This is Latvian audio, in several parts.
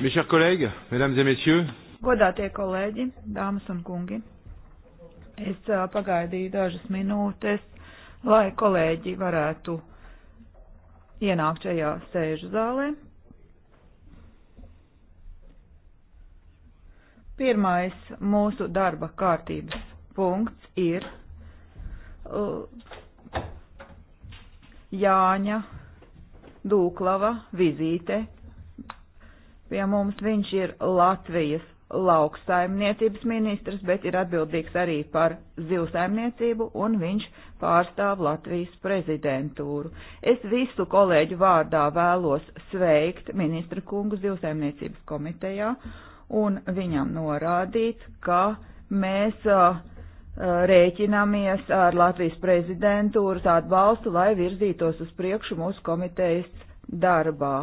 Mes chers collègues, mesdames et messieurs. Godātie kolēģi, dāmas un kungi, es pagaidīju dažas minūtes, lai kolēģi varētu ienākt šajā sēžu zālē. Pirmais mūsu darba kārtības punkts ir Jāņa Dūklava vizīte Pie mums viņš ir Latvijas lauksaimniecības ministrs, bet ir atbildīgs arī par zivsaimniecību, un viņš pārstāv Latvijas prezidentūru. Es visu kolēģu vārdā vēlos sveikt ministra kungu zivsaimniecības komitejā un viņam norādīt, ka mēs uh, rēķinamies ar Latvijas prezidentūras atbalstu, lai virzītos uz priekšu mūsu komitejas darbā.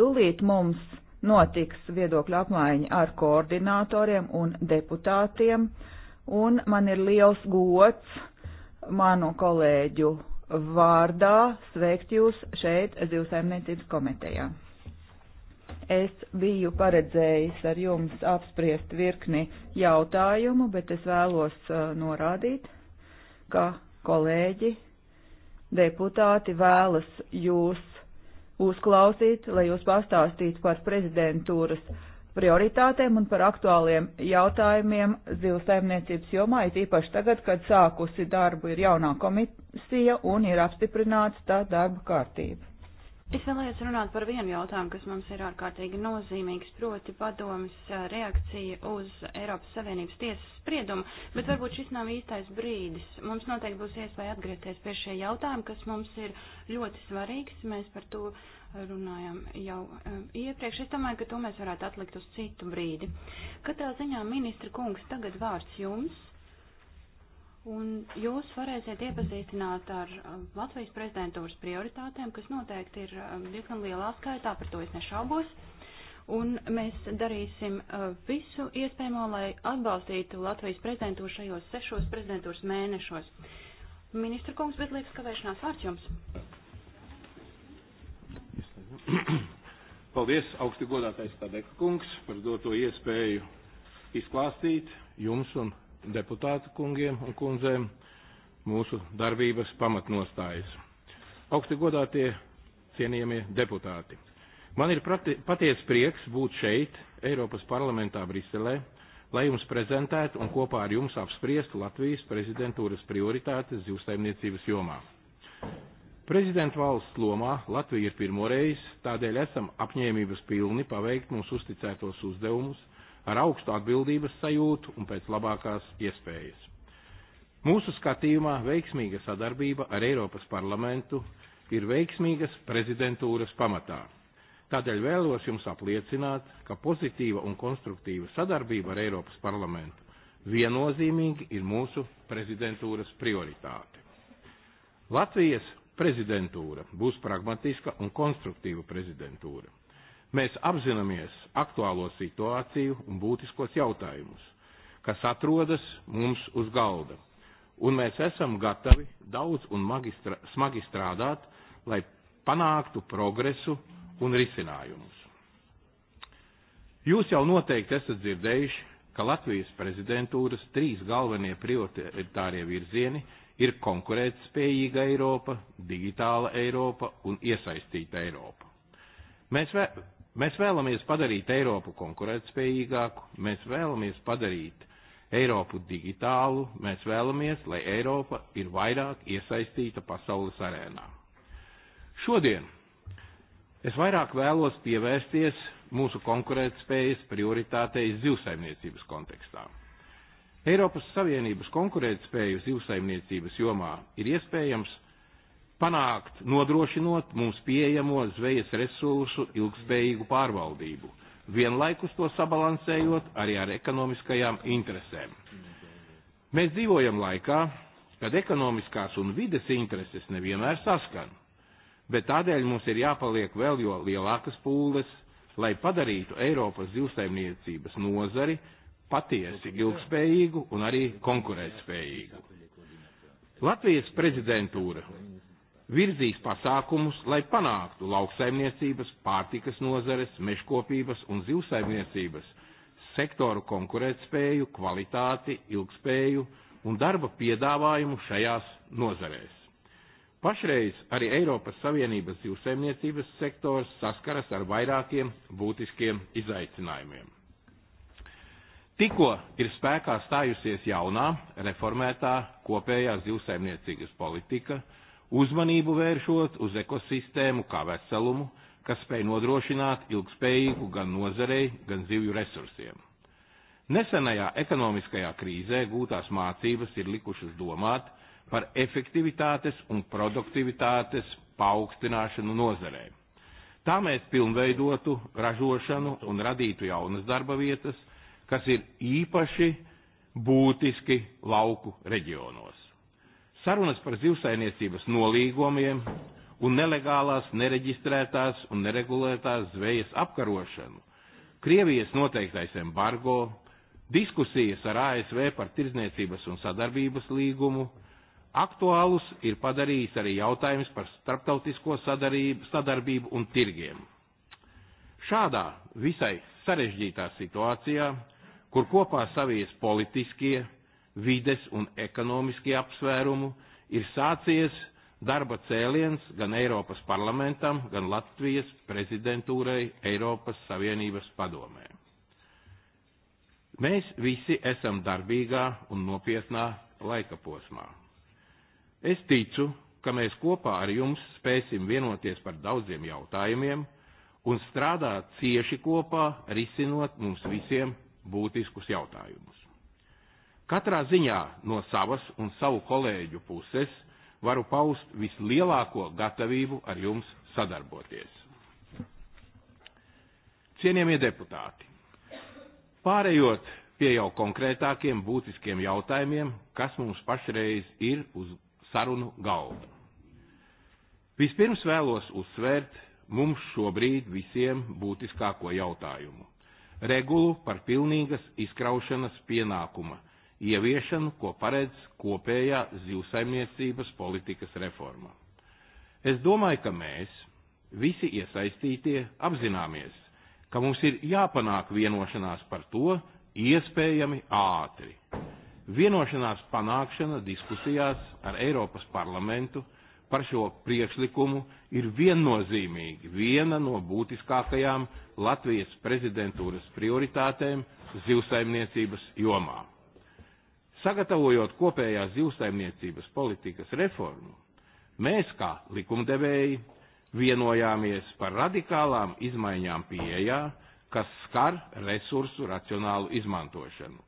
Tūlīt mums notiks viedokļu apmaiņa ar koordinatoriem un deputātiem, un man ir liels gods manu kolēģu vārdā sveikt jūs šeit zivsaimniecības komitejā. Es biju paredzējis ar jums apspriest virkni jautājumu, bet es vēlos uh, norādīt, ka kolēģi deputāti vēlas jūs uzklausīt, lai jūs pastāstītu par prezidentūras prioritātēm un par aktuāliem jautājumiem zivsaimniecības jomā, it īpaši tagad, kad sākusi darbu ir jaunā komisija un ir apstiprināts tā darba kārtība. Es vēlējos runāt par vienu jautājumu, kas mums ir ārkārtīgi nozīmīgs, proti padomas reakcija uz Eiropas Savienības tiesas spriedumu, bet varbūt šis nav īstais brīdis. Mums noteikti būs iespēja atgriezties pie šie jautājumi, kas mums ir ļoti svarīgs. Mēs par to runājam jau iepriekš. Es domāju, ka to mēs varētu atlikt uz citu brīdi. Katrā ziņā, ministra kungs, tagad vārds jums. Un jūs varēsiet iepazīstināt ar um, Latvijas prezidentūras prioritātēm, kas noteikti ir um, diezgan lielā skaitā, par to es nešaubos. Un mēs darīsim uh, visu iespējamo, lai atbalstītu Latvijas prezidentūru šajos sešos prezidentūras mēnešos. Ministra kungs, bet liekas kavēšanās vārds jums. Paldies, augsti godātais Tadeka kungs, par doto iespēju izklāstīt jums un deputātu kungiem un kundzēm mūsu darbības pamatnostājas. Augsti godātie cienījamie deputāti! Man ir paties prieks būt šeit, Eiropas parlamentā Briselē, lai jums prezentētu un kopā ar jums apspriestu Latvijas prezidentūras prioritātes zivsaimniecības jomā. Prezidenta valsts lomā Latvija ir pirmoreiz, tādēļ esam apņēmības pilni paveikt mums uzticētos uzdevumus – ar augstu atbildības sajūtu un pēc labākās iespējas. Mūsu skatījumā veiksmīga sadarbība ar Eiropas parlamentu ir veiksmīgas prezidentūras pamatā. Tādēļ vēlos jums apliecināt, ka pozitīva un konstruktīva sadarbība ar Eiropas parlamentu viennozīmīgi ir mūsu prezidentūras prioritāte. Latvijas prezidentūra būs pragmatiska un konstruktīva prezidentūra. Mēs apzināmies aktuālo situāciju un būtiskos jautājumus, kas atrodas mums uz galda, un mēs esam gatavi daudz un magistra, smagi strādāt, lai panāktu progresu un risinājumus. Jūs jau noteikti esat dzirdējuši, ka Latvijas prezidentūras trīs galvenie prioritārie virzieni ir konkurētspējīga Eiropa, digitāla Eiropa un iesaistīta Eiropa. Mēs Mēs vēlamies padarīt Eiropu konkurētspējīgāku, mēs vēlamies padarīt Eiropu digitālu, mēs vēlamies, lai Eiropa ir vairāk iesaistīta pasaules arēnā. Šodien es vairāk vēlos pievērsties mūsu konkurētspējas prioritātei zivsaimniecības kontekstā. Eiropas Savienības konkurētspēju zivsaimniecības jomā ir iespējams panākt, nodrošinot mums pieejamo zvejas resursu ilgspējīgu pārvaldību, vienlaikus to sabalansējot arī ar ekonomiskajām interesēm. Mēs dzīvojam laikā, kad ekonomiskās un vides intereses nevienmēr saskan, bet tādēļ mums ir jāpaliek vēl jo lielākas pūles, lai padarītu Eiropas zivsaimniecības nozari patiesi ilgspējīgu un arī konkurētspējīgu. Latvijas prezidentūra virzīs pasākumus, lai panāktu lauksaimniecības, pārtikas nozares, meškopības un zivsaimniecības sektoru konkurētspēju, kvalitāti, ilgspēju un darba piedāvājumu šajās nozarēs. Pašreiz arī Eiropas Savienības zivsaimniecības sektors saskaras ar vairākiem būtiskiem izaicinājumiem. Tikko ir spēkā stājusies jaunā, reformētā kopējā zivsaimniecības politika, uzmanību vēršot uz ekosistēmu kā veselumu, kas spēj nodrošināt ilgspējīgu gan nozarei, gan zivju resursiem. Nesenajā ekonomiskajā krīzē gūtās mācības ir likušas domāt par efektivitātes un produktivitātes paaugstināšanu nozarē. Tā mēs pilnveidotu ražošanu un radītu jaunas darba vietas, kas ir īpaši būtiski lauku reģionos. Sarunas par zivsainiecības nolīgumiem un nelegālās, nereģistrētās un neregulētās zvejas apkarošanu, Krievijas noteiktais embargo, diskusijas ar ASV par tirdzniecības un sadarbības līgumu, aktuālus ir padarījis arī jautājums par starptautisko sadarību, sadarbību un tirgiem. Šādā visai sarežģītā situācijā, kur kopā savies politiskie, vides un ekonomiski apsvērumu, ir sācies darba cēliens gan Eiropas parlamentam, gan Latvijas prezidentūrai Eiropas Savienības padomē. Mēs visi esam darbīgā un nopietnā laika posmā. Es ticu, ka mēs kopā ar jums spēsim vienoties par daudziem jautājumiem un strādāt cieši kopā, risinot mums visiem būtiskus jautājumus. Katrā ziņā no savas un savu kolēģu puses varu paust vislielāko gatavību ar jums sadarboties. Cienījamie deputāti, pārējot pie jau konkrētākiem būtiskiem jautājumiem, kas mums pašreiz ir uz sarunu galda. Vispirms vēlos uzsvērt mums šobrīd visiem būtiskāko jautājumu - regulu par pilnīgas izkraušanas pienākuma ieviešanu, ko paredz kopējā zivsaimniecības politikas reforma. Es domāju, ka mēs, visi iesaistītie, apzināmies, ka mums ir jāpanāk vienošanās par to iespējami ātri. Vienošanās panākšana diskusijās ar Eiropas parlamentu par šo priekšlikumu ir viennozīmīgi viena no būtiskākajām Latvijas prezidentūras prioritātēm zivsaimniecības jomā. Sagatavojot kopējās zivsaimniecības politikas reformu, mēs kā likumdevēji vienojāmies par radikālām izmaiņām pieejā, kas skar resursu racionālu izmantošanu,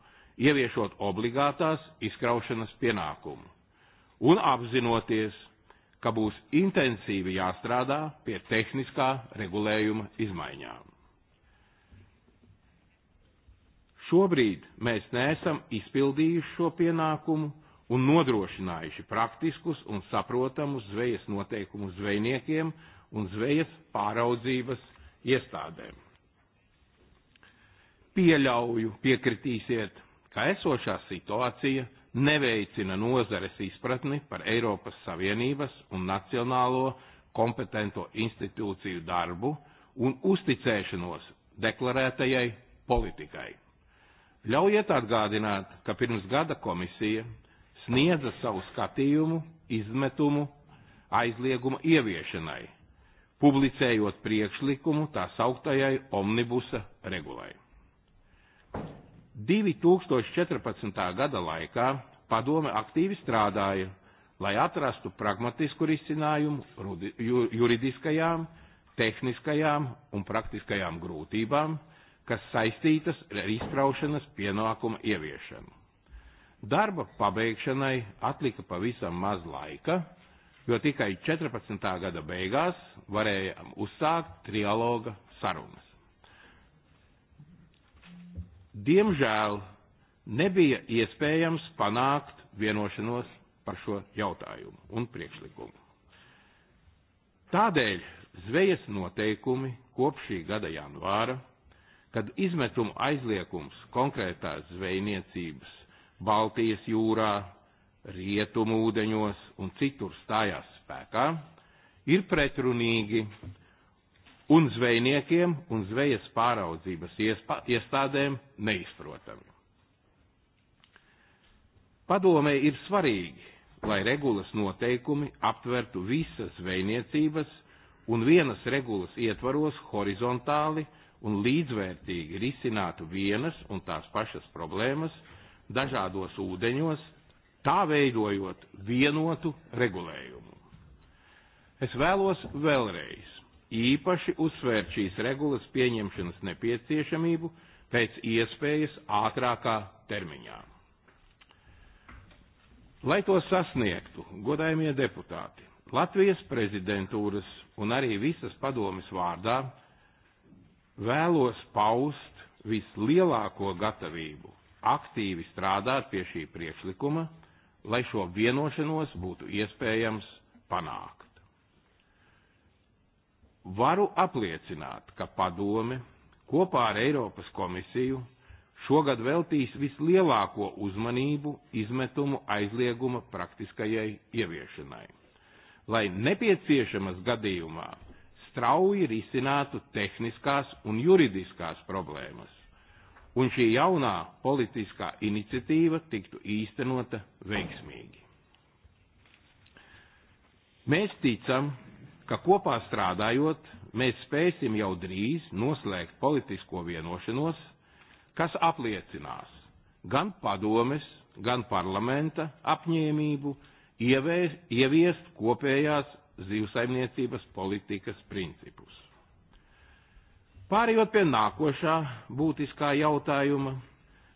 ieviešot obligātās izkraušanas pienākumu un apzinoties, ka būs intensīvi jāstrādā pie tehniskā regulējuma izmaiņām. Šobrīd mēs neesam izpildījuši šo pienākumu un nodrošinājuši praktiskus un saprotamus zvejas noteikumus zvejniekiem un zvejas pāraudzības iestādēm. Pieļauju, piekritīsiet, ka esošā situācija neveicina nozares izpratni par Eiropas Savienības un nacionālo kompetento institūciju darbu un uzticēšanos deklarētajai politikai. Ļaujiet atgādināt, ka pirms gada komisija sniedza savu skatījumu, izmetumu, aizlieguma ieviešanai, publicējot priekšlikumu tā sauktajai omnibusa regulai. 2014. gada laikā padome aktīvi strādāja, lai atrastu pragmatisku risinājumu juridiskajām, tehniskajām un praktiskajām grūtībām, kas saistītas ar izkraušanas pienākuma ieviešanu. Darba pabeigšanai atlika pavisam maz laika, jo tikai 14. gada beigās varējām uzsākt trialoga sarunas. Diemžēl nebija iespējams panākt vienošanos par šo jautājumu un priekšlikumu. Tādēļ zvejas noteikumi kopš šī gada janvāra kad izmetuma aizliekums konkrētās zvejniecības Baltijas jūrā, Rietumu ūdeņos un citur stājās spēkā, ir pretrunīgi un zvejniekiem un zvejas pāraudzības iestādēm neizprotami. Padomē ir svarīgi, lai regulas noteikumi aptvertu visas zvejniecības un vienas regulas ietvaros horizontāli un līdzvērtīgi risinātu vienas un tās pašas problēmas dažādos ūdeņos, tā veidojot vienotu regulējumu. Es vēlos vēlreiz īpaši uzsvērt šīs regulas pieņemšanas nepieciešamību pēc iespējas ātrākā termiņā. Lai to sasniegtu, godājumie deputāti, Latvijas prezidentūras un arī visas padomis vārdā vēlos paust vislielāko gatavību aktīvi strādāt pie šī priekšlikuma, lai šo vienošanos būtu iespējams panākt. Varu apliecināt, ka padome kopā ar Eiropas komisiju šogad veltīs vislielāko uzmanību izmetumu aizlieguma praktiskajai ieviešanai, lai nepieciešamas gadījumā strauji risinātu tehniskās un juridiskās problēmas, un šī jaunā politiskā iniciatīva tiktu īstenota veiksmīgi. Mēs ticam, ka kopā strādājot, mēs spēsim jau drīz noslēgt politisko vienošanos, kas apliecinās gan padomes, gan parlamenta apņēmību ieviest kopējās zīvsaimniecības politikas principus. Pārējot pie nākošā būtiskā jautājuma,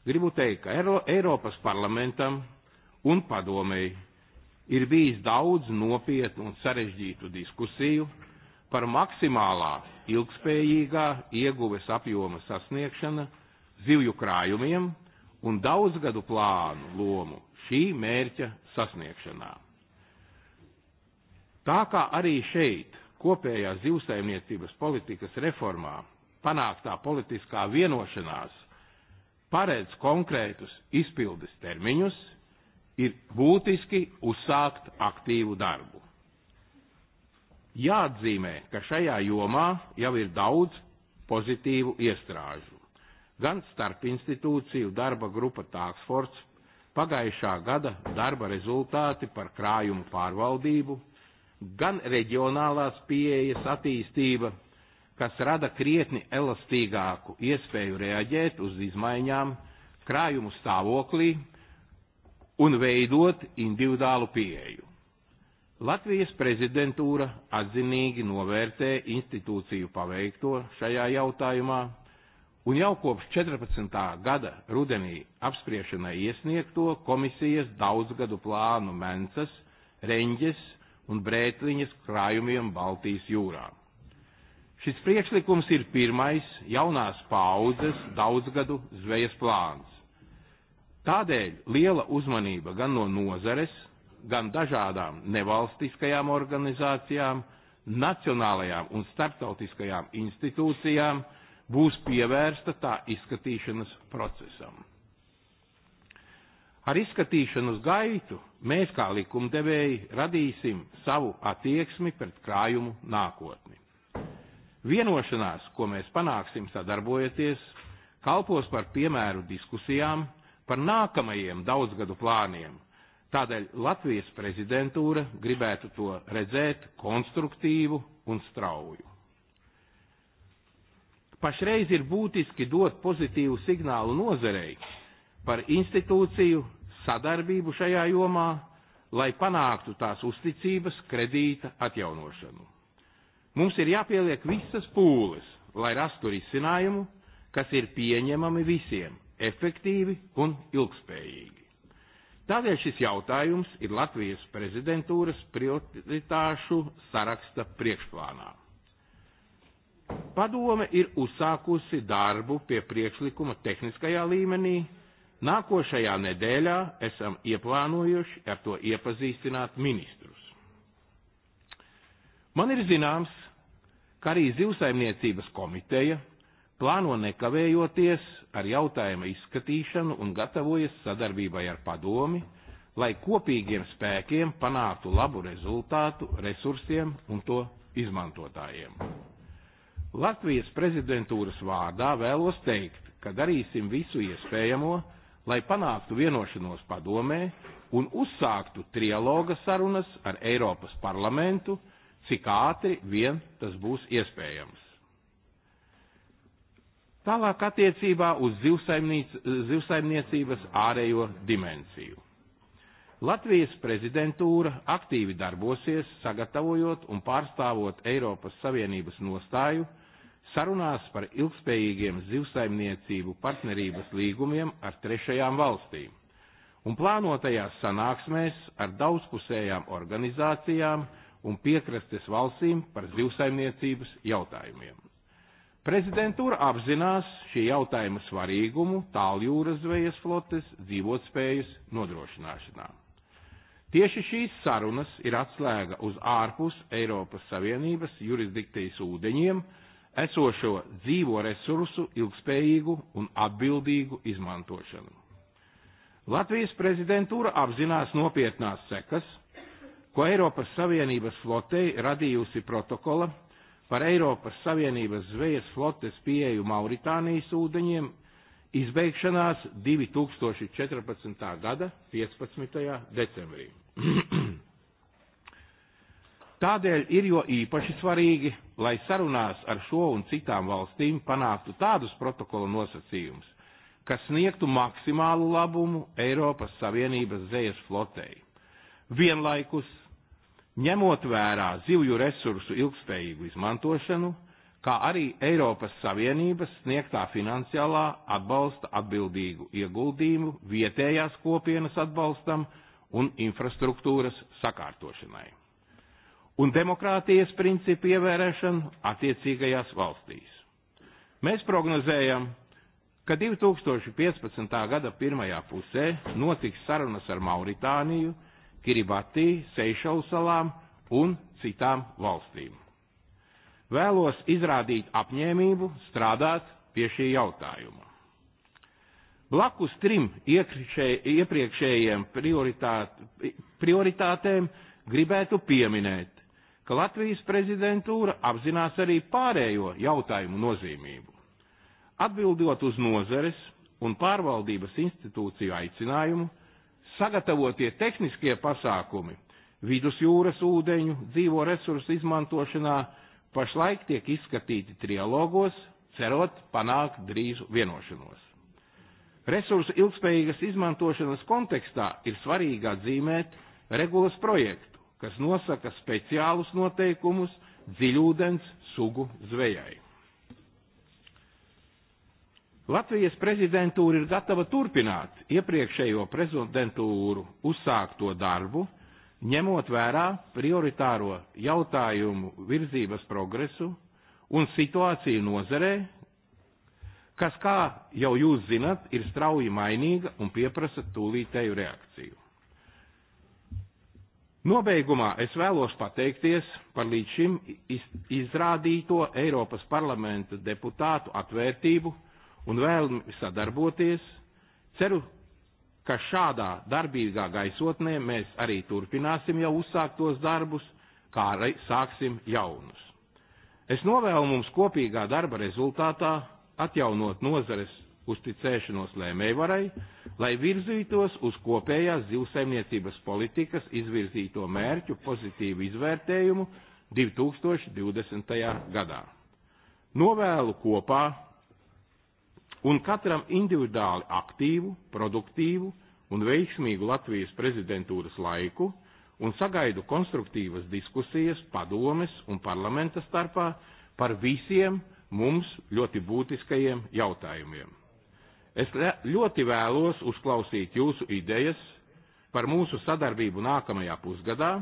gribu teikt, ka Eiro, Eiropas parlamentam un padomēji ir bijis daudz nopietnu un sarežģītu diskusiju par maksimālā ilgspējīgā ieguves apjoma sasniegšana zivju krājumiem un daudzgadu plānu lomu šī mērķa sasniegšanā. Tā kā arī šeit kopējā zivsaimniecības politikas reformā panāktā politiskā vienošanās paredz konkrētus izpildes termiņus, ir būtiski uzsākt aktīvu darbu. Jāatzīmē, ka šajā jomā jau ir daudz pozitīvu iestrāžu. Gan starp institūciju darba grupa Tāksfords pagājušā gada darba rezultāti par krājumu pārvaldību gan reģionālās pieejas attīstība, kas rada krietni elastīgāku iespēju reaģēt uz izmaiņām krājumu stāvoklī un veidot individuālu pieeju. Latvijas prezidentūra atzinīgi novērtē institūciju paveikto šajā jautājumā un jau kopš 14. gada rudenī apspriešanai iesniegto komisijas daudzgadu plānu Mences, Reņģes un brētliņas krājumiem Baltijas jūrā. Šis priekšlikums ir pirmais jaunās paudzes daudzgadu zvejas plāns. Tādēļ liela uzmanība gan no nozares, gan dažādām nevalstiskajām organizācijām, nacionālajām un starptautiskajām institūcijām būs pievērsta tā izskatīšanas procesam. Ar izskatīšanas gaitu mēs kā likumdevēji radīsim savu attieksmi pret krājumu nākotni. Vienošanās, ko mēs panāksim sadarbojoties, kalpos par piemēru diskusijām par nākamajiem daudzgadu plāniem. Tādēļ Latvijas prezidentūra gribētu to redzēt konstruktīvu un strauju. Pašreiz ir būtiski dot pozitīvu signālu nozarei par institūciju sadarbību šajā jomā, lai panāktu tās uzticības kredīta atjaunošanu. Mums ir jāpieliek visas pūles, lai rastu risinājumu, kas ir pieņemami visiem, efektīvi un ilgspējīgi. Tādēļ šis jautājums ir Latvijas prezidentūras prioritāšu saraksta priekšplānā. Padome ir uzsākusi darbu pie priekšlikuma tehniskajā līmenī, Nākošajā nedēļā esam ieplānojuši ar to iepazīstināt ministrus. Man ir zināms, ka arī zivsaimniecības komiteja plāno nekavējoties ar jautājuma izskatīšanu un gatavojas sadarbībai ar padomi, lai kopīgiem spēkiem panāktu labu rezultātu resursiem un to izmantotājiem. Latvijas prezidentūras vārdā vēlos teikt, ka darīsim visu iespējamo, lai panāktu vienošanos padomē un uzsāktu trialoga sarunas ar Eiropas parlamentu, cik ātri vien tas būs iespējams. Tālāk attiecībā uz zivsaimniecības ārējo dimensiju. Latvijas prezidentūra aktīvi darbosies, sagatavojot un pārstāvot Eiropas Savienības nostāju sarunās par ilgspējīgiem zivsaimniecību partnerības līgumiem ar trešajām valstīm un plānotajās sanāksmēs ar daudzpusējām organizācijām un piekrastes valstīm par zivsaimniecības jautājumiem. Prezidentūra apzinās šī jautājuma svarīgumu tāljūras zvejas flotes dzīvotspējas nodrošināšanā. Tieši šīs sarunas ir atslēga uz ārpus Eiropas Savienības jurisdikcijas ūdeņiem, esošo dzīvo resursu ilgspējīgu un atbildīgu izmantošanu. Latvijas prezidentūra apzinās nopietnās sekas, ko Eiropas Savienības flotei radījusi protokola par Eiropas Savienības zvejas flotes pieeju Mauritānijas ūdeņiem izbeigšanās 2014. gada 15. decembrī. Tādēļ ir jo īpaši svarīgi, lai sarunās ar šo un citām valstīm panāktu tādus protokola nosacījumus, kas sniegtu maksimālu labumu Eiropas Savienības zvejas flotei. Vienlaikus, ņemot vērā zivju resursu ilgspējīgu izmantošanu, kā arī Eiropas Savienības sniegtā finansiālā atbalsta atbildīgu ieguldījumu vietējās kopienas atbalstam un infrastruktūras sakārtošanai un demokrātijas principu ievērēšanu attiecīgajās valstīs. Mēs prognozējam, ka 2015. gada pirmajā pusē notiks sarunas ar Mauritāniju, Kiribati, Seišalu salām un citām valstīm. Vēlos izrādīt apņēmību strādāt pie šī jautājuma. Blakus trim iepriekšējiem prioritāt, prioritātēm gribētu pieminēt ka Latvijas prezidentūra apzinās arī pārējo jautājumu nozīmību. Atbildot uz nozares un pārvaldības institūciju aicinājumu, sagatavotie tehniskie pasākumi vidusjūras ūdeņu dzīvo resursu izmantošanā pašlaik tiek izskatīti trialogos, cerot panākt drīzu vienošanos. Resursu ilgspējīgas izmantošanas kontekstā ir svarīgi atzīmēt regulas projektu, kas nosaka speciālus noteikumus dziļūdens sugu zvejai. Latvijas prezidentūra ir gatava turpināt iepriekšējo prezidentūru uzsākto darbu, ņemot vērā prioritāro jautājumu virzības progresu un situāciju nozarē, kas, kā jau jūs zinat, ir strauji mainīga un pieprasa tūlītēju reakciju. Nobeigumā es vēlos pateikties par līdz šim izrādīto Eiropas parlamenta deputātu atvērtību un vēlmi sadarboties. Ceru, ka šādā darbīgā gaisotnē mēs arī turpināsim jau uzsāktos darbus, kā arī sāksim jaunus. Es novēlu mums kopīgā darba rezultātā atjaunot nozares uzticēšanos lēmējvarai, lai virzītos uz kopējās zivsaimniecības politikas izvirzīto mērķu pozitīvu izvērtējumu 2020. gadā. Novēlu kopā un katram individuāli aktīvu, produktīvu un veiksmīgu Latvijas prezidentūras laiku un sagaidu konstruktīvas diskusijas padomes un parlamenta starpā par visiem mums ļoti būtiskajiem jautājumiem. Es ļoti vēlos uzklausīt jūsu idejas par mūsu sadarbību nākamajā pusgadā,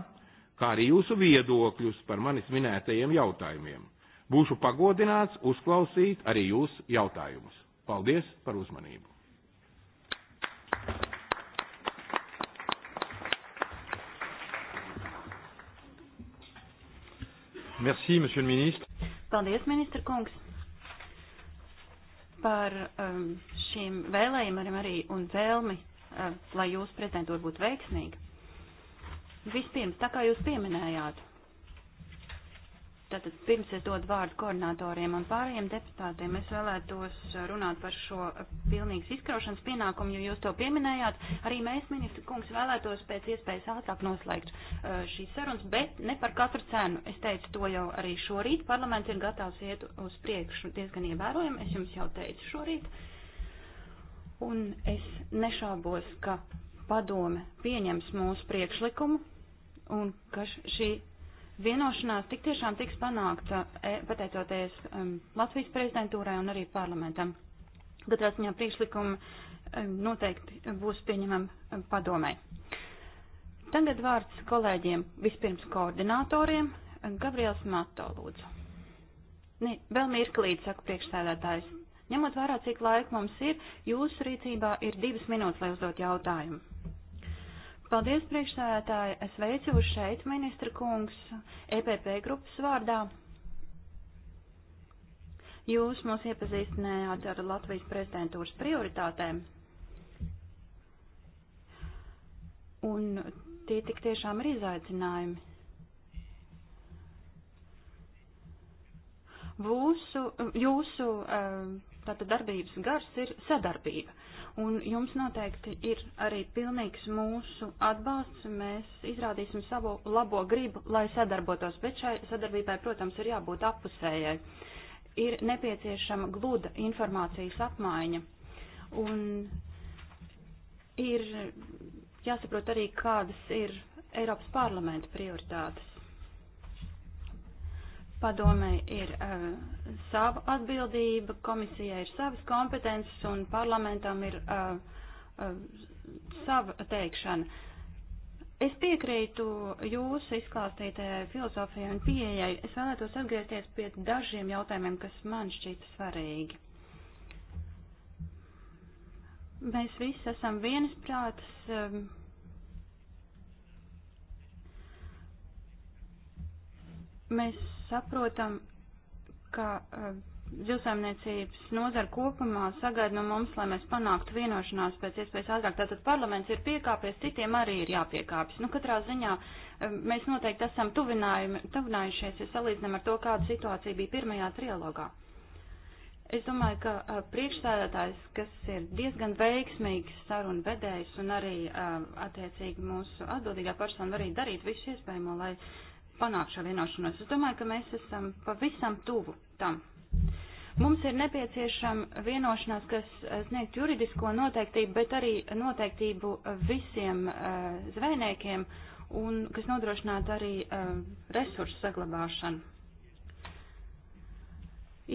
kā arī jūsu viedokļus par manis minētajiem jautājumiem. Būšu pagodināts uzklausīt arī jūsu jautājumus. Paldies par uzmanību! Merci, monsieur le ministre. Paldies, ministra kungs par um, šiem vēlējumiem arī un vēlmi, uh, lai jūsu prezidentūra būtu veiksmīga. Vispirms, tā kā jūs pieminējāt, Tātad pirms es dodu vārdu koordinatoriem un pārējiem deputātiem, es vēlētos runāt par šo pilnīgas izkraušanas pienākumu, jo jūs to pieminējāt. Arī mēs, ministra kungs, vēlētos pēc iespējas ātrāk noslēgt uh, šīs sarunas, bet ne par katru cenu. Es teicu to jau arī šorīt. Parlaments ir gatavs iet uz priekšu diezgan ievērojami. Es jums jau teicu šorīt. Un es nešaubos, ka padome pieņems mūsu priekšlikumu un ka šī Vienošanās tik tiešām tiks panākta e, pateicoties um, Latvijas prezidentūrai un arī parlamentam. Katrā ziņā priekšlikumi um, noteikti būs pieņemami um, padomē. Tagad vārds kolēģiem, vispirms koordinatoriem. Um, Gabriels Mato, lūdzu. Ne, vēl mirklīt, saka priekšsēdētājs. Ņemot vērā, cik laika mums ir, jūsu rīcībā ir divas minūtes, lai uzdot jautājumu. Paldies, priekšsēdētāji. Es veicu uz šeit, ministra kungs, EPP grupas vārdā. Jūs mūs iepazīstinājāt ar Latvijas prezidentūras prioritātēm. Un tie tik tiešām ir izaicinājumi. Būsu, jūsu uh, Tātad darbības gars ir sadarbība. Un jums noteikti ir arī pilnīgs mūsu atbalsts. Mēs izrādīsim savu labo gribu, lai sadarbotos, bet šai sadarbībai, protams, ir jābūt apusējai. Ir nepieciešama gluda informācijas apmaiņa. Un ir jāsaprot arī, kādas ir Eiropas parlamenta prioritātes. Padomei ir uh, sava atbildība, komisijai ir savas kompetences un parlamentam ir uh, uh, sava teikšana. Es piekrītu jūsu izklāstītajai filozofijai un pieejai. Es vēlētos atgriezties pie dažiem jautājumiem, kas man šķita svarīgi. Mēs visi esam vienisprātas. Uh, Mēs saprotam, ka uh, zivsaimniecības nozara kopumā sagaida no mums, lai mēs panāktu vienošanās pēc iespējas ātrāk. Tātad parlaments ir piekāpies, citiem arī ir jāpiekāpjas. Nu, katrā ziņā eh, mēs noteikti esam tuvinājušies, ja salīdzinām ar to, kāda situācija bija pirmajā trilogā. Es domāju, ka eh, priekšstādātājs, kas ir diezgan veiksmīgs sarunu vedējs un arī attiecīgi mūsu atbildīgā persona, var arī darīt visu iespējamo, lai uh, panākt šo vienošanos. Es domāju, ka mēs esam pavisam tuvu tam. Mums ir nepieciešama vienošanās, kas sniegt juridisko noteiktību, bet arī noteiktību visiem uh, zvejniekiem un kas nodrošinātu arī uh, resursu saglabāšanu.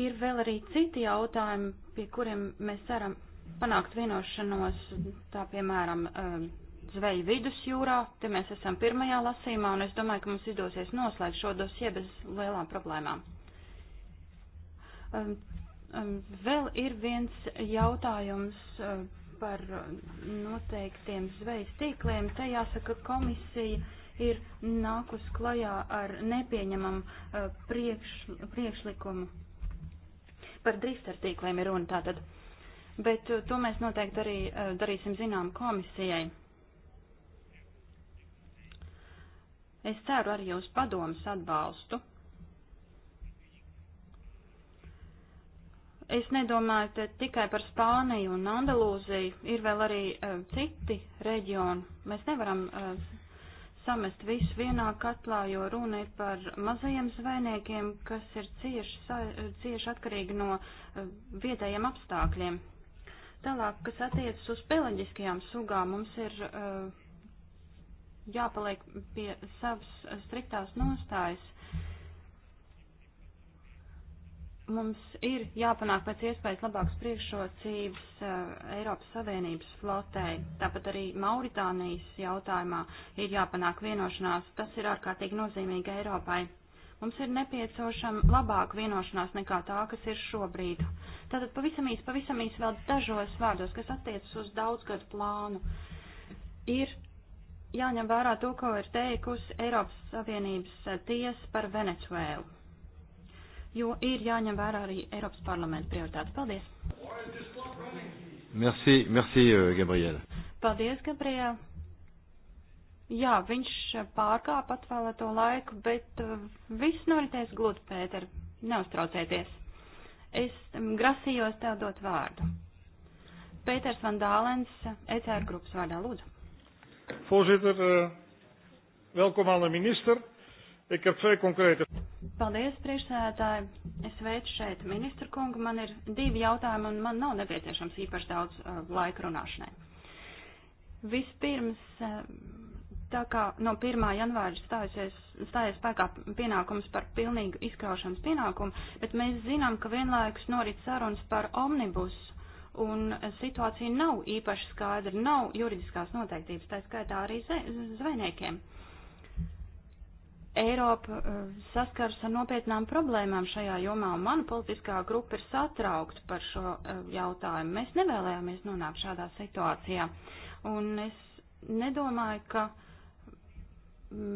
Ir vēl arī citi jautājumi, pie kuriem mēs ceram panākt vienošanos, tā piemēram, uh, zveju vidusjūrā. Te mēs esam pirmajā lasīmā, un es domāju, ka mums izdosies noslēgt šo dosie bez lielām problēmām. Um, um, vēl ir viens jautājums um, par noteiktiem zvejas tīkliem. Te jāsaka, komisija ir nākus klajā ar nepieņemamu uh, priekš, priekšlikumu. Par drifter tīkliem ir runa tātad. Bet uh, to mēs noteikti arī uh, darīsim zinām komisijai. Es ceru arī uz padomas atbalstu. Es nedomāju tikai par Spāniju un Andalūziju, ir vēl arī uh, citi reģioni. Mēs nevaram uh, samest visu vienā katlā, jo runa ir par mazajiem zvejniekiem, kas ir cieši, e, cieši atkarīgi no vietējiem apstākļiem. Tālāk, kas attiecas uz pelaģiskajām sugām, mums ir uh, jāpaliek pie savas striktās nostājas. Mums ir jāpanāk pēc iespējas labākas priekšrocības eh, Eiropas Savienības flotei. Tāpat arī Mauritānijas jautājumā ir jāpanāk vienošanās. Tas ir ārkārtīgi nozīmīgi Eiropai. Mums ir nepieciešama labāka vienošanās nekā tā, kas ir šobrīd. Tātad pavisam īsi, pavisam īsi vēl dažos vārdos, kas attiecas uz daudzgadu plānu. Ir jāņem vērā to, ko ir teikusi Eiropas Savienības eh, tiesa par Venecuēlu, jo ir jāņem vērā arī Eiropas parlamenta prioritātes. Paldies! Merci, merci, euh, Gabriel. Paldies, Gabriel. Jā, viņš pārkāpa atvēlēto laiku, bet eh, viss noritēs gludi, Pēter, neuztraucieties. Es mm, grasījos tev dot vārdu. Pēters Vandālens, ECR grupas vārdā, lūdzu. Voorzitter, uh, welkom aan de minister. Ik heb twee concrete. Paldies, priekšsēdētāji. Es veicu šeit ministru kungu. Man ir divi jautājumi un man nav nepieciešams īpaši daudz uh, laika runāšanai. Vispirms, uh, tā kā no 1. janvāra stājusies, stājies spēkā pienākums par pilnīgu izkraušanas pienākumu, bet mēs zinām, ka vienlaikus norit sarunas par omnibus un situācija nav īpaši skaidra, nav juridiskās noteiktības, tā skaitā arī zvejniekiem. Eiropa uh, saskars ar nopietnām problēmām šajā jomā, un mana politiskā grupa ir satraukta par šo uh, jautājumu. Mēs nevēlējāmies nonākt šādā situācijā, un es nedomāju, ka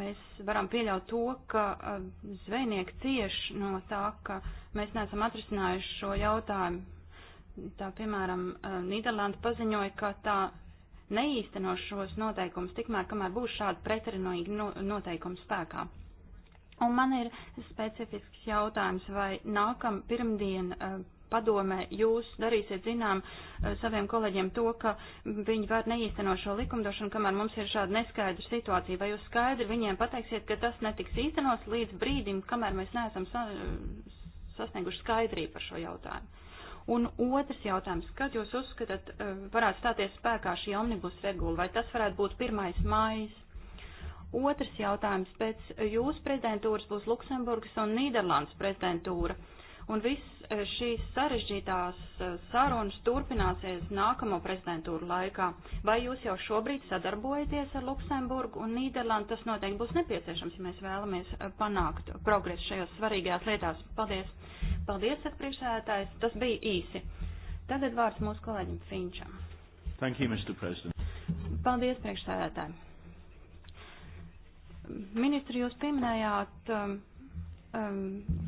mēs varam pieļaut to, ka uh, zvejnieki cieš no tā, ka mēs neesam atrisinājuši šo jautājumu Tā piemēram, eh, Nīderlanda paziņoja, ka tā neīsteno šos noteikumus tikmēr, kamēr būs šādi pretrinojīgi noteikumi spēkā. Un man ir specifisks jautājums, vai nākam pirmdien eh, padomē jūs darīsiet zinām eh, saviem kolēģiem to, ka viņi var neīstenot šo likumdošanu, kamēr mums ir šāda neskaidra situācija, vai jūs skaidri viņiem pateiksiet, ka tas netiks īstenots līdz brīdim, kamēr mēs neesam sasnieguši skaidrību par šo jautājumu? Un otrs jautājums, kad jūs uzskatāt, eh, varētu stāties spēkā šī omnibus regula, vai tas varētu būt 1. mājas? Otrs jautājums, pēc jūsu prezidentūras būs Luksemburgas un Nīderlandes prezidentūra. Uh, Un viss eh, šīs sarežģītās eh, sarunas turpināsies nākamo prezidentūru laikā. Vai jūs jau šobrīd sadarbojaties ar Luksemburgu un Nīderlandu? Tas noteikti būs nepieciešams, ja mēs vēlamies eh, panākt progresu šajās svarīgajās lietās. Paldies! Paldies, saka priekšsēdētājs. Tas bija īsi. Tagad vārds mūsu kolēģim Finčam. Thank you, Mr. President. Paldies, priekšsēdētāji. Ministri, jūs pieminējāt um, um,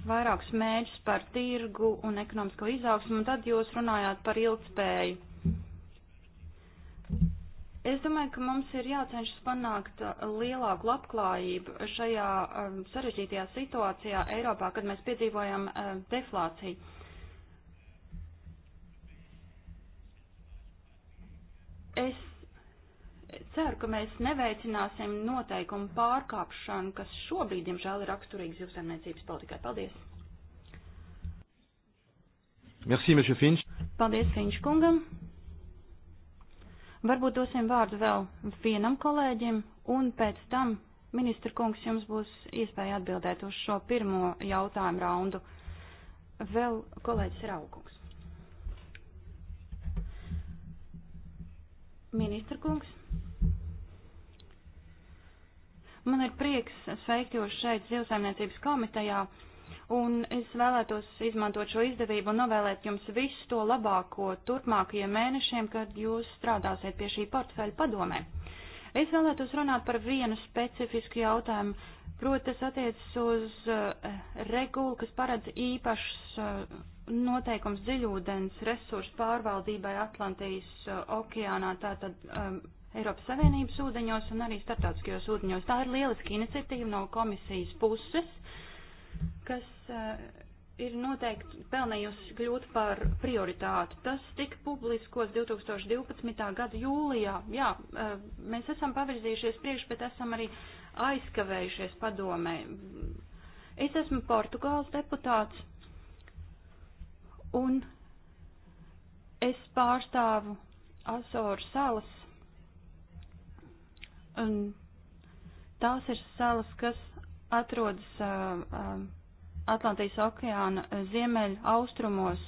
vairākus mēģus par tirgu un ekonomisko izaugsmu, un tad jūs runājāt par ilgspēju. Es domāju, ka mums ir jācenšas panākt uh, lielāku labklājību šajā um, sarežģītajā situācijā Eiropā, kad mēs piedzīvojam um, deflāciju. Es ceru, ka mēs neveicināsim noteikumu pārkāpšanu, kas šobrīd, diemžēl, ir raksturīgs zivsaimniecības politikai. Paldies! Merci, monsieur Finch. Paldies, Finch kungam. Varbūt dosim vārdu vēl vienam kolēģim, un pēc tam, ministra kungs, jums būs iespēja atbildēt uz šo pirmo jautājumu raundu. Vēl kolēģis Raukungs. Ministra kungs. Man ir prieks sveikt jūs šeit zivsaimniecības komitejā, un es vēlētos izmantot šo izdevību un novēlēt jums visu to labāko turpmākajiem mēnešiem, kad jūs strādāsiet pie šī portfeļa padomē. Es vēlētos runāt par vienu specifisku jautājumu, proti tas attiecas uz eh, regulu, kas paredz īpašs eh, noteikums dziļūdens resursu pārvaldībai Atlantijas eh, okeānā, tātad Eiropas Savienības ūdeņos un arī starptautiskajos ūdeņos. Tā ir lieliska iniciatīva no komisijas puses, kas uh, ir noteikti pelnījusi kļūt par prioritāti. Tas tika publiskos 2012. gada jūlijā. Jā, uh, mēs esam pavirzījušies priekš, bet esam arī aizkavējušies padomē. Es esmu Portugāles deputāts un es pārstāvu Azoru salas tās ir salas, kas atrodas Atlantijas okeāna ziemeļa austrumos.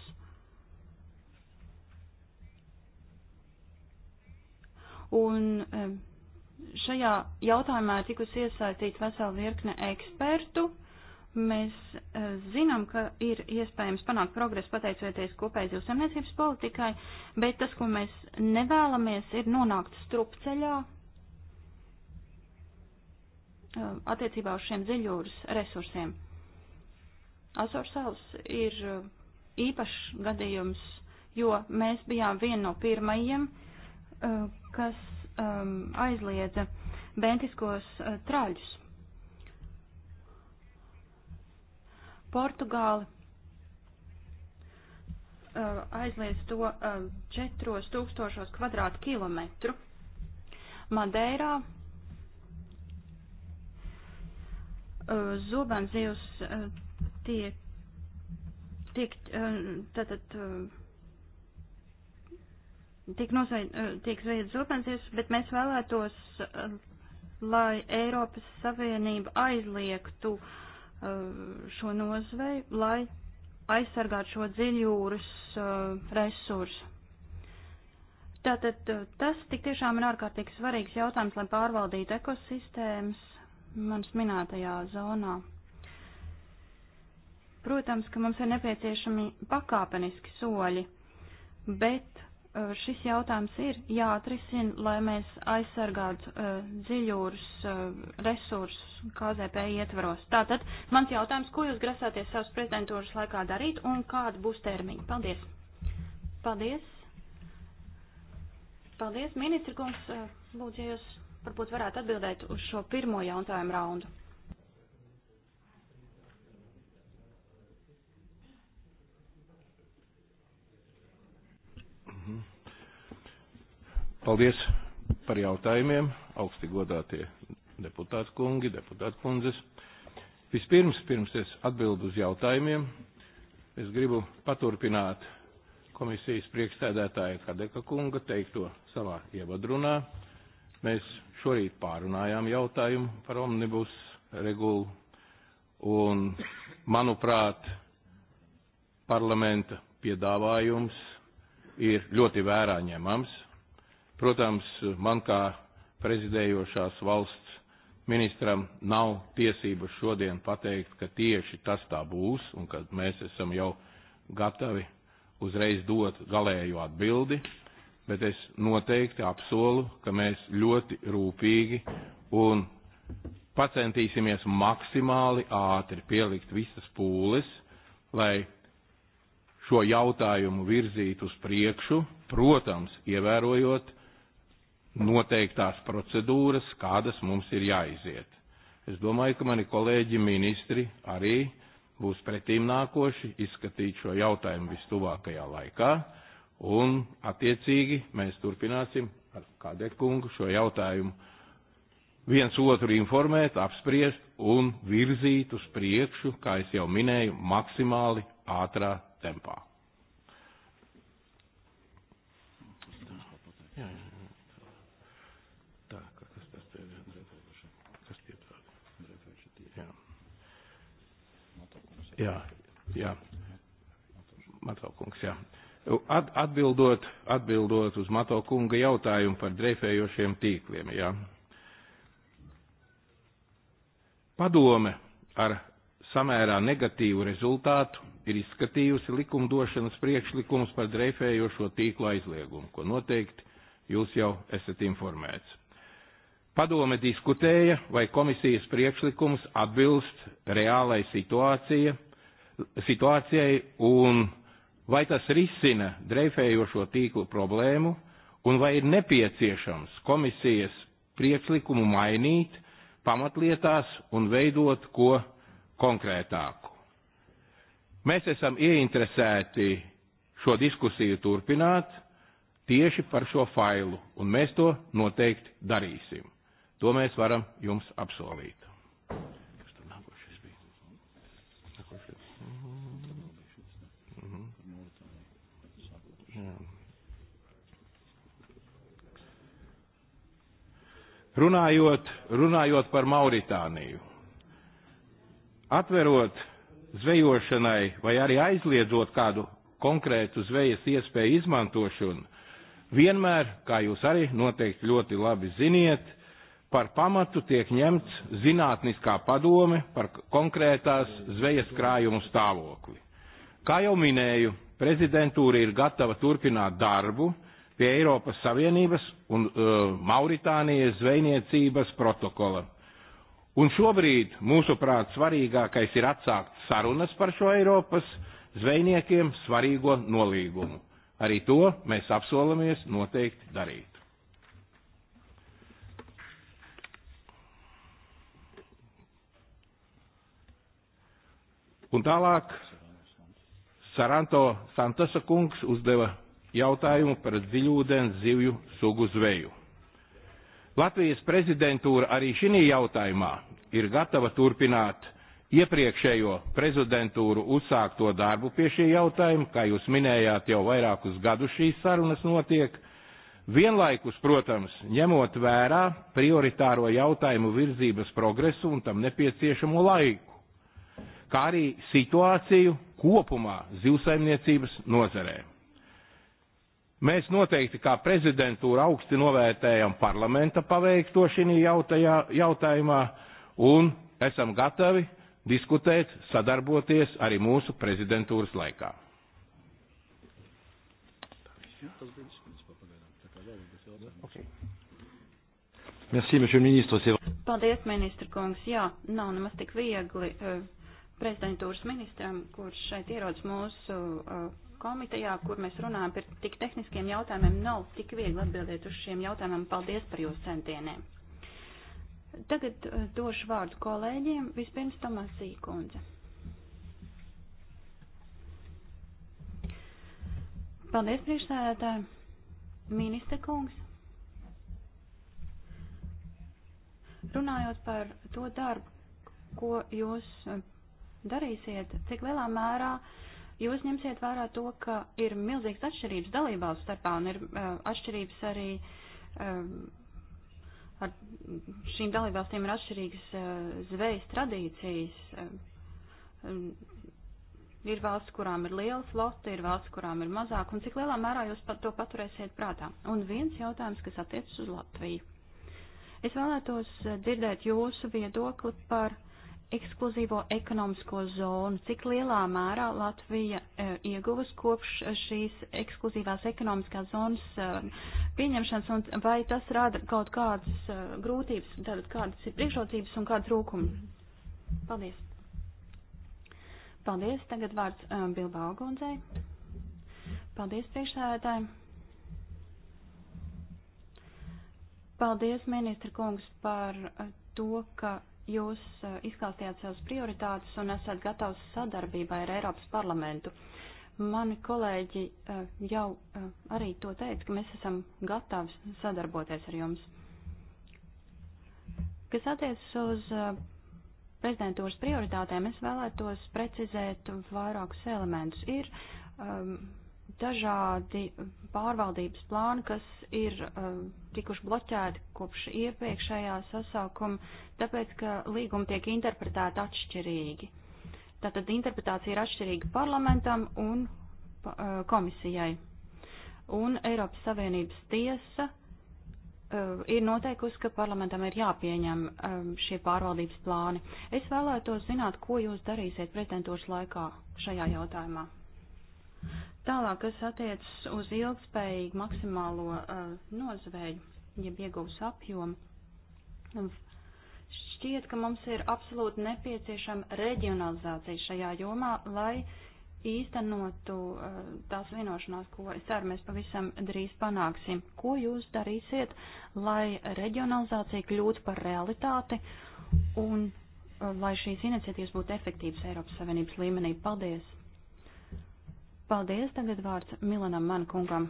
Un šajā jautājumā ir tikusi iesaistīta vesela virkne ekspertu. Mēs zinām, ka ir iespējams panākt progresu pateicoties kopējas jūsu saimniecības politikai, bet tas, ko mēs nevēlamies, ir nonākt strupceļā, Uh, attiecībā uz šiem dziļjūras resursiem. Azorsalas ir uh, īpašs gadījums, jo mēs bijām viena no pirmajiem, uh, kas um, aizliedza bentiskos traļus. Portugāli aizliedz to 4000 kvadrātkilometru. Madeirā uh, eh, zobenzīvs uh, eh, tiek, tiek uh, tātad. Uh, tiek, nosveid, tiek zveidots zobenzīvs, bet mēs vēlētos, lai Eiropas Savienība aizliegtu šo nozvei, lai aizsargātu šo dziļjūras resursu. Tātad tas tik tiešām ir ārkārtīgi svarīgs jautājums, lai pārvaldītu ekosistēmas manas minētajā zonā. Protams, ka mums ir nepieciešami pakāpeniski soļi, bet eh, šis jautājums ir jāatrisina, lai mēs aizsargātu uh, eh, dziļūrus uh, eh, resursus KZP ietvaros. Tātad, mans jautājums, ko jūs grasāties savas prezidentūras laikā darīt un kāda būs termiņa? Paldies! Paldies! Paldies, ministri kungs, lūdzu, ja jūs Varbūt varētu atbildēt uz šo pirmo jautājumu raundu. Mhm. Paldies par jautājumiem, augsti godātie deputāti kungi, deputāti kundzes. Vispirms, pirms es atbildu uz jautājumiem, es gribu paturpināt komisijas priekšsēdētāja Kadeka kunga teikto savā ievadrunā. Mēs šorīt pārunājām jautājumu par omnibus regulu un, manuprāt, parlamenta piedāvājums ir ļoti vērā ņemams. Protams, man kā prezidējošās valsts ministram nav tiesības šodien pateikt, ka tieši tas tā būs un ka mēs esam jau gatavi uzreiz dot galēju atbildi bet es noteikti apsolu, ka mēs ļoti rūpīgi un pacentīsimies maksimāli ātri pielikt visas pūles, lai šo jautājumu virzītu uz priekšu, protams, ievērojot noteiktās procedūras, kādas mums ir jāiziet. Es domāju, ka mani kolēģi ministri arī būs pretīm nākoši izskatīt šo jautājumu vistuvākajā laikā un attiecīgi mēs turpināsim ar kādēļ kungu šo jautājumu viens otru informēt, apspriest un virzīt uz priekšu, kā es jau minēju, maksimāli ātrā tempā. Jā, jā. Mataukungs, jā. Atbildot, atbildot uz Mato kunga jautājumu par dreifējošiem tīkliem, jā. Padome ar samērā negatīvu rezultātu ir izskatījusi likumdošanas priekšlikums par dreifējošo tīklu aizliegumu, ko noteikti jūs jau esat informēts. Padome diskutēja, vai komisijas priekšlikums atbilst reālai situācija, situācijai un vai tas risina dreifējošo tīklu problēmu un vai ir nepieciešams komisijas priekšlikumu mainīt pamatlietās un veidot ko konkrētāku. Mēs esam ieinteresēti šo diskusiju turpināt tieši par šo failu, un mēs to noteikti darīsim. To mēs varam jums apsolīt. Runājot, runājot par Mauritāniju, atverot zvejošanai vai arī aizliedzot kādu konkrētu zvejas iespēju izmantošanu, vienmēr, kā jūs arī noteikti ļoti labi ziniet, par pamatu tiek ņemts zinātniskā padome par konkrētās zvejas krājumu stāvokli. Kā jau minēju, prezidentūra ir gatava turpināt darbu, pie Eiropas Savienības un uh, Mauritānijas zvejniecības protokola. Un šobrīd, mūsuprāt, svarīgākais ir atsākt sarunas par šo Eiropas zvejniekiem svarīgo nolīgumu. Arī to mēs apsolamies noteikti darīt. Un tālāk Saranto Santasa kungs uzdeva jautājumu par dziļūdens zivju sugu zveju. Latvijas prezidentūra arī šī jautājumā ir gatava turpināt iepriekšējo prezidentūru uzsākto darbu pie šī jautājuma, kā jūs minējāt, jau vairākus gadus šīs sarunas notiek. Vienlaikus, protams, ņemot vērā prioritāro jautājumu virzības progresu un tam nepieciešamo laiku, kā arī situāciju kopumā zivsaimniecības nozarē. Mēs noteikti kā prezidentūra augsti novērtējam parlamenta paveikto šī jautājumā un esam gatavi diskutēt, sadarboties arī mūsu prezidentūras laikā. Merci, monsieur le ministre. Paldies, ministra kungs. Jā, nav nemaz tik viegli eh, prezidentūras ministram, kurš šeit ierodas mūsu eh, komitejā, kur mēs runājam par tik tehniskiem jautājumiem, nav tik viegli atbildēt uz šiem jautājumiem. Paldies par jūsu centieniem. Tagad uh, došu vārdu kolēģiem. Vispirms Tomās Zīkundze. Paldies, priekšsēdētāji. Ministra kungs. Runājot par to darbu, ko jūs uh, darīsiet, cik lielā mērā uh, Jūs ņemsiet vērā to, ka ir milzīgas atšķirības dalībvalstu starpā un ir uh, atšķirības arī um, ar šīm dalībvalstīm ir atšķirīgas uh, zvejas tradīcijas. Um, ir valsts, kurām ir liela flota, ir valsts, kurām ir mazāk, un cik lielā mērā jūs pat to paturēsiet prātā. Un viens jautājums, kas attiecas uz Latviju. Es vēlētos dzirdēt jūsu viedokli par uh, ekskluzīvo ekonomisko zonu, cik lielā mērā Latvija e, ieguvis kopš e, šīs ekskluzīvās ekonomiskās zonas e, pieņemšanas, un vai tas rada kaut kādas grūtības, tātad kādas ir priekšrocības un kādas rūkumi? Paldies. Paldies. Tagad vārds Bilbao Gundzei. Paldies priekšsēdētājiem. Paldies, ministra kungs, par to, ka Jūs eh, izklāstījāt savus prioritātus un esat gatavs sadarbībai ar Eiropas parlamentu. Mani kolēģi eh, jau eh, arī to teica, ka mēs esam gatavi sadarboties ar jums. Kas attiecas uz prezidentūras prioritātēm, es vēlētos precizēt vairākus elementus. Ir um, dažādi pārvaldības plāni, kas ir um, tikuši bloķēti kopš iepriekšējā sasaukuma, tāpēc, ka līgumi tiek interpretēti atšķirīgi. Tātad interpretācija ir atšķirīga parlamentam un komisijai. Un Eiropas Savienības tiesa ir noteikusi, ka parlamentam ir jāpieņem šie pārvaldības plāni. Es vēlētos zināt, ko jūs darīsiet prezidentūras laikā šajā jautājumā. Tālāk, kas attiecas uz ilgspējīgu maksimālo uh, nozveju, jeb ieguvus apjomu, šķiet, ka mums ir absolūti nepieciešama reģionalizācija šajā jomā, lai īstenotu uh, tās vienošanās, ko es ceru, mēs pavisam drīz panāksim. Ko jūs darīsiet, lai reģionalizācija kļūtu par realitāti un uh, lai šīs iniciatīvas būtu efektīvas Eiropas Savienības līmenī? Paldies! Paldies, tagad vārds Milanam Mankungam.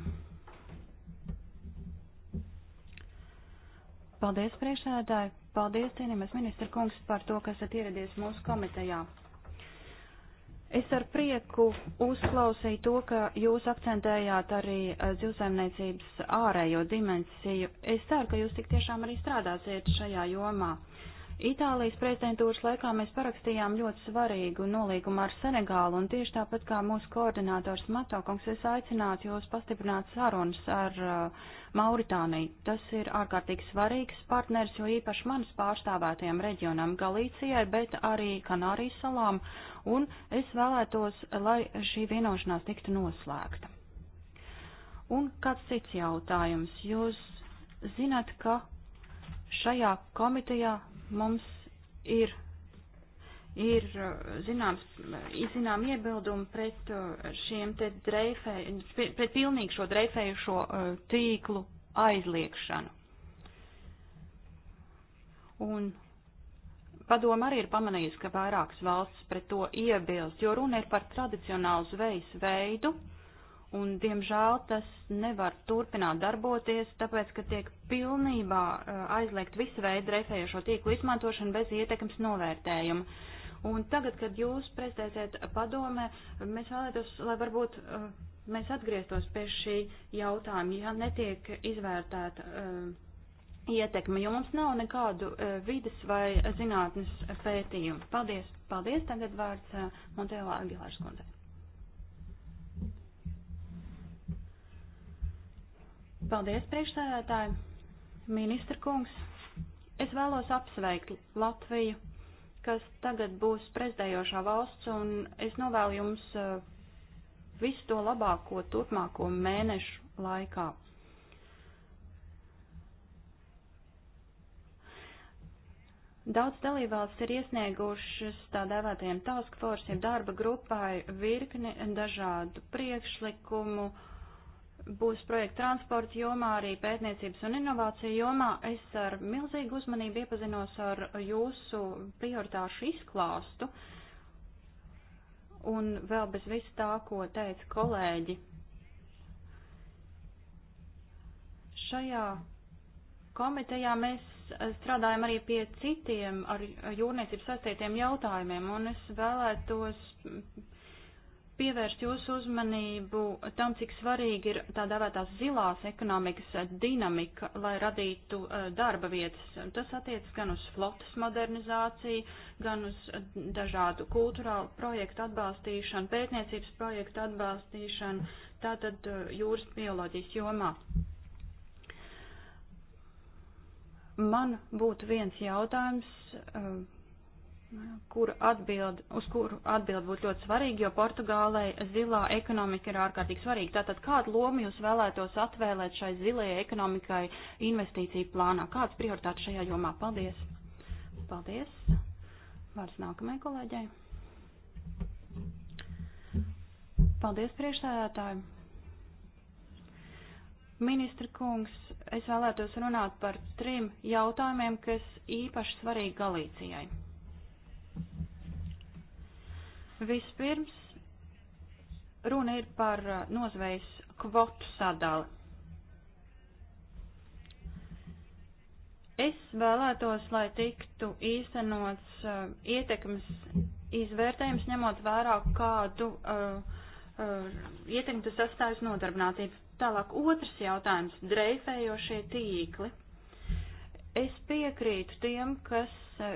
Paldies, priekšsēdētāji. Paldies, cienījamies ministra kungs, par to, ka esat ieradies mūsu komitejā. Es ar prieku uzklausīju to, ka jūs akcentējāt arī dzīvsaimniecības eh, ārējo dimensiju. Es ceru, ka jūs tik tiešām arī strādāsiet šajā jomā. Itālijas prezidentūras laikā mēs parakstījām ļoti svarīgu nolīgumu ar Senegālu, un tieši tāpat kā mūsu koordinātors Matokungs, es aicinātu jūs pastiprināt sarunas ar uh, Mauritāniju. Tas ir ārkārtīgi svarīgs partners, jo īpaši manas pārstāvētajam reģionam Galīcijai, bet arī Kanārijas salām, un es vēlētos, lai šī vienošanās tiktu noslēgta. Un kāds cits jautājums? Jūs zināt, ka šajā komitejā Mums ir, ir zināms, zinām iebildumi pret uh, šiem te dreifēju, pret pilnīgi šo dreifējušo uh, tīklu aizliekšanu. Un Padoma arī ir pamanījusi, ka vairākas valsts pret to iebilst, jo runa ir par tradicionālu zvejas veidu, un diemžēl tas nevar turpināt darboties, tāpēc, ka tiek pilnībā aizliegt visu veidu reifējošo tīklu izmantošanu bez ietekmes novērtējuma. Un tagad, kad jūs prezidēsiet padomē, mēs vēlētos, lai varbūt mēs atgrieztos pie šī jautājuma, ja netiek izvērtēta uh, ietekme, jo mums nav nekādu uh, vides vai zinātnes pētījumu. Paldies, paldies, tagad vārds uh, Montēlā Agilārs kundzei. Paldies, priekšstādātāji. Ministra kungs, es vēlos apsveikt Latviju, kas tagad būs prezidējošā valsts, un es novēlu jums eh, visu to labāko turpmāko mēnešu laikā. Daudz dalībvalsts ir iesniegušas tā dēvētajiem task force, darba grupai virkni dažādu priekšlikumu, uh, būs projekti transporta jomā, arī pētniecības un inovāciju jomā. Es ar milzīgu uzmanību iepazinos ar jūsu prioritāšu izklāstu un vēl bez visu tā, ko teica kolēģi. Šajā komitejā mēs strādājam arī pie citiem ar jūrniecības saistītiem jautājumiem, un es vēlētos pievērst jūsu uzmanību tam, cik svarīgi ir tā dēvētās zilās ekonomikas dinamika, lai radītu eh, darba vietas. Tas attiec gan uz flotas modernizāciju, gan uz eh, dažādu kultūrālu projektu atbalstīšanu, pētniecības projektu atbalstīšanu, tātad eh, jūras bioloģijas jomā. Man būtu viens jautājums kura atbild, uz kuru atbild būtu ļoti svarīgi, jo Portugālei zilā ekonomika ir ārkārtīgi svarīga. Tātad kādu lomu jūs vēlētos atvēlēt šai zilajai ekonomikai investīciju plānā? Kāds prioritāts šajā jomā? Paldies! Paldies! Vārds nākamajai kolēģai. Paldies priekšsēdētāji. Ministra kungs, es vēlētos runāt par trim jautājumiem, kas īpaši svarīgi Galīcijai. Vispirms runa ir par uh, nozvejas kvotu sadali. Es vēlētos, lai tiktu īstenots uh, ietekmes izvērtējums, ņemot vērā kādu uh, uh, ietekmi tas atstājas nodarbinātību. Tālāk otrs jautājums - dreifējošie tīkli. Es piekrītu tiem, kas uh,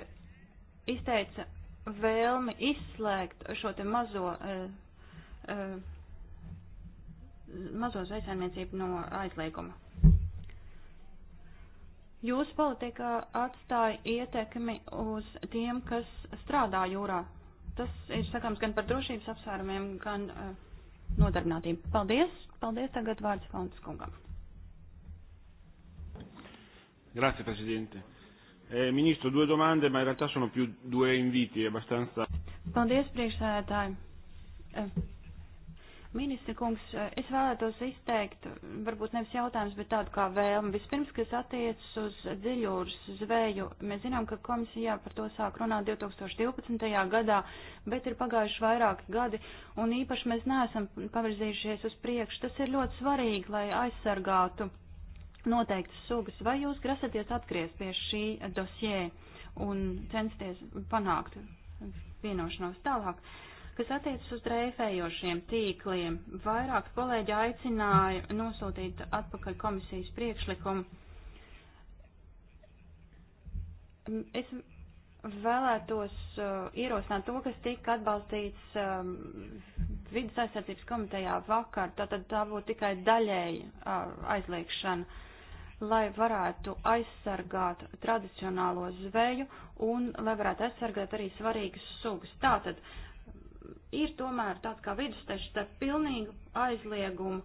izteica vēlmi izslēgt šo te mazo, uh, uh, mazo zvejsaimniecību no aizlieguma. Jūsu politika atstāja ietekmi uz tiem, kas strādā jūrā. Tas ir sakāms gan par drošības apsvērumiem, gan uh, nodarbinātību. Paldies! Paldies tagad vārds Fontas kungam. Grazie, Presidente. Eh, ministro, due domande, ma in realtà sono più due inviti, abbastanza. Paldies, priekšsēdētāji. Eh, Ministra kungs, eh, es vēlētos izteikt, varbūt nevis jautājums, bet tādu kā vēlmi. Vispirms, kas attiecas uz dziļūras zvēju, mēs zinām, ka komisijā par to sāk runāt 2012. gadā, bet ir pagājuši vairāki gadi, un īpaši mēs neesam pavirzījušies uz priekšu. Tas ir ļoti svarīgi, lai aizsargātu noteiktas sugas, vai jūs grasaties atgriezt pie šī dosjē un censties panākt vienošanos tālāk? Kas attiecas uz dreifējošiem tīkliem, vairāk kolēģi aicināja nosūtīt atpakaļ komisijas priekšlikumu. Es vēlētos uh, ierosināt to, kas tika atbalstīts um, vidas aizsardzības komitejā vakar, tātad tā būtu tikai daļēji uh, aizliekšana lai varētu aizsargāt tradicionālo zveju un lai varētu aizsargāt arī svarīgas sugas. Tātad ir tomēr tāds kā vidustežs starp pilnīgu aizliegumu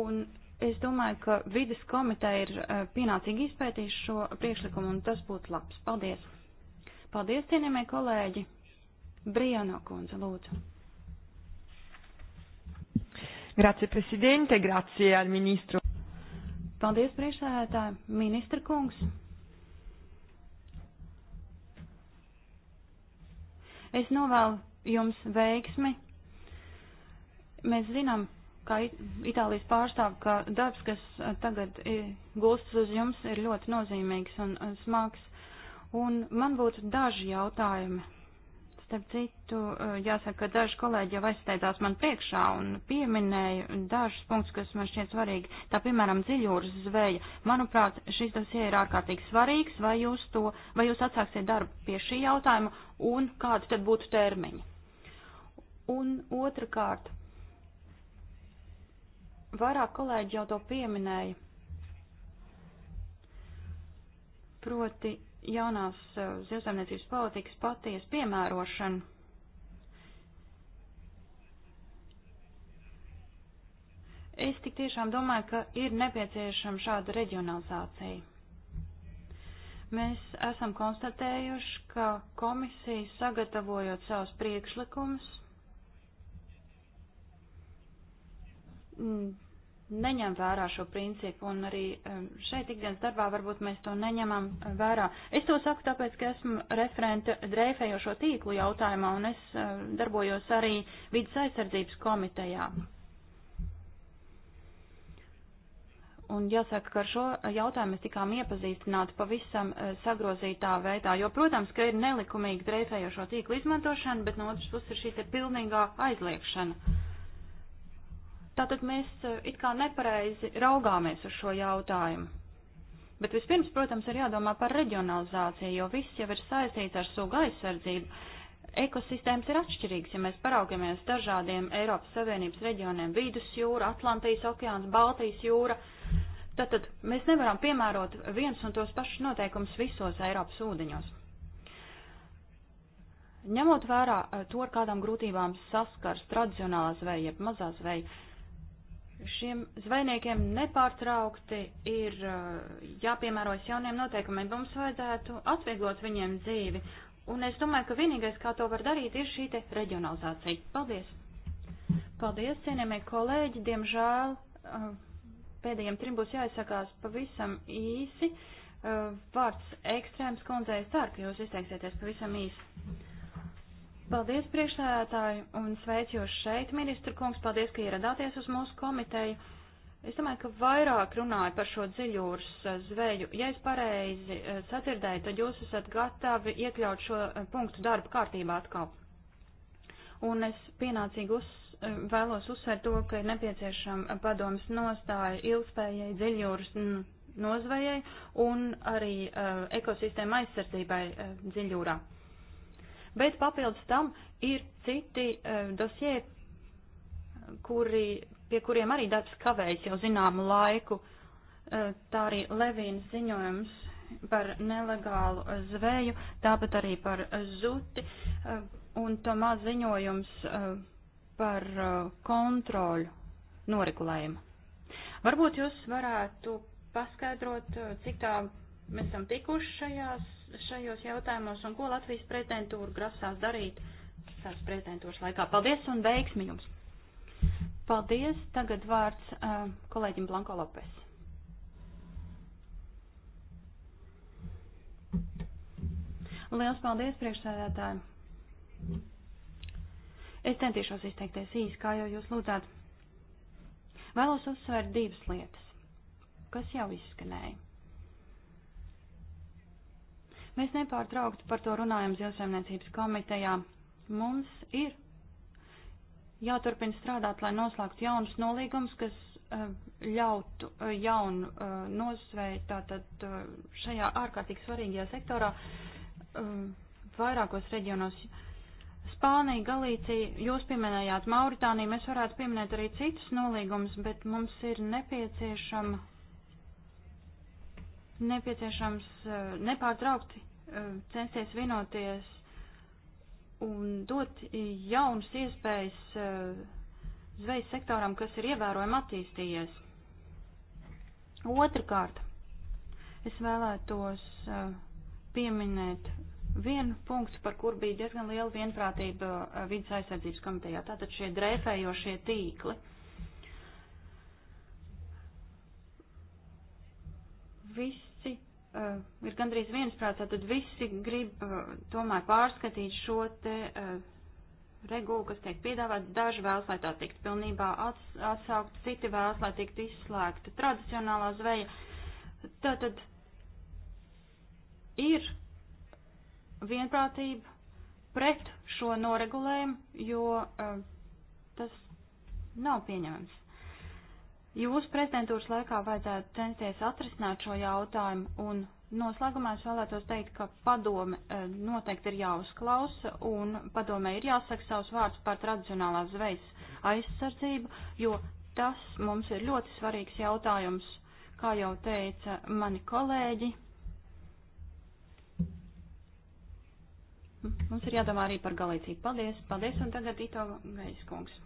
un es domāju, ka vidas komiteja ir eh, pienācīgi izpētījuši šo priekšlikumu un tas būtu labs. Paldies! Paldies, cienījamie kolēģi! Briano Kunze, lūdzu! Grazie Presidente, grazie al Ministro. Paldies, priekšsēdētāji. Ministra kungs. Es novēlu jums veiksmi. Mēs zinām, kā Itālijas pārstāv, ka darbs, kas eh, tagad gulstas uz jums, ir ļoti nozīmīgs un eh, smags. Un man būtu daži jautājumi Starp citu, eh, jāsaka, ka daži kolēģi jau aizsteidās man priekšā un pieminēja dažus punktus, kas man šķiet svarīgi. Tā, piemēram, dziļūras zveja. Manuprāt, šis dosie ir ārkārtīgi svarīgs. Vai jūs, to, vai jūs atsāksiet darbu pie šī jautājuma un kādi tad būtu termiņi? Un otrkārt, vairāk kolēģi jau to pieminēja. Proti, jaunās eh, zivsaimniecības politikas paties piemērošanu. Es tik tiešām domāju, ka ir nepieciešama šāda reģionalizācija. Mēs esam konstatējuši, ka komisija sagatavojot savus priekšlikumus mm, neņem vērā šo principu, un arī um, šeit ikdienas darbā varbūt mēs to neņemam uh, vērā. Es to saku tāpēc, ka esmu referente dreifējošo tīklu jautājumā, un es uh, darbojos arī vidas aizsardzības komitejā. Un jāsaka, ka ar šo jautājumu mēs tikām iepazīstināti pavisam uh, sagrozītā veidā, jo, protams, ka ir nelikumīgi dreifējošo tīklu izmantošana, bet no otras puses ir šī te pilnīgā aizliekšana. Tātad mēs eh, it kā nepareizi raugāmies uz šo jautājumu. Bet vispirms, protams, ir jādomā par reģionalizāciju, jo viss jau ir saistīts ar suga aizsardzību. Ekosistēmas ir atšķirīgas, ja mēs paraugamies dažādiem Eiropas Savienības reģioniem - Vīdus jūra, Atlantijas okeāns, Baltijas jūra. Tātad mēs nevaram piemērot viens un tos pašus noteikumus visos Eiropas ūdeņos. Ņemot vērā eh, to, ar kādām grūtībām saskars tradicionālā zveja, jeb mazā zveja, šiem zvejniekiem nepārtraukti ir eh, jāpiemērojas jauniem noteikumiem. Mums vajadzētu atvieglot viņiem dzīvi. Un es domāju, ka vienīgais, kā to var darīt, ir šī te reģionalizācija. Paldies! Paldies, cienījamie kolēģi! Diemžēl eh, pēdējiem trim būs jāizsakās pavisam īsi. Eh, vārds ekstrēms kundzei starp, jūs izteiksieties pavisam īsi. Paldies, priekšsēdētāji, un sveicu jūs šeit, ministra kungs. Paldies, ka ieradāties uz mūsu komiteju. Es domāju, ka vairāk runāja par šo dziļūras eh, zveju. Ja es pareizi eh, sadzirdēju, tad jūs esat gatavi iekļaut šo eh, punktu darba kārtībā atkal. Un es pienācīgi uz, vēlos uzsvērt to, ka ir nepieciešama padomas nostāja ilgspējai dziļūras nozvejai un arī uh, ekosistēma aizsardzībai uh, dziļūrā bet papildus tam ir citi uh, dosie, kuri, pie kuriem arī darbs kavējas jau zināmu laiku. Uh, tā arī Levīna ziņojums par nelegālu zveju, tāpat arī par zuti uh, un tomā ziņojums uh, par uh, kontroļu noregulējumu. Varbūt jūs varētu paskaidrot, cik tā mēs esam tikuši šajās šajos jautājumos un ko Latvijas prezidentūra grasās darīt tās prezidentūras laikā. Paldies un veiksmi jums! Paldies! Tagad vārds uh, kolēģim Blanko Lopes. Liels paldies priekšsēdētājiem! Es centīšos izteikties īsi, kā jau jūs lūdzāt. Vēlos uzsvērt divas lietas, kas jau izskanēja. Mēs nepārtraukti par to runājam Zilsēmniecības komitejā. Mums ir jāturpina strādāt, lai noslēgtu jaunus nolīgumus, kas eh, ļautu eh, jaunu eh, nozvei tātad šajā ārkārtīgi svarīgajā sektorā vairākos reģionos. Spānija, Galīcija, jūs pieminējāt Mauritāniju, mēs varētu pieminēt arī citus nolīgumus, bet mums ir nepieciešama, nepieciešams nepārtraukti Um, censties vienoties un dot jaunas iespējas uh, zvejas sektoram, kas ir ievērojami attīstījies. Otrakārt, es vēlētos uh, pieminēt vienu punktu, par kur bija diezgan liela vienprātība uh, vidas aizsardzības komitejā. Tātad šie drēfējošie tīkli. Viss uh, ir gandrīz viensprāts, tad visi grib uh, tomēr pārskatīt šo te uh, regulu, kas tiek piedāvāt. Daži vēlas, lai tā tiktu pilnībā atsaukt, citi vēlas, lai tiktu izslēgta tradicionālā zveja. Tātad ir vienprātība pret šo noregulējumu, jo uh, tas nav pieņemams. Jūsu prezidentūras laikā vajadzētu censties atrisināt šo jautājumu un noslēgumā es vēlētos teikt, ka padome eh, noteikti ir jāuzklausa un padome ir jāsaka savus vārdus par tradicionālās zvejas aizsardzību, jo tas mums ir ļoti svarīgs jautājums, kā jau teica mani kolēģi. Mums ir jādomā arī par galīdzību. Paldies, paldies, un tagad Ito Gaiskungs.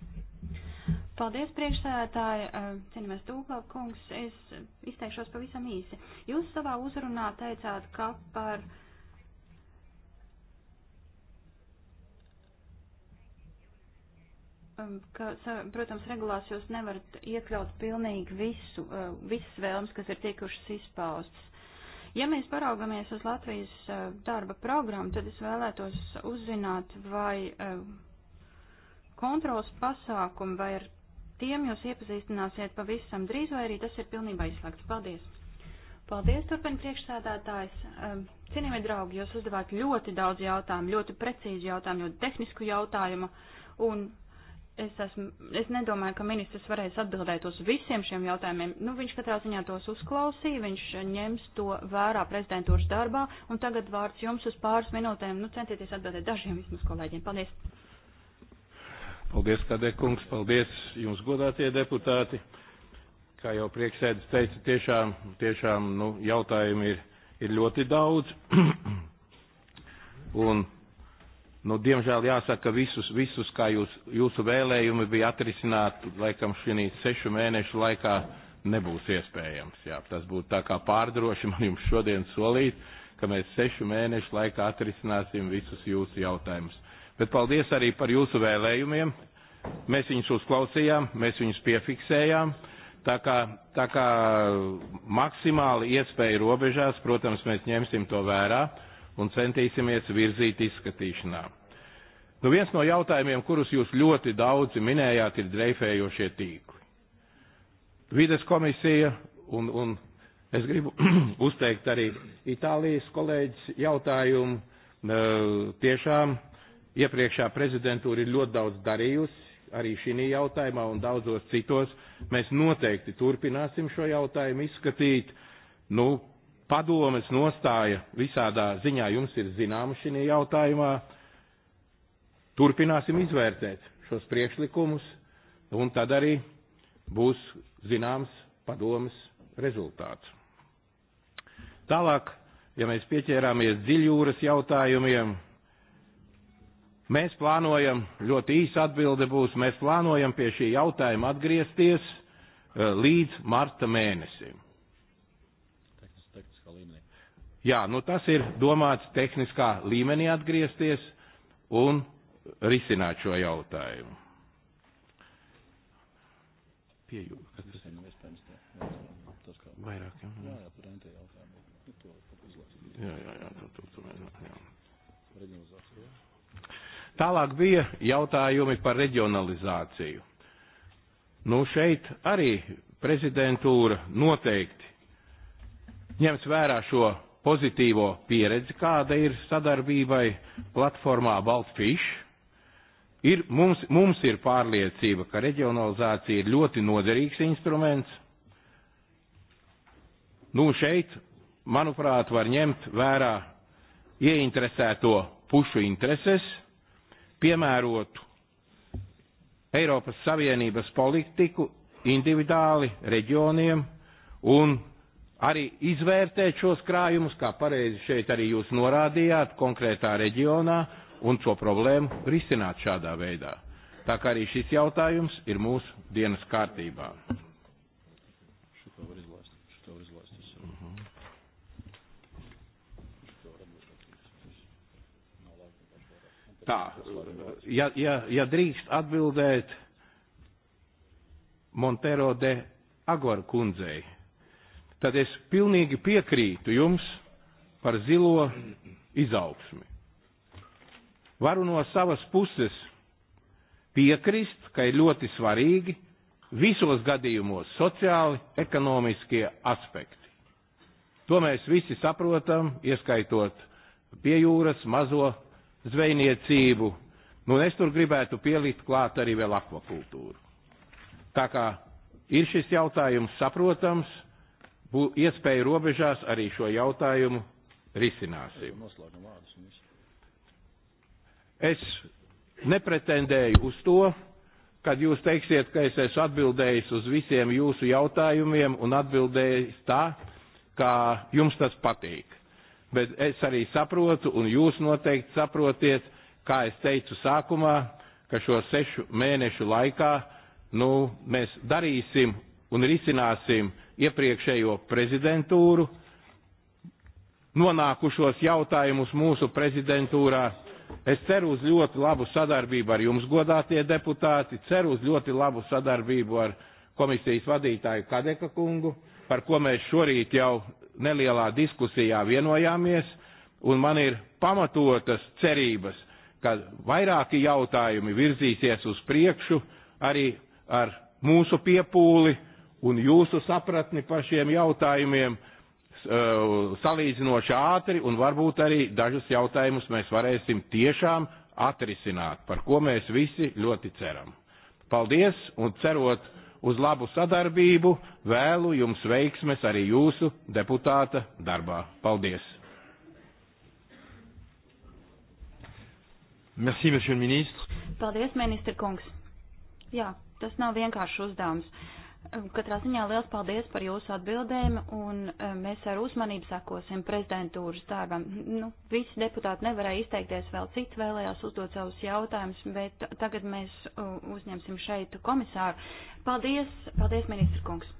Paldies, priekšsēdētāji, eh, cienījamies Tūklāk kungs, es izteikšos pavisam īsi. Jūs savā uzrunā teicāt, ka par um, ka, protams, regulās jūs nevarat iekļaut pilnīgi visu, uh, visas vēlmes, kas ir tiekušas izpaustas. Ja mēs paraugamies uz Latvijas uh, darba programmu, tad es vēlētos uzzināt, vai uh, kontrols pasākumi vai ir tiem jūs iepazīstināsiet pavisam drīz, vai arī tas ir pilnībā izslēgts. Paldies! Paldies, turpina priekšsēdētājs. Ehm, cienījamie draugi, jūs uzdevāt ļoti daudz jautājumu, ļoti precīzi jautājumu, ļoti tehnisku jautājumu, un es, esmu, es nedomāju, ka ministrs varēs atbildēt uz visiem šiem jautājumiem. Nu, viņš katrā ziņā tos uzklausīja, viņš ņems to vērā prezidentūras darbā, un tagad vārds jums uz pāris minūtēm, nu, centieties atbildēt dažiem vismaz kolēģiem. Paldies! Paldies, Kadē kungs, paldies jums godātie deputāti. Kā jau prieksēdis teica, tiešām, tiešām nu, jautājumi ir, ir ļoti daudz. Un, nu, diemžēl jāsaka, visus, visus kā jūs, jūsu vēlējumi bija atrisināt, laikam šī sešu mēnešu laikā nebūs iespējams. Jā, tas būtu tā kā pārdroši man jums šodien solīt, ka mēs sešu mēnešu laikā atrisināsim visus jūsu jautājumus bet paldies arī par jūsu vēlējumiem. Mēs viņus uzklausījām, mēs viņus piefiksējām. Tā kā, tā kā maksimāli iespēja robežās, protams, mēs ņemsim to vērā un centīsimies virzīt izskatīšanā. Nu, viens no jautājumiem, kurus jūs ļoti daudzi minējāt, ir dreifējošie tīkli. Vides komisija un, un es gribu uzteikt arī Itālijas kolēģis jautājumu tiešām Iepriekšā prezidentūra ir ļoti daudz darījusi arī šī jautājumā un daudzos citos. Mēs noteikti turpināsim šo jautājumu izskatīt. Nu, padomes nostāja visādā ziņā jums ir zināma šī jautājumā. Turpināsim izvērtēt šos priekšlikumus, un tad arī būs zināms padomes rezultāts. Tālāk, ja mēs pieķērāmies dziļjūras jautājumiem, Mēs plānojam, ļoti īsa atbilde būs, mēs plānojam pie šī jautājuma atgriezties eh, līdz marta mēnesim. Jā, nu tas ir domāts tehniskā līmenī atgriezties un risināt šo jautājumu. Pie jums. Kas tas ir? Iespējams, tā. Vairāk jau. Jā, jā, par NT jautājumu. Nu, jā, jā, jā. Tālāk bija jautājumi par reģionalizāciju. Nu, šeit arī prezidentūra noteikti ņems vērā šo pozitīvo pieredzi, kāda ir sadarbībai platformā Baltfish. Ir, mums, mums ir pārliecība, ka reģionalizācija ir ļoti noderīgs instruments. Nu, šeit, manuprāt, var ņemt vērā ieinteresēto pušu intereses, piemērotu Eiropas Savienības politiku individuāli reģioniem un arī izvērtēt šos krājumus, kā pareizi šeit arī jūs norādījāt, konkrētā reģionā un šo problēmu risināt šādā veidā. Tā kā arī šis jautājums ir mūsu dienas kārtībā. tā, ja, ja, ja drīkst atbildēt Montero de Agor kundzei, tad es pilnīgi piekrītu jums par zilo izaugsmi. Varu no savas puses piekrist, ka ir ļoti svarīgi visos gadījumos sociāli, ekonomiskie aspekti. To mēs visi saprotam, ieskaitot pie jūras mazo zvejniecību, nu es tur gribētu pielikt klāt arī vēl akvakultūru. Tā kā ir šis jautājums saprotams, iespēju robežās arī šo jautājumu risināsim. Es nepretendēju uz to, kad jūs teiksiet, ka es esmu atbildējis uz visiem jūsu jautājumiem un atbildējis tā, kā jums tas patīk bet es arī saprotu, un jūs noteikti saprotiet, kā es teicu sākumā, ka šo sešu mēnešu laikā nu, mēs darīsim un risināsim iepriekšējo prezidentūru, nonākušos jautājumus mūsu prezidentūrā. Es ceru uz ļoti labu sadarbību ar jums, godātie deputāti, ceru uz ļoti labu sadarbību ar komisijas vadītāju Kadeka kungu, par ko mēs šorīt jau nelielā diskusijā vienojāmies, un man ir pamatotas cerības, ka vairāki jautājumi virzīsies uz priekšu arī ar mūsu piepūli un jūsu sapratni par šiem jautājumiem e, salīdzinoši ātri, un varbūt arī dažus jautājumus mēs varēsim tiešām atrisināt, par ko mēs visi ļoti ceram. Paldies un cerot uz labu sadarbību, vēlu jums veiksmes arī jūsu deputāta darbā. Paldies! Merci, monsieur le ministre. Paldies, ministra kungs. Jā, tas nav vienkāršs uzdevums. Katrā ziņā liels paldies par jūsu atbildēm, un mēs ar uzmanību sakosim prezidentūras darbam. Nu, visi deputāti nevarēja izteikties vēl citi, vēlējās uzdot savus jautājumus, bet tagad mēs uzņemsim šeit komisāru. Paldies, paldies, ministra kungs!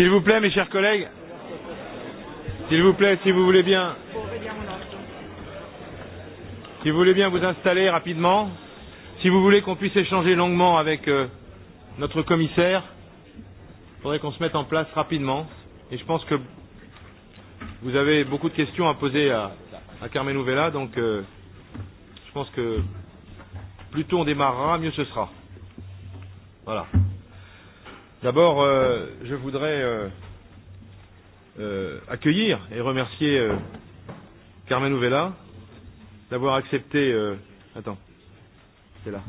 S'il vous plaît, mes chers collègues, s'il vous plaît, si vous voulez bien, si vous voulez bien vous installer rapidement, si vous voulez qu'on puisse échanger longuement avec euh, notre commissaire, il faudrait qu'on se mette en place rapidement. Et je pense que vous avez beaucoup de questions à poser à, à Carmen Nouvella, donc euh, je pense que plus tôt on démarrera, mieux ce sera. Voilà. D'abord, euh, je voudrais euh, euh, accueillir et remercier euh, Carmen Ouvella d'avoir accepté. Euh, attends, c'est là.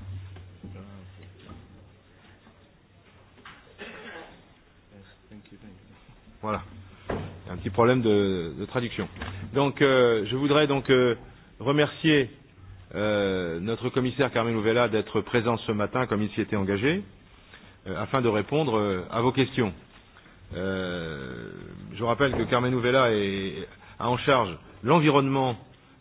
Voilà. Un petit problème de, de traduction. Donc, euh, je voudrais donc euh, remercier euh, notre commissaire Carmen Ouvella d'être présent ce matin comme il s'y était engagé. Euh, euh, afin de répondre euh, à vos questions. Euh, je rappelle que Carmen Nouvella est, a en charge l'environnement,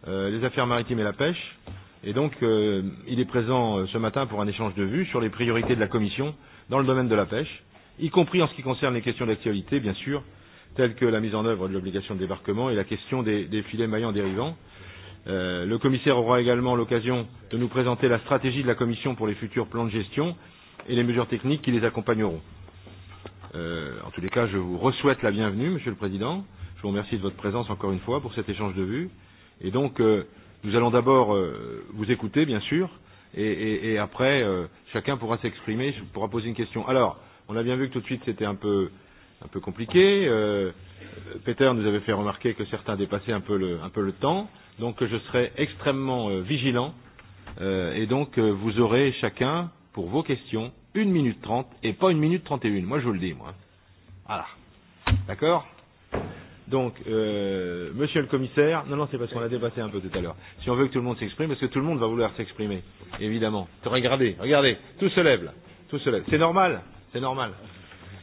euh, les affaires maritimes et la pêche. Et donc, euh, il est présent euh, ce matin pour un échange de vues sur les priorités de la Commission dans le domaine de la pêche, y compris en ce qui concerne les questions d'actualité, bien sûr, telles que la mise en œuvre de l'obligation de débarquement et la question des, des filets maillants dérivants. Euh, le commissaire aura également l'occasion de nous présenter la stratégie de la Commission pour les futurs plans de gestion et les mesures techniques qui les accompagneront. Euh, en tous les cas, je vous re-souhaite la bienvenue, Monsieur le Président. Je vous remercie de votre présence encore une fois pour cet échange de vues. Et donc, euh, nous allons d'abord euh, vous écouter, bien sûr, et, et, et après, euh, chacun pourra s'exprimer, pourra poser une question. Alors, on a bien vu que tout de suite, c'était un peu, un peu compliqué. Euh, Peter nous avait fait remarquer que certains dépassaient un peu le, un peu le temps. Donc, je serai extrêmement euh, vigilant. Euh, et donc, euh, vous aurez chacun pour vos questions, une minute trente et pas une minute trente et une. Moi, je vous le dis, moi. Voilà. D'accord Donc, euh, monsieur le commissaire, non, non, c'est parce qu'on a dépassé un peu tout à l'heure. Si on veut que tout le monde s'exprime, parce que tout le monde va vouloir s'exprimer, évidemment. Regardez, regardez, tout se lève là. Tout se lève. C'est normal, c'est normal.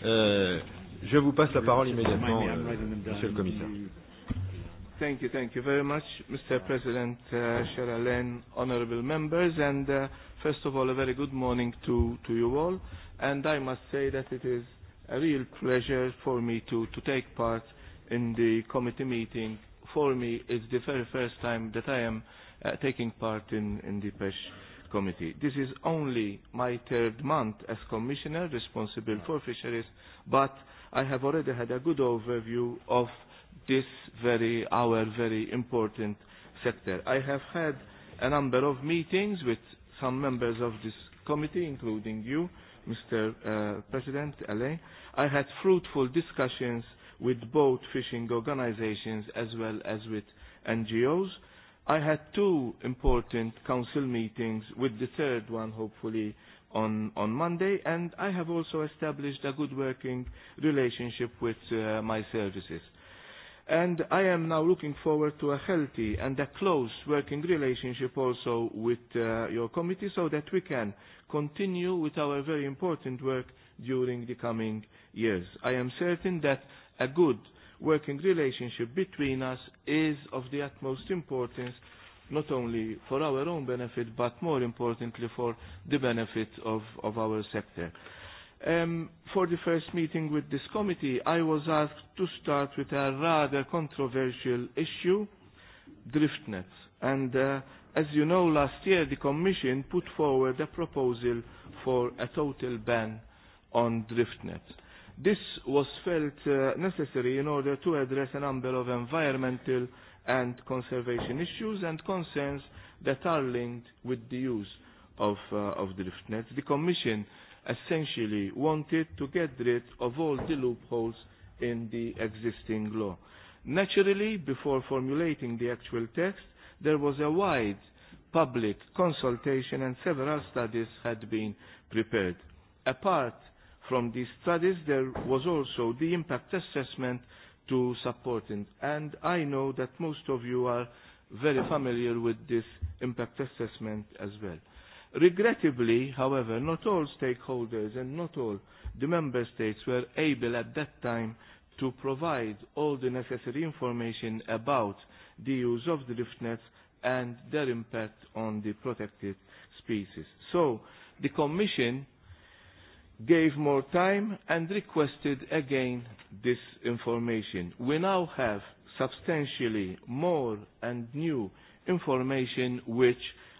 Euh, je vous passe la parole immédiatement, euh, monsieur le commissaire. Thank you, thank you very much, Mr. President, uh, Shara Len, honorable members, and uh, first of all, a very good morning to, to you all. And I must say that it is a real pleasure for me to, to take part in the committee meeting. For me, it's the very first time that I am uh, taking part in, in the PESH committee. This is only my third month as commissioner responsible for fisheries, but I have already had a good overview of uh, this very, our very important sector. I have had a number of meetings with some members of this committee, including you, Mr. Uh, President Alain. I had fruitful discussions with both fishing organizations as well as with NGOs. I had two important council meetings with the third one hopefully on, on Monday and I have also established a good working relationship with uh, my services and I am now looking forward to a healthy and a close working relationship also with uh, your committee so that we can continue with our very important work during the coming years. I am certain that a good working relationship between us is of the utmost importance not only for our own benefit but more importantly for the benefit of, of our sector. Um, for the first meeting with this committee, I was asked to start with a rather controversial issue, drift nets. And uh, as you know, last year the Commission put forward a proposal for a total ban on drift nets. This was felt uh, necessary in order to address a number of environmental and conservation issues and concerns that are linked with the use of, uh, of drift nets. The Commission uh, essentially wanted to get rid of all the loopholes in the existing law. Naturally, before formulating the actual text, there was a wide public consultation and several studies had been prepared. Apart from these studies, there was also the impact assessment to support it. And I know that most of you are very familiar with this impact assessment as well. Regrettably, however, not all stakeholders and not all the member states were able at that time to provide all the necessary information about the use of the drift nets and their impact on the protected species. So the Commission gave more time and requested again this information. We now have substantially more and new information which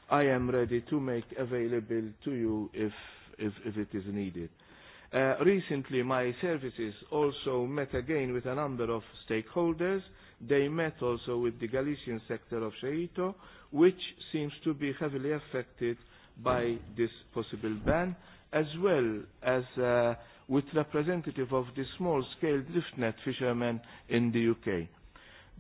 I am ready to make available to you if, if, if it is needed. Uh, recently, my services also met again with a number of stakeholders. They met also with the Galician sector of Shaito, which seems to be heavily affected by this possible ban, as well as uh, with representative of the small-scale drift net fishermen in the UK.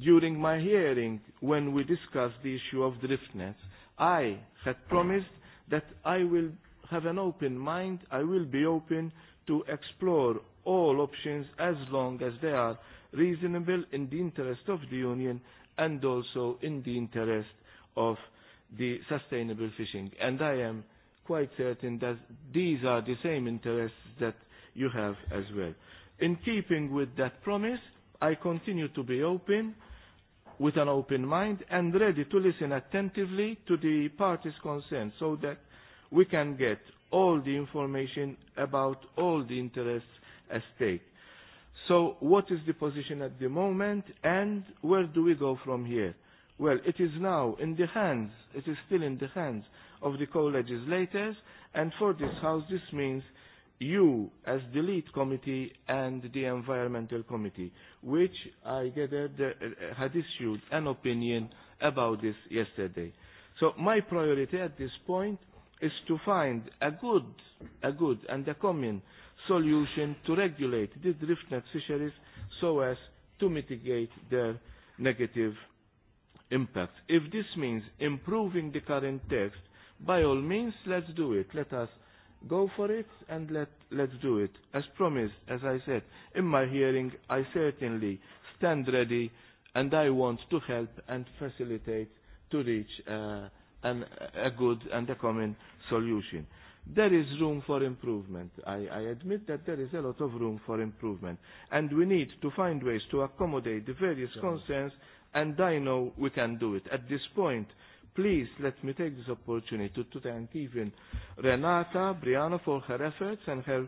During my hearing, when we discussed the issue of drift nets, I had promised that I will have an open mind, I will be open to explore all options as long as they are reasonable in the interest of the Union and also in the interest of the sustainable fishing. And I am quite certain that these are the same interests that you have as well. In keeping with that promise, I continue to be open with an open mind and ready to listen attentively to the parties concerned so that we can get all the information about all the interests at stake. So what is the position at the moment and where do we go from here? Well, it is now in the hands, it is still in the hands of the co-legislators and for this House this means you as the lead committee and the environmental committee, which I gathered uh, had issued an opinion about this yesterday. So my priority at this point is to find a good, a good and a common solution to regulate the drift net fisheries so as to mitigate their negative impact. If this means improving the current text, by all means, let's do it. Let us go for it and let, let's do it. As promised, as I said, in my hearing, I certainly stand ready and I want to help and facilitate to reach uh, an, a good and a common solution. There is room for improvement. I, I admit that there is a lot of room for improvement. And we need to find ways to accommodate the various yeah. concerns, and I know we can do it. At this point, uh, Please let me take this opportunity to thank even Renata Briano for her efforts and her,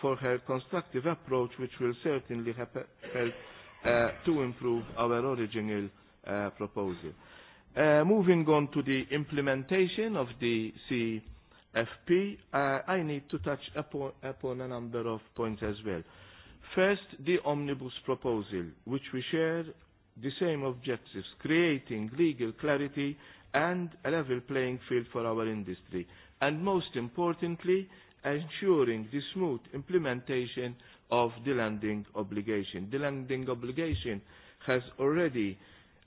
for her constructive approach, which will certainly help uh, to improve our original uh, proposal. Uh, moving on to the implementation of the CFP, uh, I need to touch upon, upon a number of points as well. First, the omnibus proposal, which we share the same objectives, creating legal clarity and a level playing field for our industry, and most importantly, ensuring the smooth implementation of the landing obligation. The landing obligation has already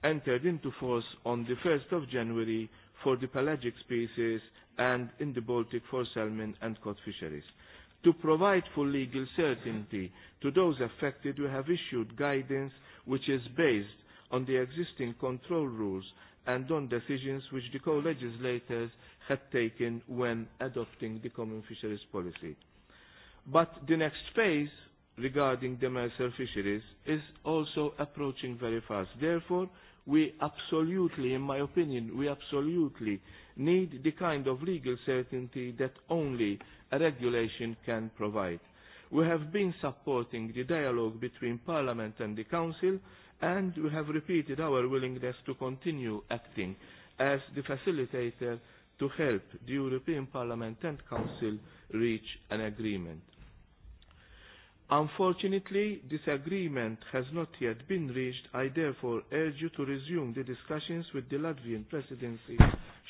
entered into force on the 1st of January for the pelagic species and in the Baltic for salmon and cod fisheries. To provide for legal certainty to those affected, we have issued guidance which is based on the existing control rules and on decisions which the co-legislators had taken when adopting the common fisheries policy. But the next phase regarding the Mercer fisheries is also approaching very fast. Therefore, we absolutely, in my opinion, we absolutely need the kind of legal certainty that only a regulation can provide. We have been supporting the dialogue between Parliament and the Council and we have repeated our willingness to continue acting as the facilitator to help the European Parliament and Council reach an agreement. Unfortunately, this agreement has not yet been reached. I therefore urge you to resume the discussions with the Latvian presidency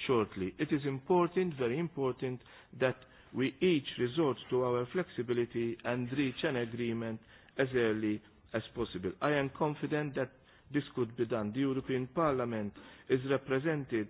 shortly. It is important, very important, that we each resort to our flexibility and reach an agreement as early as possible. I am confident that this could be done. The European Parliament is represented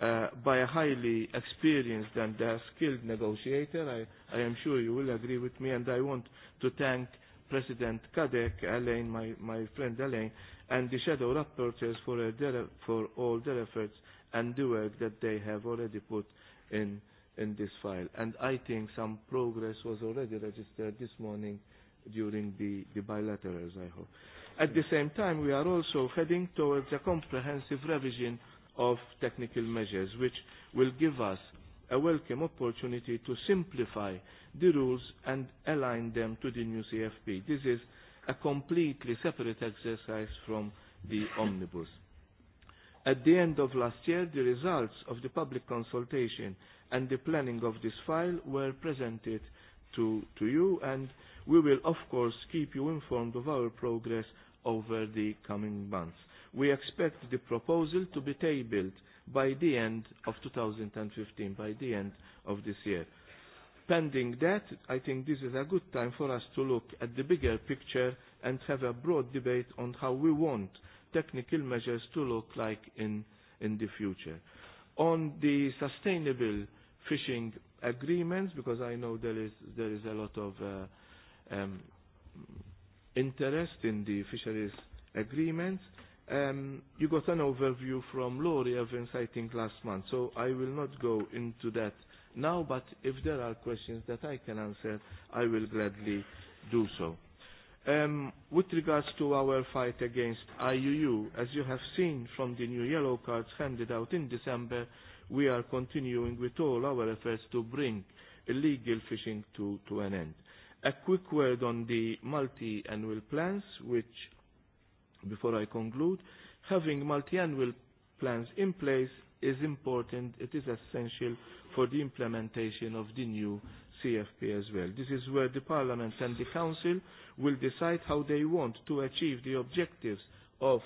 uh, by a highly experienced and uh, skilled negotiator. I, I am sure you will agree with me, and I want to thank President Kadek, Alain, my, my friend Alain, and the shadow rapporteurs for, uh, their, for all their efforts and the work that they have already put in, in this file. And I think some progress was already registered this morning uh, during the, the bilaterals, I hope. At the same time, we are also heading towards a comprehensive revision of technical measures, which will give us a welcome opportunity to simplify the rules and align them to the new CFP. This is a completely separate exercise from the omnibus. At the end of last year, the results of the public consultation and the planning of this file were presented to, to you, and We will, of course, keep you informed of our progress over the coming months. We expect the proposal to be tabled by the end of 2015, by the end of this year. Pending that, I think this is a good time for us to look at the bigger picture and have a broad debate on how we want technical measures to look like in, in the future. On the sustainable fishing agreements, because I know there is, there is a lot of uh, um, interest in the fisheries agreements. Um, you got an overview from Laurie Evans, I think, last month, so I will not go into that now, but if there are questions that I can answer, I will gladly do so. Um, with regards to our fight against IUU, as you have seen from the new yellow cards handed out in December, we are continuing with all our efforts to bring illegal fishing to, to an end. A quick word on the multi-annual plans, which, before I conclude, having multi-annual plans in place is important. It is essential for the implementation of the new CFP as well. This is where the Parliament and the Council will decide how they want to achieve the objectives of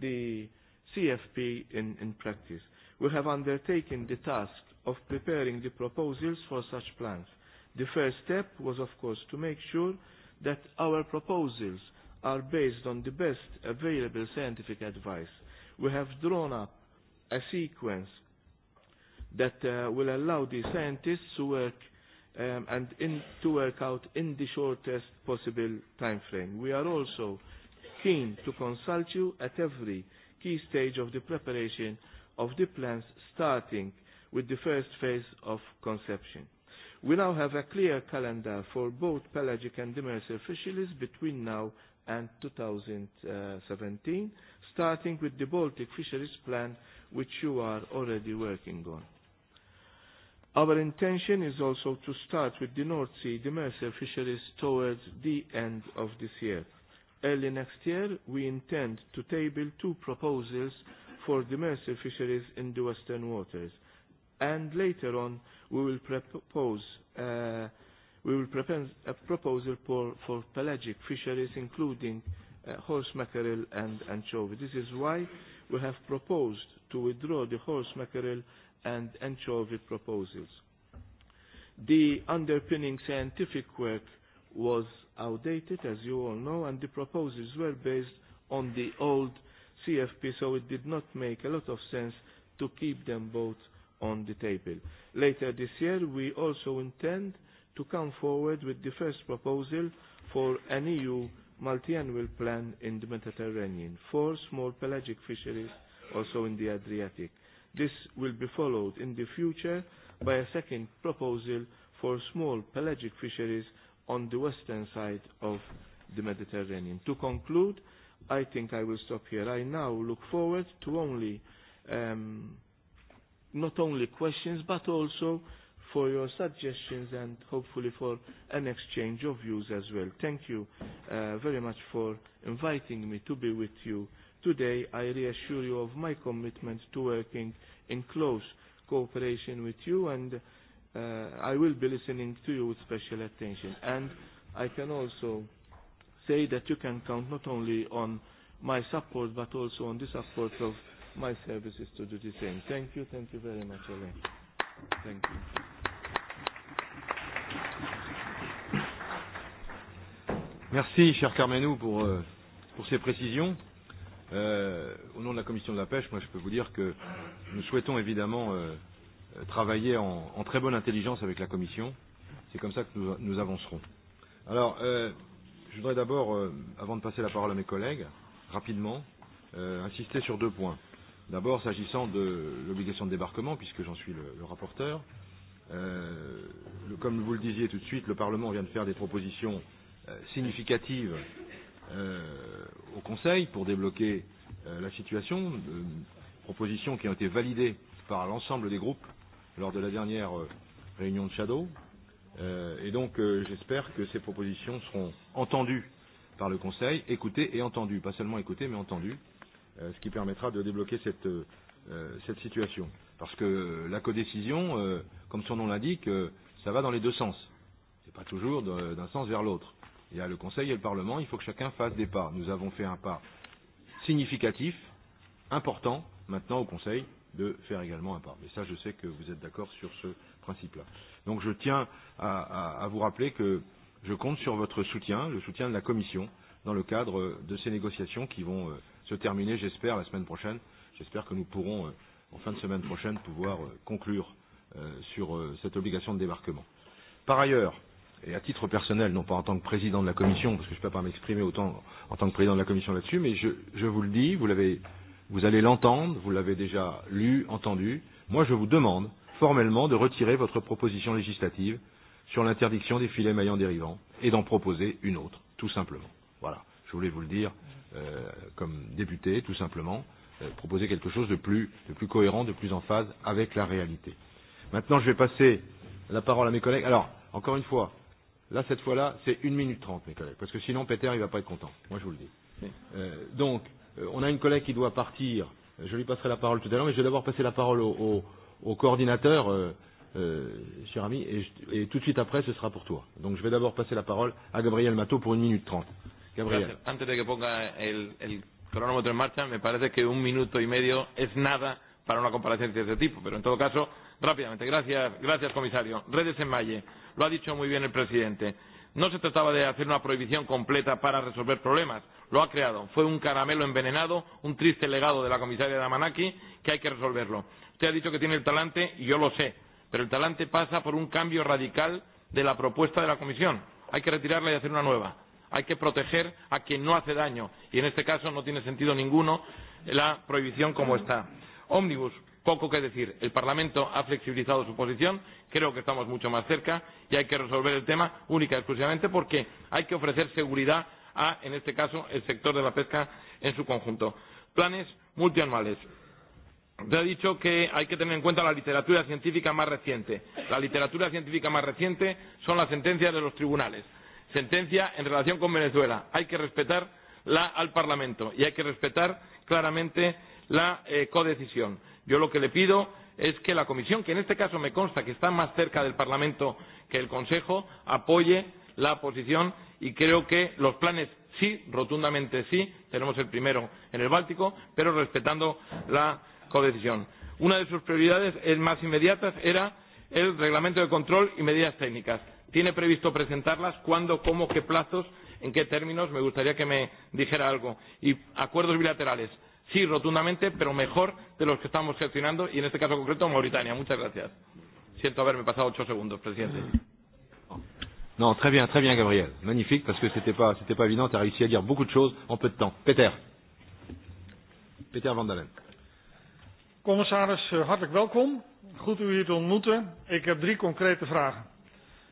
the CFP in, in practice. We have undertaken the task of preparing the proposals for such plans. The first step was, of course, to make sure that our proposals are based on the best available scientific advice. We have drawn up a sequence that uh, will allow the scientists to work um, and in, to work out in the shortest possible time frame. We are also keen to consult you at every key stage of the preparation of the plans, starting with the first phase of conception. We now have a clear calendar for both pelagic and demersal fisheries between now and 2017, starting with the Baltic Fisheries Plan, which you are already working on. Our intention is also to start with the North Sea demersal fisheries towards the end of this year. Early next year, we intend to table two proposals for demersal fisheries in the Western waters, and later on, we will propose uh, we will propose a proposal for, for pelagic fisheries including uh, horse mackerel and anchovy. This is why we have proposed to withdraw the horse mackerel and anchovy proposals. The underpinning scientific work was outdated, as you all know, and the proposals were based on the old CFP, so it did not make a lot of sense to keep them both on the table. Later this year, we also intend to come forward with the first proposal for an EU multi-annual plan in the Mediterranean for small pelagic fisheries also in the Adriatic. This will be followed in the future by a second proposal for small pelagic fisheries on the western side of the Mediterranean. To conclude, I think I will stop here. I now look forward to only um, not only questions but also for your suggestions and hopefully for an exchange of views as well. Thank you uh, very much for inviting me to be with you today. I reassure you of my commitment to working in close cooperation with you and uh, I will be listening to you with special attention. And I can also say that you can count not only on my support but also on the support of my service is to do the same. Thank you. Thank you very much, Elaine. Thank you. Merci, cher Carmenou, pour, euh, pour ces précisions. Euh, au nom de la Commission de la pêche, moi, je peux vous dire que nous souhaitons évidemment euh, travailler en, en très bonne intelligence avec la Commission. C'est comme ça que nous, nous avancerons. Alors, euh, je voudrais d'abord, euh, avant de passer la parole à mes collègues, rapidement, euh, insister sur deux points. D'abord, s'agissant de l'obligation de débarquement, puisque j'en suis le, le rapporteur, euh, le, comme vous le disiez tout de suite, le Parlement vient de faire des propositions euh, significatives euh, au Conseil pour débloquer euh, la situation, euh, propositions qui ont été validées par l'ensemble des groupes lors de la dernière euh, réunion de Shadow. Euh, et donc, euh, j'espère que ces propositions seront entendues par le Conseil, écoutées et entendues, pas seulement écoutées, mais entendues, euh, ce qui permettra de débloquer cette, euh, euh, cette situation. Parce que la codécision, euh, comme son nom l'indique, euh, ça va dans les deux sens. Ce n'est pas toujours d'un sens vers l'autre. Il y a le Conseil et le Parlement, il faut que chacun fasse des pas. Nous avons fait un pas significatif, important, maintenant au Conseil de faire également un pas. Mais ça, je sais que vous êtes d'accord sur ce principe-là. Donc je tiens à, à, à vous rappeler que je compte sur votre soutien, le soutien de la Commission, dans le cadre de ces négociations qui vont euh, se terminer, j'espère, la semaine prochaine. J'espère que nous pourrons, euh, en fin de semaine prochaine, pouvoir euh, conclure euh, sur euh, cette obligation de débarquement. Par ailleurs, et à titre personnel, non pas en tant que président de la Commission, parce que je ne peux pas m'exprimer autant en tant que président de la Commission là-dessus, mais je, je vous le dis, vous, vous allez l'entendre, vous l'avez déjà lu, entendu. Moi, je vous demande formellement de retirer votre proposition législative sur l'interdiction des filets maillants dérivants et d'en proposer une autre, tout simplement. Voilà, je voulais vous le dire euh, comme député, tout simplement, euh, proposer quelque chose de plus, de plus cohérent, de plus en phase avec la réalité. Maintenant, je vais passer la parole à mes collègues. Alors, encore une fois, là, cette fois-là, c'est une minute trente, mes collègues, parce que sinon, Peter, il ne va pas être content. Moi, je vous le dis. Oui. Euh, donc, euh, on a une collègue qui doit partir. Je lui passerai la parole tout à l'heure, mais je vais d'abord passer la parole au, au, au coordinateur. Euh, euh, cher ami, et, je, et tout de suite après, ce sera pour toi. Donc je vais d'abord passer la parole à Gabriel Matteau pour une minute trente. Gabriel. Antes de que ponga el, el cronómetro en marcha, me parece que un minuto y medio es nada para una comparación de este tipo. Pero en todo caso, rápidamente, gracias, gracias comisario. Redes en Valle, lo ha dicho muy bien el presidente. No se trataba de hacer una prohibición completa para resolver problemas, lo ha creado. Fue un caramelo envenenado, un triste legado de la comisaria Damanaki, que hay que resolverlo. Usted ha dicho que tiene el talante, y yo lo sé, pero el talante pasa por un cambio radical de la propuesta de la Comisión. Hay que retirarla y hacer una nueva Hay que proteger a quien no hace daño y en este caso no tiene sentido ninguno la prohibición como está. Ómnibus, poco que decir. El Parlamento ha flexibilizado su posición, creo que estamos mucho más cerca y hay que resolver el tema única y exclusivamente porque hay que ofrecer seguridad a, en este caso, el sector de la pesca en su conjunto. Planes multianuales. Usted ha dicho que hay que tener en cuenta la literatura científica más reciente. La literatura científica más reciente son las sentencias de los tribunales sentencia en relación con Venezuela. Hay que respetar la, al Parlamento y hay que respetar claramente la eh, codecisión. Yo lo que le pido es que la Comisión, que en este caso me consta que está más cerca del Parlamento que el Consejo, apoye la posición y creo que los planes sí, rotundamente sí, tenemos el primero en el Báltico, pero respetando la codecisión. Una de sus prioridades más inmediatas era el reglamento de control y medidas técnicas tiene previsto presentarlas, cuándo, cómo, qué plazos, en qué términos, me gustaría que me dijera algo. Y acuerdos bilaterales, sí, rotundamente, pero mejor de los que estamos gestionando y en este caso concreto Mauritania. Muchas gracias. Siento haberme pasado ocho segundos, presidente. Non, très bien, très bien, Gabriel. Magnifique, parce que c'était pas, c'était pas évident. Tu as réussi à dire beaucoup de choses en peu de temps. Peter. Peter van Dalen. Commissaris, hartelijk welkom. Goed u hier te ontmoeten. Ik heb drie concrete vragen.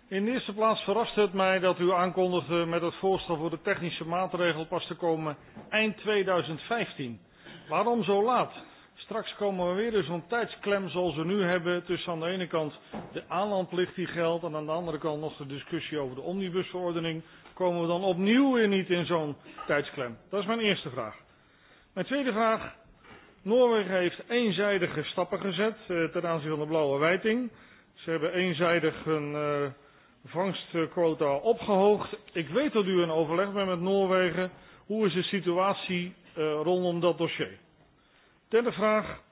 In de eerste plaats verrast het mij dat u aankondigde met het voorstel voor de technische maatregel pas te komen eind 2015. Waarom zo laat? Straks komen we weer in zo'n tijdsklem zoals we nu hebben tussen aan de ene kant de aanlandplicht die geldt en aan de andere kant nog de discussie over de omnibusverordening. Komen we dan opnieuw weer niet in zo'n tijdsklem? Dat is mijn eerste vraag. Mijn tweede vraag. Noorwegen heeft eenzijdige stappen gezet eh, ten aanzien van de blauwe wijting. Ze hebben eenzijdig een... Eh, vangstquota opgehoogd. Ik weet dat u in overleg bent met Noorwegen. Hoe is de situatie uh, rondom dat dossier? Derde vraag.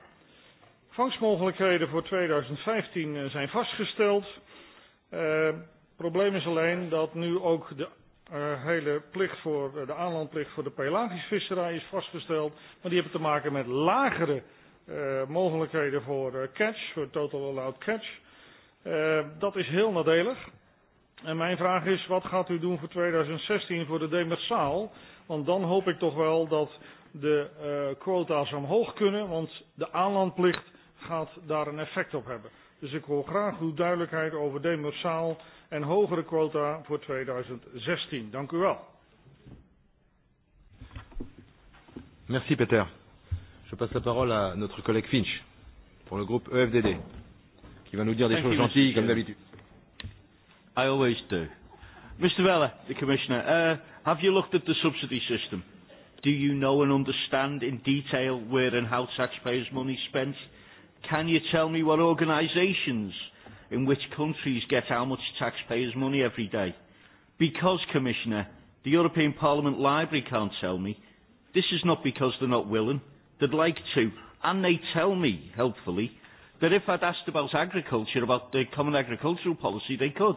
Vangstmogelijkheden voor 2015 eh, zijn vastgesteld. Uh, probleem is alleen dat nu ook de uh, hele plicht voor uh, de aanlandplicht voor de pelagische visserij is vastgesteld. Maar die hebben te maken met lagere uh, mogelijkheden voor uh, catch, voor total allowed catch. Uh, dat is heel nadelig. En mijn vraag is, wat gaat u doen voor 2016 voor de demersaal? Want dan hoop ik toch wel dat de uh, quota's omhoog kunnen, want de aanlandplicht gaat daar een effect op hebben. Dus ik wil graag uw duidelijkheid over demersaal en hogere quota voor 2016. Dank u wel. Merci Peter. Je passe la parole à notre collègue Finch pour le groupe EFDD qui va nous dire des Thank choses you, gentilles comme d'habitude. I always do. Mr. Vella, the Commissioner, uh, have you looked at the subsidy system? Do you know and understand in detail where and how taxpayers' money is spent? Can you tell me what organisations in which countries get how much taxpayers' money every day? Because, Commissioner, the European Parliament Library can't tell me. This is not because they're not willing. They'd like to. And they tell me, helpfully, that if I'd asked about agriculture, about the common agricultural policy, they could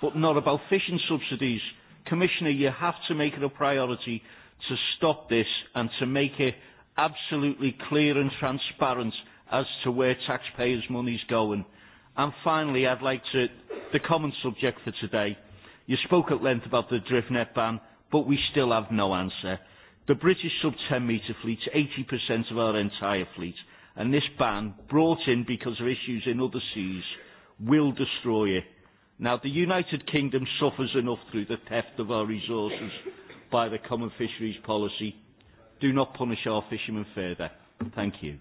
but not about fishing subsidies. Commissioner, you have to make it a priority to stop this and to make it absolutely clear and transparent as to where taxpayers' money's going. And finally, I'd like to, the common subject for today. You spoke at length about the DriftNet ban, but we still have no answer. The British sub-10 metre fleet's 80% of our entire fleet, and this ban, brought in because of issues in other seas, will destroy it Now, the United Kingdom suffers enough through the theft of our resources by the common fisheries policy. Do not punish our fishermen further. Thank you.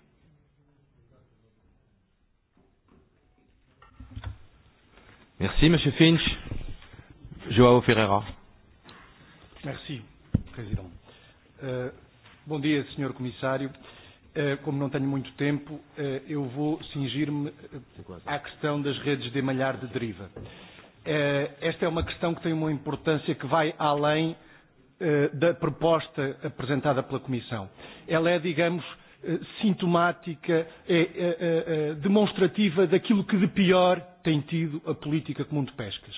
Merci, Monsieur Finch. João Ferreira. Merci, Presidente. Uh, bom dia, Sr. Comissário. Uh, Eh, como não tenho muito tempo, eh, eu vou cingir-me eh, à questão das redes de malhar de deriva. Esta é uma questão que tem uma importância que vai além da proposta apresentada pela Comissão. Ela é, digamos, sintomática, é, é, é, demonstrativa daquilo que de pior tem tido a política comum de pescas.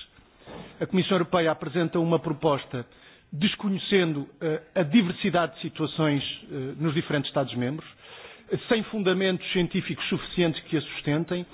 A Comissão Europeia apresenta uma proposta desconhecendo a diversidade de situações nos diferentes Estados-membros, sem fundamentos científicos suficientes que a sustentem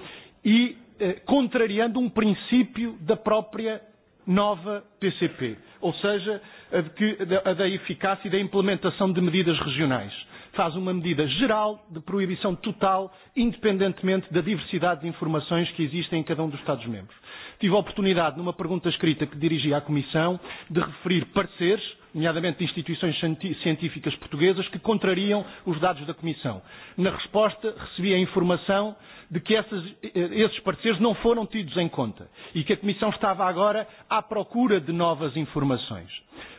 e eh, contrariando um princípio da própria nova PCP, ou seja, a, que, a da eficácia e da implementação de medidas regionais. Faz uma medida geral de proibição total, independentemente da diversidade de informações que existem em cada um dos Estados-membros. Tive a oportunidade, numa pergunta escrita que dirigi à Comissão, de referir pareceres nomeadamente de instituições científicas portuguesas, que contrariam os dados da Comissão. Na resposta, recebi a informação de que essas, esses pareceres não foram tidos em conta e que a Comissão estava agora à procura de novas informações.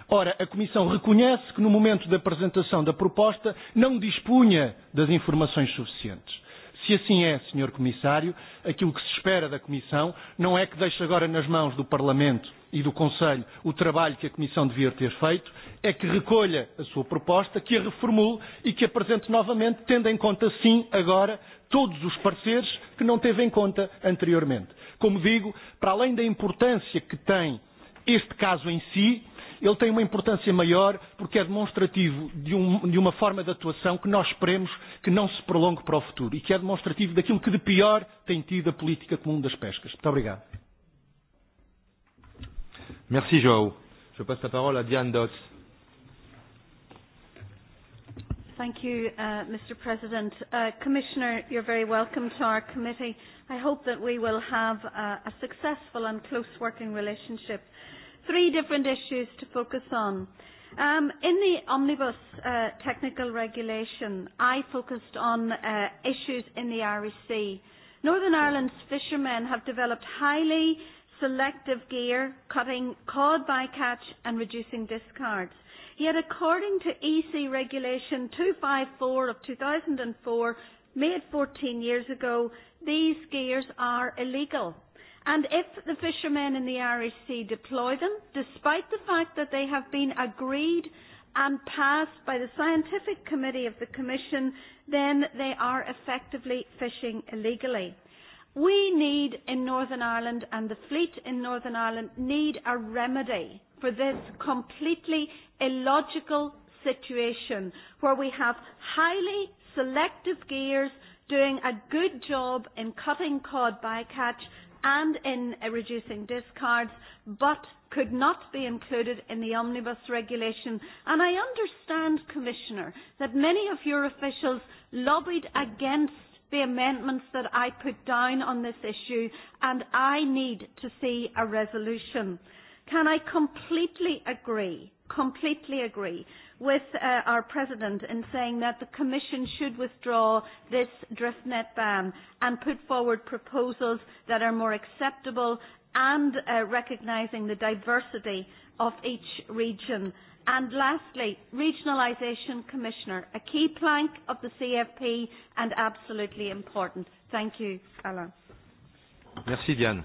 Ora, a Comissão reconhece que no momento da apresentação da proposta não dispunha das informações suficientes. Se assim é, Sr. Comissário, aquilo que se espera da Comissão não é que deixe agora nas mãos do Parlamento e do Conselho o trabalho que a Comissão devia ter feito, é que recolha a sua proposta, que a reformule e que apresente novamente, tendo em conta, sim, agora, todos os pareceres que não teve em conta anteriormente. Como digo, para além da importância que tem este caso em si, ele tem uma importância maior porque é demonstrativo de, um, de uma forma de atuação que nós esperemos que não se prolongue para o futuro e que é demonstrativo daquilo que de pior tem tido a política comum das pescas. Muito obrigado. Merci Joao. Je passe la parole à Diane Dodds. Thank you, uh, Mr. President. Uh, Commissioner, you're very welcome to our committee. I hope that we will have uh, a successful and close working relationship. Three different issues to focus on. Um, in the omnibus uh, technical regulation, I focused on uh, issues in the Irish Sea. Northern Ireland's fishermen have developed highly uh, selective gear, cutting cod bycatch and reducing discards. Yet according to EC Regulation 254 of 2004, made 14 years ago, these gears are illegal. And if the fishermen in the Irish Sea deploy them, despite the fact that they have been agreed and passed by the Scientific Committee of the Commission, then they are effectively fishing illegally. We need in Northern Ireland and the fleet in Northern Ireland need a remedy for this completely illogical situation where we have highly selective gears doing a good job in cutting cod bycatch and in uh, reducing discards, but could not be included in the omnibus regulation. And I understand, Commissioner, that many of your officials lobbied against the amendments that I put down on this issue, and I need to see a resolution. Can I completely agree, completely agree with uh, our President in saying that the Commission should withdraw this DriftNet ban and put forward proposals that are more acceptable and uh, recognising the diversity of each region? And lastly, regionalisation commissioner, a key plank of the CFP and absolutely important. Thank you, Alain. Merci, Diane.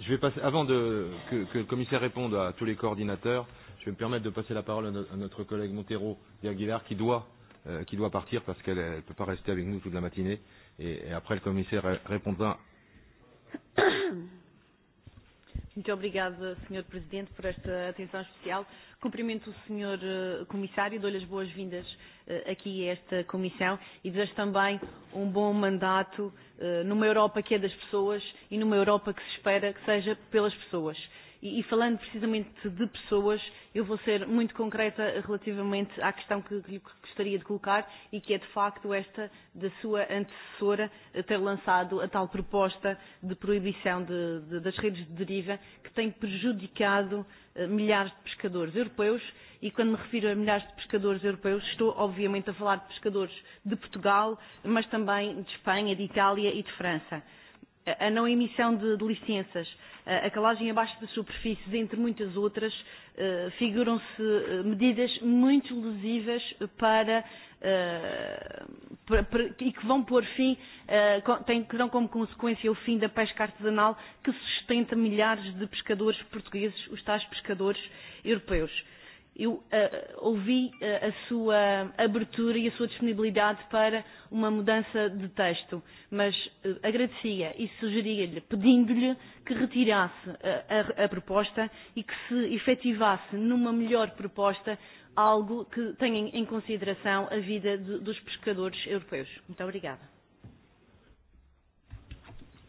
Je vais passer, avant de, que, que le commissaire réponde à tous les coordinateurs, je vais me permettre de passer la parole à, no, à notre collègue Montero de Aguilar qui doit, euh, qui doit partir parce qu'elle ne peut pas rester avec nous toute la matinée. Et, et après, le commissaire répondra. Muito obrigada, Sr. Presidente, por esta atenção especial. Cumprimento o Sr. Eh, Comissário, e dou-lhe as boas-vindas eh, aqui a esta Comissão e desejo também um bom mandato eh, numa Europa que é das pessoas e numa Europa que se espera que seja pelas pessoas. E, e falando precisamente de pessoas, eu vou ser muito concreta relativamente à questão que, que gostaria de colocar e que é de facto esta da sua antecessora ter lançado a tal proposta de proibição de, de, das redes de deriva que tem prejudicado eh, milhares de pescadores europeus e quando me refiro a milhares de pescadores europeus, estou obviamente a falar de pescadores de Portugal, mas também de Espanha, de Itália e de França a não emissão de, de licenças, a calagem abaixo de superfícies, entre muitas outras, eh, figuram-se eh, medidas muito lesivas para, eh, para, para e que vão pôr fim, têm, que dão como consequência o fim da pesca artesanal que sustenta milhares de pescadores portugueses, os tais pescadores europeus eu uh, ouvi uh, a sua abertura e a sua disponibilidade para uma mudança de texto, mas uh, agradecia e sugeria-lhe, pedindo-lhe que retirasse uh, a, a proposta e que se efetivasse numa melhor proposta algo que tenha em consideração a vida de, dos pescadores europeus. Muito obrigada.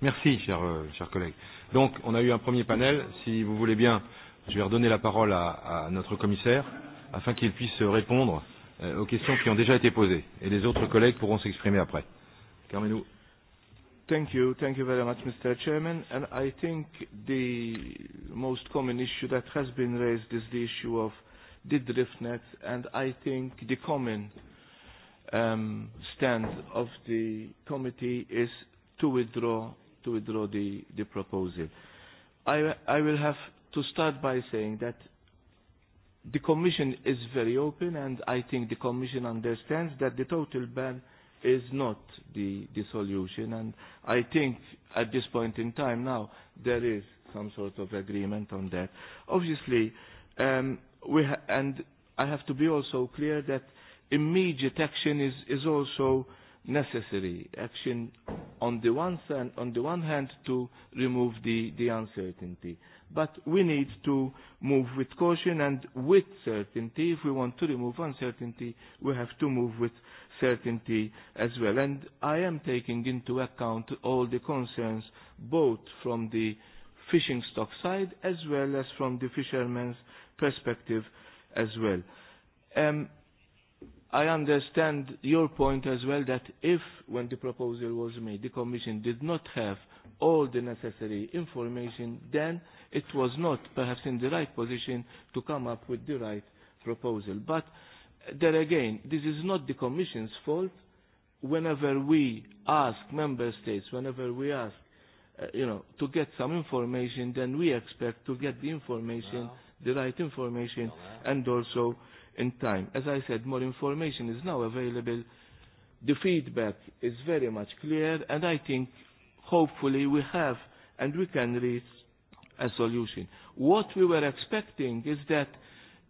Merci, cher, euh, cher collègue. Donc, on a eu un premier panel. Si vous voulez bien, euh, Je vais redonner la parole à, à notre commissaire afin qu'il puisse répondre euh, aux questions qui ont déjà été posées et les autres collègues pourront s'exprimer après. Carmenou. Thank you. Thank you very much, Mr. Chairman. And I think the most common issue that has been raised is the issue of the drift nets, and I think the common um, stand of the committee is to withdraw to withdraw the, the proposal. I, I will have to start by saying that the Commission is very open and I think the Commission understands that the total ban is not the, the solution and I think at this point in time now there is some sort of agreement on that. Obviously, um, we ha and I have to be also clear that immediate action is, is also necessary. Action on the, one, on the one hand to remove the, the uncertainty. Uh, but we need to move with caution and with certainty. If we want to remove uncertainty, we have to move with certainty as well. And I am taking into account all the concerns, both from the fishing stock side as well as from the fishermen's perspective as well. Um, I understand your point as well that if, when the proposal was made, the Commission did not have all the necessary information, then it was not perhaps in the right position to come up with the right proposal. But there again, this is not the Commission's fault. Whenever we ask member states, whenever we ask, uh, you know, to get some information, then we expect to get the information, wow. the right information, wow. and also in time. As I said, more information is now available. The feedback is very much clear, and I think hopefully we have and we can reach a solution. What we were expecting is that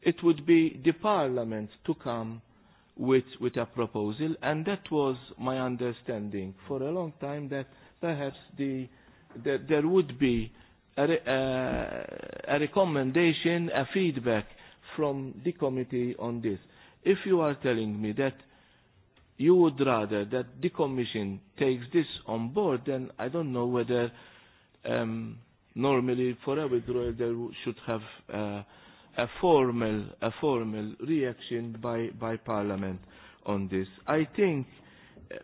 it would be the Parliament to come with, with a proposal, and that was my understanding for a long time that perhaps the, the, there would be a, uh, a recommendation, a feedback from the committee on this. If you are telling me that you would rather that the Commission takes this on board, then I don't know whether um, normally for a withdrawal there should have uh, a formal a formal reaction by by Parliament on this. I think uh,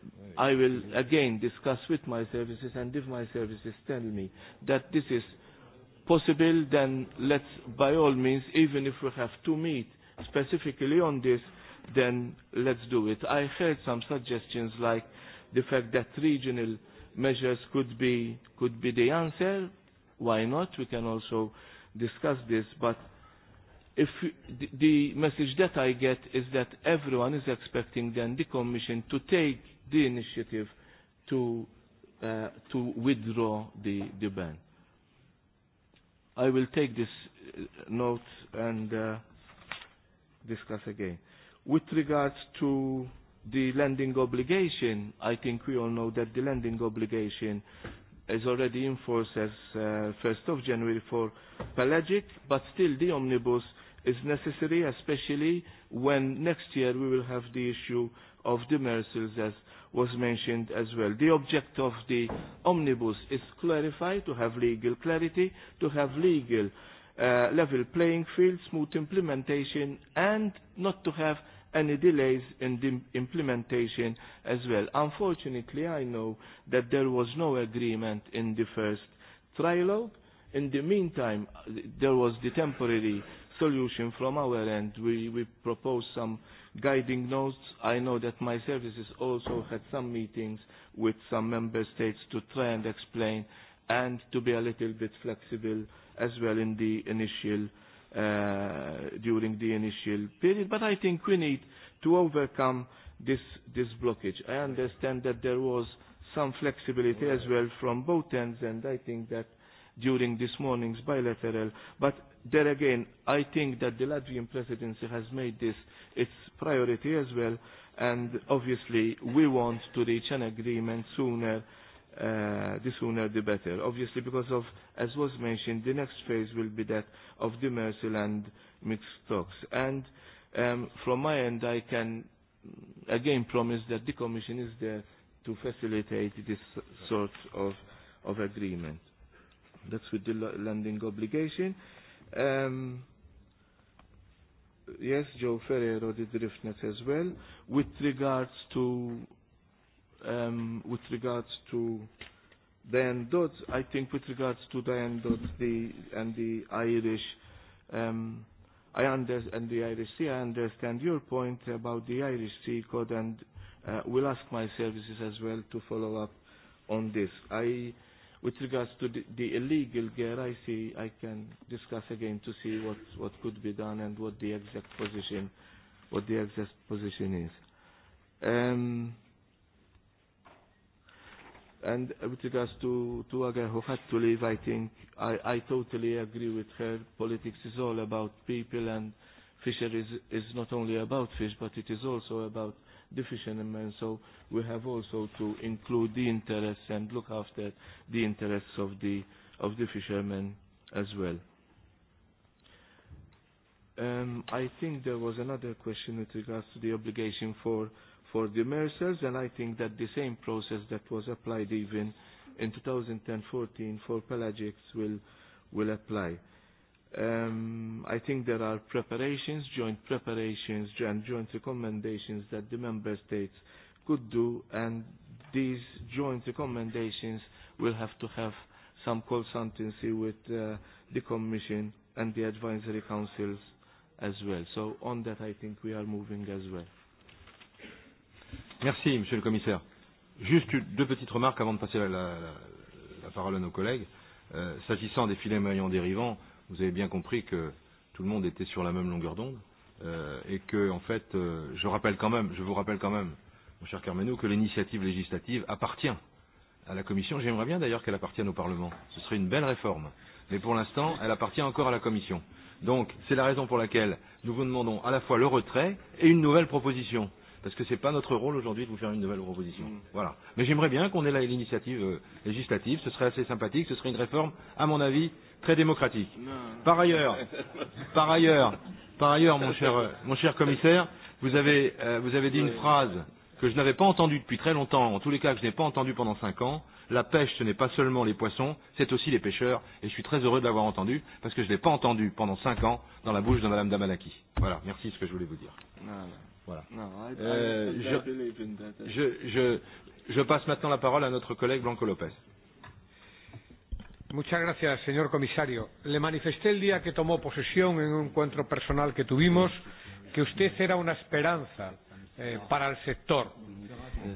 I will again discuss with my services, and if my services tell me that this is possible, then let's by all means, even if we have to meet specifically on this then let's do it. I heard some suggestions like the fact that regional measures could be, could be the answer. Why not? We can also discuss this, but if the, the message that I get is that everyone is expecting then the Commission to take the initiative to, uh, to withdraw the, the ban. I will take this uh, note and uh, discuss again. With regards to the lending obligation, I think we all know that the lending obligation is already in force as uh, 1st of January for pelagic, but still the omnibus is necessary, especially when next year we will have the issue of the demersals, as was mentioned as well. The object of the omnibus is clarify, to have legal clarity, to have legal uh, level playing field, smooth implementation, and not to have any delays in the implementation as well. Unfortunately, I know that there was no agreement in the first trilogue. In the meantime, there was the temporary solution from our end. We, we proposed some guiding notes. I know that my services also had some meetings with some member states to try and explain and to be a little bit flexible as well in the initial uh, during the initial period. But I think we need to overcome this, this blockage. I understand that there was some flexibility as well from both ends, and I think that during this morning's bilateral. But there again, I think that the Latvian presidency has made this its priority as well, and obviously we want to reach an agreement sooner uh, the sooner the better. Obviously, because of, as was mentioned, the next phase will be that of demersal and mixed stocks. And um, from my end, I can again promise that the Commission is there to facilitate this sort of, of agreement. That's with the landing obligation. Um, yes, Joe Ferrero did Riftnet as well. With regards to um, with regards to Diane Dodd, I think with regards to Diane Dodd the, and the Irish, um, I under, and the Irish Sea, I understand your point about the Irish Sea Code and uh, will ask my services as well to follow up on this. I, with regards to the, the illegal gear, I see I can discuss again to see what, what could be done and what the exact position, what the exact position is. Um, And with regards to, to Aga, who had to leave, I think I, I totally agree with her. Politics is all about people and fisheries is not only about fish, but it is also about the fishermen. So we have also to include the interests and look after the interests of the, of the fishermen as well. Um, I think there was another question with regards to the obligation for uh, for the Mercers, and I think that the same process that was applied even in 2014 for pelagics will, will apply. Um, I think there are preparations, joint preparations and joint recommendations that the Member States could do, and these joint recommendations will have to have some consultancy with uh, the Commission and the Advisory Councils as well. So on that, I think we are moving as well. Merci, Monsieur le Commissaire. Juste deux petites remarques avant de passer la, la, la parole à nos collègues. Euh, S'agissant des filets maillons dérivants, vous avez bien compris que tout le monde était sur la même longueur d'onde euh, et que, en fait, euh, je rappelle quand même, je vous rappelle quand même, mon cher Carmenou, que l'initiative législative appartient à la Commission. J'aimerais bien d'ailleurs qu'elle appartienne au Parlement. Ce serait une belle réforme. Mais pour l'instant, elle appartient encore à la Commission. Donc, c'est la raison pour laquelle nous vous demandons à la fois le retrait et une nouvelle proposition parce que ce n'est pas notre rôle aujourd'hui de vous faire une nouvelle proposition. Mmh. Voilà. Mais j'aimerais bien qu'on ait l'initiative euh, législative, ce serait assez sympathique, ce serait une réforme, à mon avis, très démocratique. Non. Par ailleurs, par ailleurs, par ailleurs, mon cher, euh, mon cher commissaire, vous avez, euh, vous avez dit une phrase que je n'avais pas entendue depuis très longtemps, en tous les cas que je n'ai pas entendue pendant cinq ans. La pêche, ce n'est pas seulement les poissons, c'est aussi les pêcheurs, et je suis très heureux de l'avoir entendue, parce que je ne l'ai pas entendue pendant cinq ans dans la bouche de Madame Damalaki. Voilà, merci ce que je voulais vous dire. Voilà. Voilà. No, I, euh, I, I je, believe in that. Je, je, je passe maintenant la parole à notre collègue Blanco López. Muchas gracias, señor comisario. Le manifesté el día que tomó posesión en un encuentro personal que tuvimos que usted era una esperanza eh, para el sector.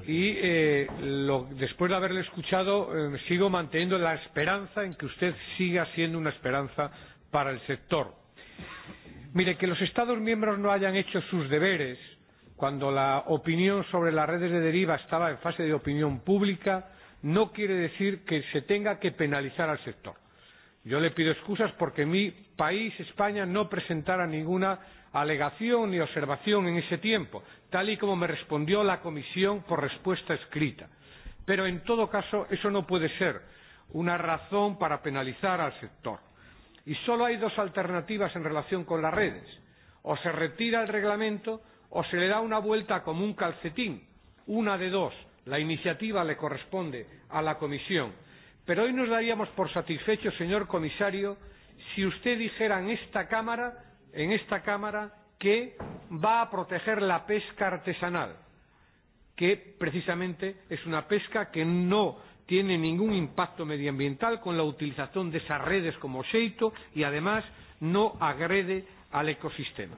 Y eh, lo, después de haberle escuchado, eh, sigo manteniendo la esperanza en que usted siga siendo una esperanza para el sector. Mire, que los Estados miembros no hayan hecho sus deberes Cuando la opinión sobre las redes de deriva estaba en fase de opinión pública, no quiere decir que se tenga que penalizar al sector. Yo le pido excusas porque mi país, España, no presentara ninguna alegación ni observación en ese tiempo, tal y como me respondió la Comisión por respuesta escrita. Pero, en todo caso, eso no puede ser una razón para penalizar al sector. Y solo hay dos alternativas en relación con las redes. O se retira el reglamento o se le da una vuelta como un calcetín. Una de dos. La iniciativa le corresponde a la Comisión. Pero hoy nos daríamos por satisfechos, señor comisario, si usted dijera en esta Cámara, en esta Cámara que va a proteger la pesca artesanal, que precisamente es una pesca que no tiene ningún impacto medioambiental con la utilización de esas redes como Seito y además no agrede al ecosistema.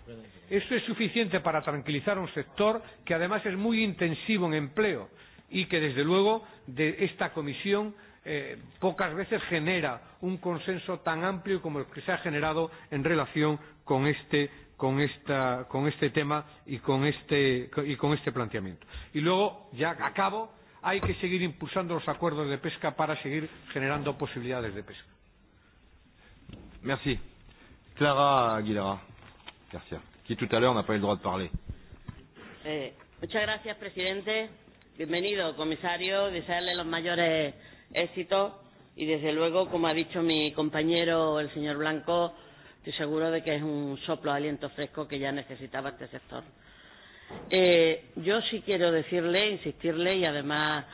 Eso es suficiente para tranquilizar a un sector que además es muy intensivo en empleo y que desde luego de esta comisión eh, pocas veces genera un consenso tan amplio como el que se ha generado en relación con este, con esta, con este tema y con este, y con este planteamiento. Y luego, ya acabo, hay que seguir impulsando los acuerdos de pesca para seguir generando posibilidades de pesca. Merci. Clara Aguilera. Garcia, qui tout à l'heure n'a pas eu le droit de parler. Eh, muchas gracias, presidente. Bienvenido, comisario. Desearle los mayores éxitos y, desde luego, como ha dicho mi compañero, el señor Blanco, estoy seguro de que es un soplo de aliento fresco que ya necesitaba este sector. Eh, yo sí quiero decirle, insistirle y, además,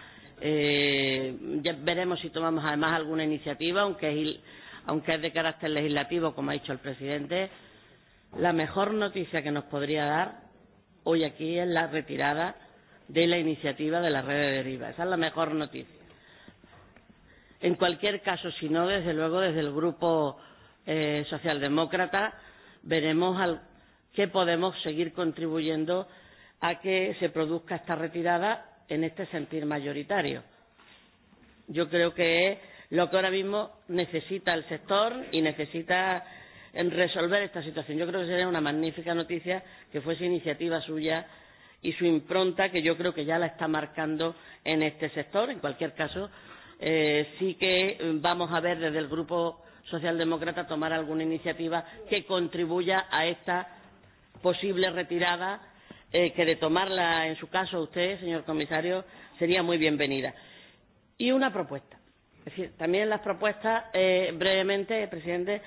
eh, ya veremos si tomamos, además, alguna iniciativa, aunque es, aunque es de carácter legislativo, como ha dicho el presidente La mejor noticia que nos podría dar hoy aquí es la retirada de la iniciativa de la red de deriva. Esa es la mejor noticia. En cualquier caso, si no, desde luego, desde el Grupo eh, Socialdemócrata veremos al, que podemos seguir contribuyendo a que se produzca esta retirada en este sentir mayoritario. Yo creo que es lo que ahora mismo necesita el sector y necesita en resolver esta situación. Yo creo que sería una magnífica noticia que fuese iniciativa suya y su impronta, que yo creo que ya la está marcando en este sector. En cualquier caso, eh, sí que eh, vamos a ver desde el Grupo Socialdemócrata tomar alguna iniciativa que contribuya a esta posible retirada, eh, que de tomarla, en su caso, usted, señor comisario, sería muy bienvenida. Y una propuesta. Es decir, también las propuestas, eh, brevemente, presidente,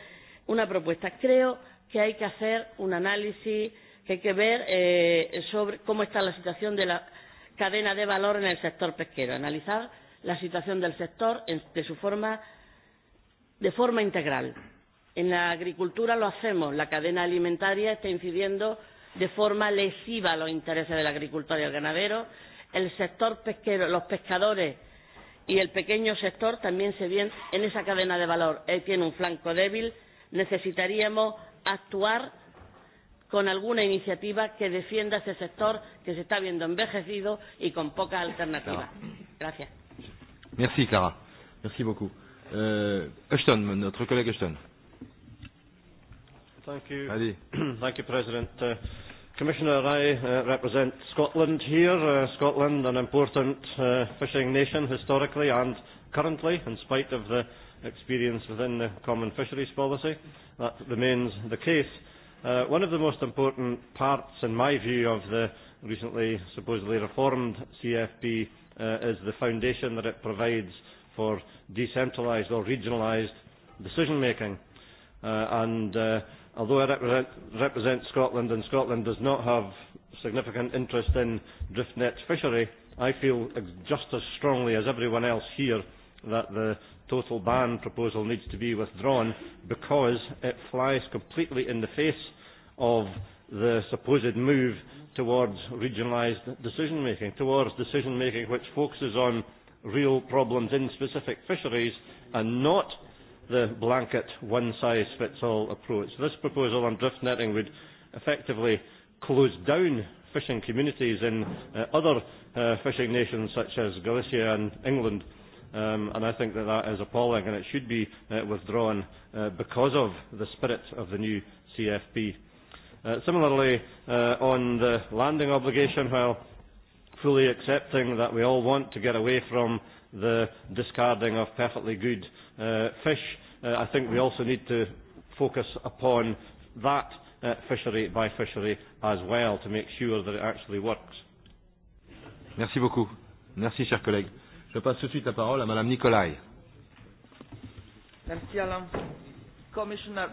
una propuesta. Creo que hay que hacer un análisis, que hay que ver eh, sobre cómo está la situación de la cadena de valor en el sector pesquero, analizar la situación del sector en, de su forma, de forma integral. En la agricultura lo hacemos, la cadena alimentaria está incidiendo de forma lesiva a los intereses del agricultor y el ganadero, el sector pesquero, los pescadores y el pequeño sector también se ven en esa cadena de valor. Él eh, tiene un flanco débil necesitaríamos actuar con alguna iniciativa que defienda ese sector que se está viendo envejecido y con pocas alternativas. Gracias. Merci, Clara. Merci beaucoup. Euh, Ashton, notre collègue Ashton. Thank you. Allez. Thank you, President. Uh, Commissioner, I uh, represent Scotland here. Uh, Scotland, an important uh, fishing nation historically and currently, in spite of the experience within the common fisheries policy. That remains the case. Uh, one of the most important parts, in my view, of the recently supposedly reformed CFP uh, is the foundation that it provides for decentralised or regionalised decision making. Uh, and uh, although I represent, represent Scotland and Scotland does not have significant interest in drift net fishery, I feel just as strongly as everyone else here that the total ban proposal needs to be withdrawn because it flies completely in the face of the supposed move towards regionalised decision making, towards decision making which focuses on real problems in specific fisheries and not the blanket one size fits all approach. This proposal on drift netting would effectively close down fishing communities in uh, other uh, fishing nations such as Galicia and England um, and I think that that is appalling, and it should be uh, withdrawn uh, because of the spirit of the new CFP. Uh, similarly, uh, on the landing obligation, while fully accepting that we all want to get away from the discarding of perfectly good uh, fish, uh, I think we also need to focus upon that uh, fishery by fishery as well to make sure that it actually works. Merci beaucoup. Merci, chers collègues. Je passe tout de suite la parole à Madame Nicolai. Merci Alain. Commissioner,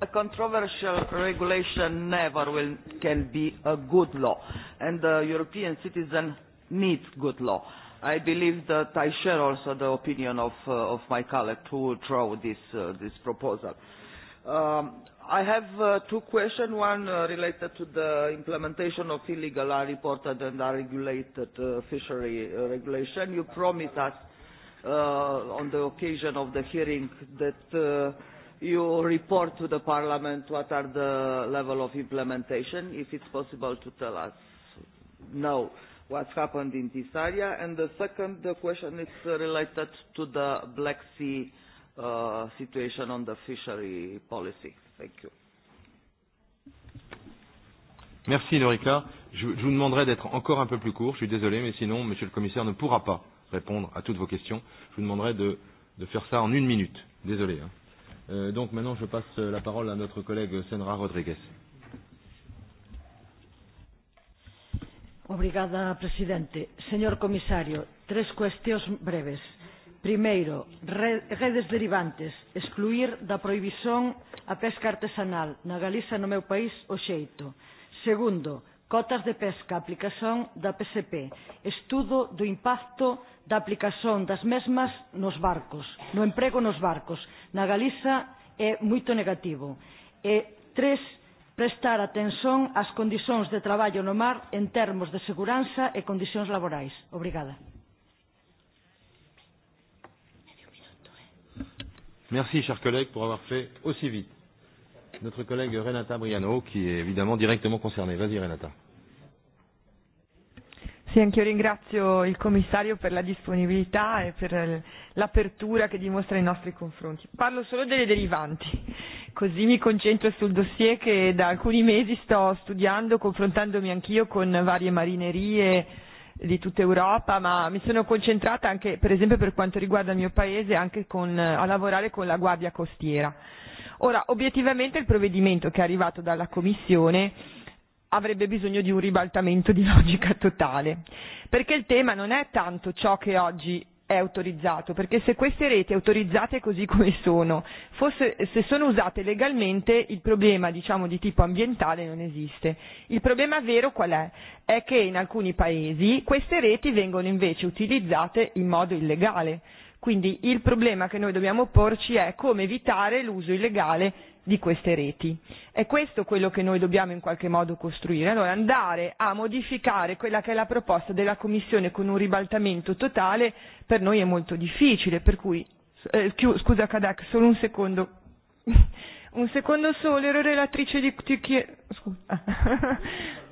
a controversial regulation never will, can be a good law, and the European citizen needs good law. I believe that I share also the opinion of, uh, of my colleague who drew this, uh, this proposal. Uh, Um, I have uh, two questions, one uh, related to the implementation of illegal unreported and unregulated uh, fishery uh, regulation. You promised us uh, on the occasion of the hearing that uh, you report to the Parliament what are the level of implementation, if it's possible to tell us now what's happened in this area. And the second question is uh, related to the Black Sea uh, situation on the fishery policy. Thank you. Merci Lorica. Je, je vous demanderai d'être encore un peu plus court. Je suis désolé, mais sinon, Monsieur le Commissaire ne pourra pas répondre à toutes vos questions. Je vous demanderai de, de faire ça en une minute. Désolé. Hein. Euh, donc maintenant, je passe la parole à notre collègue Senra Rodriguez. Obrigada, presidente. Señor comisario, tres cuestións breves. Primeiro, redes derivantes, excluir da prohibición a pesca artesanal na Galiza no meu país o xeito. Segundo, cotas de pesca, aplicación da PSP, estudo do impacto da aplicación das mesmas nos barcos, no emprego nos barcos. Na Galiza é moito negativo. E tres, prestar atención ás condicións de traballo no mar en termos de seguranza e condicións laborais. Obrigada. Merci, chers collègues, pour avoir fait aussi vite. Notre collègue Renata Briano, qui est évidemment directement concernée. Vas-y, Renata. Sì, anch'io ringrazio il commissario per la disponibilità e per l'apertura che dimostra nei nostri confronti. Parlo solo delle derivanti, così mi concentro sul dossier che da alcuni mesi sto studiando, confrontandomi anch'io con varie marinerie di tutta Europa, ma mi sono concentrata anche, per esempio per quanto riguarda il mio paese, anche con, a lavorare con la Guardia Costiera. Ora, obiettivamente il provvedimento che è arrivato dalla Commissione avrebbe bisogno di un ribaltamento di logica totale, perché il tema non è tanto ciò che oggi è autorizzato, perché se queste reti autorizzate così come sono, fosse, se sono usate legalmente, il problema diciamo di tipo ambientale non esiste. Il problema vero qual è? È che in alcuni paesi queste reti vengono invece utilizzate in modo illegale. Quindi il problema che noi dobbiamo porci è come evitare l'uso illegale di queste reti. È questo quello che noi dobbiamo in qualche modo costruire, allora andare a modificare quella che è la proposta della Commissione con un ribaltamento totale per noi è molto difficile, per cui eh, chiu, scusa Kadak, solo un secondo. Un secondo solo, ero relatrice di... Ti chiedo, scusa.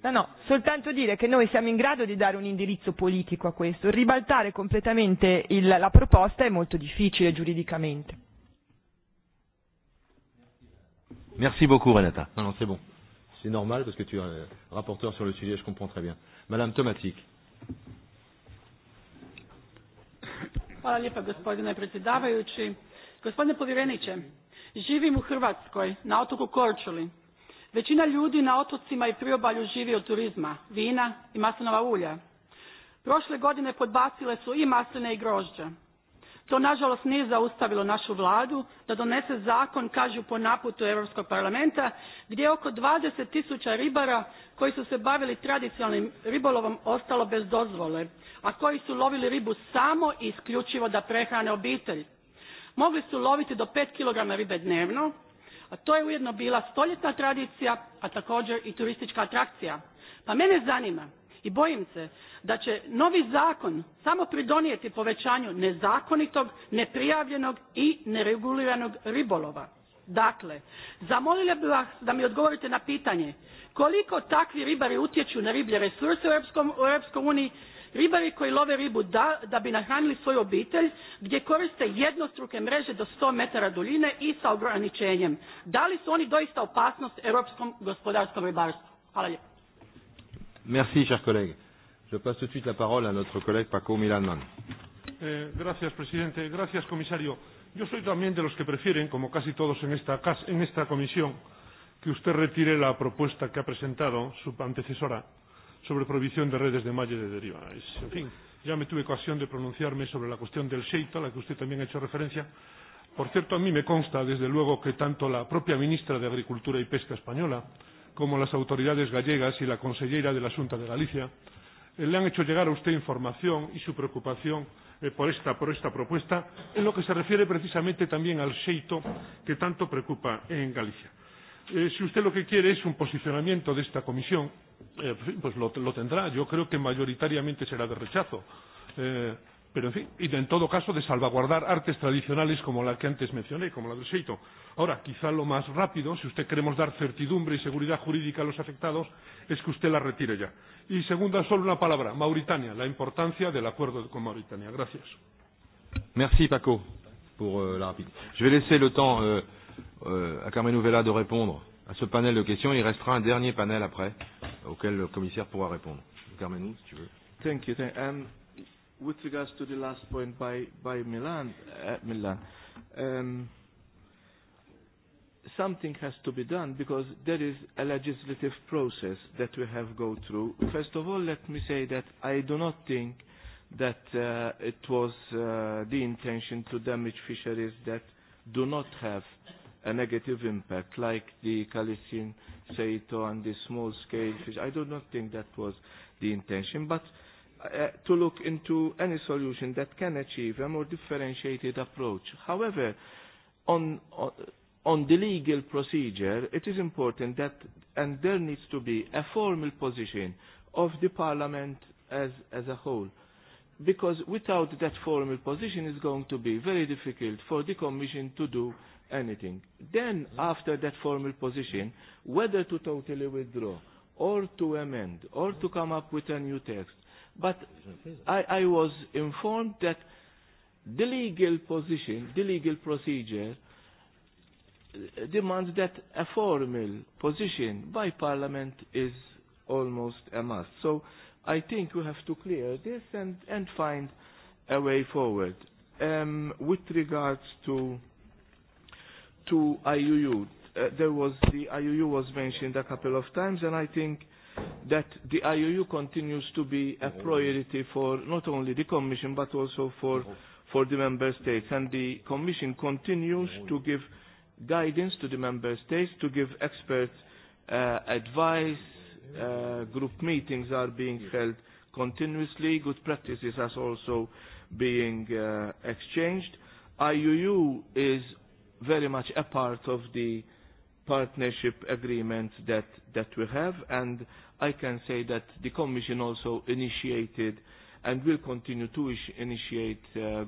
No, no, soltanto dire che noi siamo in grado di dare un indirizzo politico a questo, ribaltare completamente il, la proposta è molto difficile giuridicamente. Merci beaucoup, Renata. Non, non, c'est bon. C'est normal parce que tu es euh, rapporteur sur le sujet, je comprends très bien. Madame Tomatic. Hvala lijepa gospodine predsjedavajući. Gospodine povjereniče, živim u Hrvatskoj, na otoku Korčuli. Većina ljudi na otocima i priobalju živi od turizma, vina i maslinova ulja. Prošle godine podbacile su i masline i grožđa To nažalost nije zaustavilo našu vladu da donese zakon, kažu po naputu Europskog parlamenta, gdje je oko 20 tisuća ribara koji su se bavili tradicionalnim ribolovom ostalo bez dozvole, a koji su lovili ribu samo i isključivo da prehrane obitelj. Mogli su loviti do 5 kg ribe dnevno, a to je ujedno bila stoljetna tradicija, a također i turistička atrakcija. Pa mene zanima i bojim se da će novi zakon samo pridonijeti povećanju nezakonitog neprijavljenog i nereguliranog ribolova. dakle zamolila bih vas da mi odgovorite na pitanje koliko takvi ribari utječu na riblje resurse u europskoj uniji ribari koji love ribu da, da bi nahranili svoju obitelj gdje koriste jednostruke mreže do sto metara duljine i s ograničenjem da li su oni doista opasnost europskom gospodarskom ribarstvu? Hvala lijepo. Merci, cher collègue. Je passe tout de suite la parole à notre collègue Paco Milanman. Eh, gracias, presidente. Gracias, comisario. Yo soy también de los que prefieren, como casi todos en esta, en esta comisión, que usted retire la propuesta que ha presentado su antecesora sobre prohibición de redes de malla de deriva. Es, en fin, ya me tuve ocasión de pronunciarme sobre la cuestión del SEITA, a la que usted también ha hecho referencia. Por cierto, a mí me consta, desde luego, que tanto la propia ministra de Agricultura y Pesca española como las autoridades gallegas y la consellera de la Junta de Galicia Eh, le han hecho llegar a usted información y su preocupación eh, por, esta, por esta propuesta, en lo que se refiere precisamente también al xeito que tanto preocupa en Galicia. Eh, si usted lo que quiere es un posicionamiento de esta comisión, eh, pues lo, lo tendrá. Yo creo que mayoritariamente será de rechazo. Eh, pero en fin, y en todo caso de salvaguardar artes tradicionales como la que antes mencioné, como la del Seito. Ahora, quizá lo más rápido, si usted queremos dar certidumbre y seguridad jurídica a los afectados, es que usted la retire ya. Y segunda, solo una palabra, Mauritania, la importancia del acuerdo con Mauritania. Gracias. Merci Paco pour euh, la rapide. Je vais laisser le temps euh, euh, à Carmen Nouvella de répondre à ce panel de questions. Il restera un dernier panel après auquel le commissaire pourra répondre. Carmen, si tu veux. Thank you. Thank you. Um, with regards to the last point by, by Milan, uh, Milan um, something has to be done because there is a legislative process that we have go through. First of all, let me say that I do not think that uh, it was uh, the intention to damage fisheries that do not have a negative impact, like the Calician, Seito, and the small-scale fish. I do not think that was the intention. But uh, to look into any solution that can achieve a more differentiated approach. However, on, on, uh, on the legal procedure, it is important that, and there needs to be a formal position of the Parliament as, as a whole. Because without that formal position, it's going to be very difficult for the Commission to do anything. Then, after that formal position, whether to totally withdraw, or to amend, or to come up with a new text, But I, I was informed that the legal position, the legal procedure, uh, demands that a formal position by Parliament is almost a must. So I think we have to clear this and, and find a way forward. Um, with regards to, to IUU, uh, there was the IUU was mentioned a couple of times, and I think that the IOU continues to be a oh. priority for not only the Commission but also for, oh. for the Member States. And the Commission continues oh. to give guidance to the Member States, to give expert uh, advice. Uh, group meetings are being held continuously. Good practices are also being uh, exchanged. IUU is very much a part of the uh, partnership agreements that, that we have, and I can say that the Commission also initiated and will continue to initiate uh,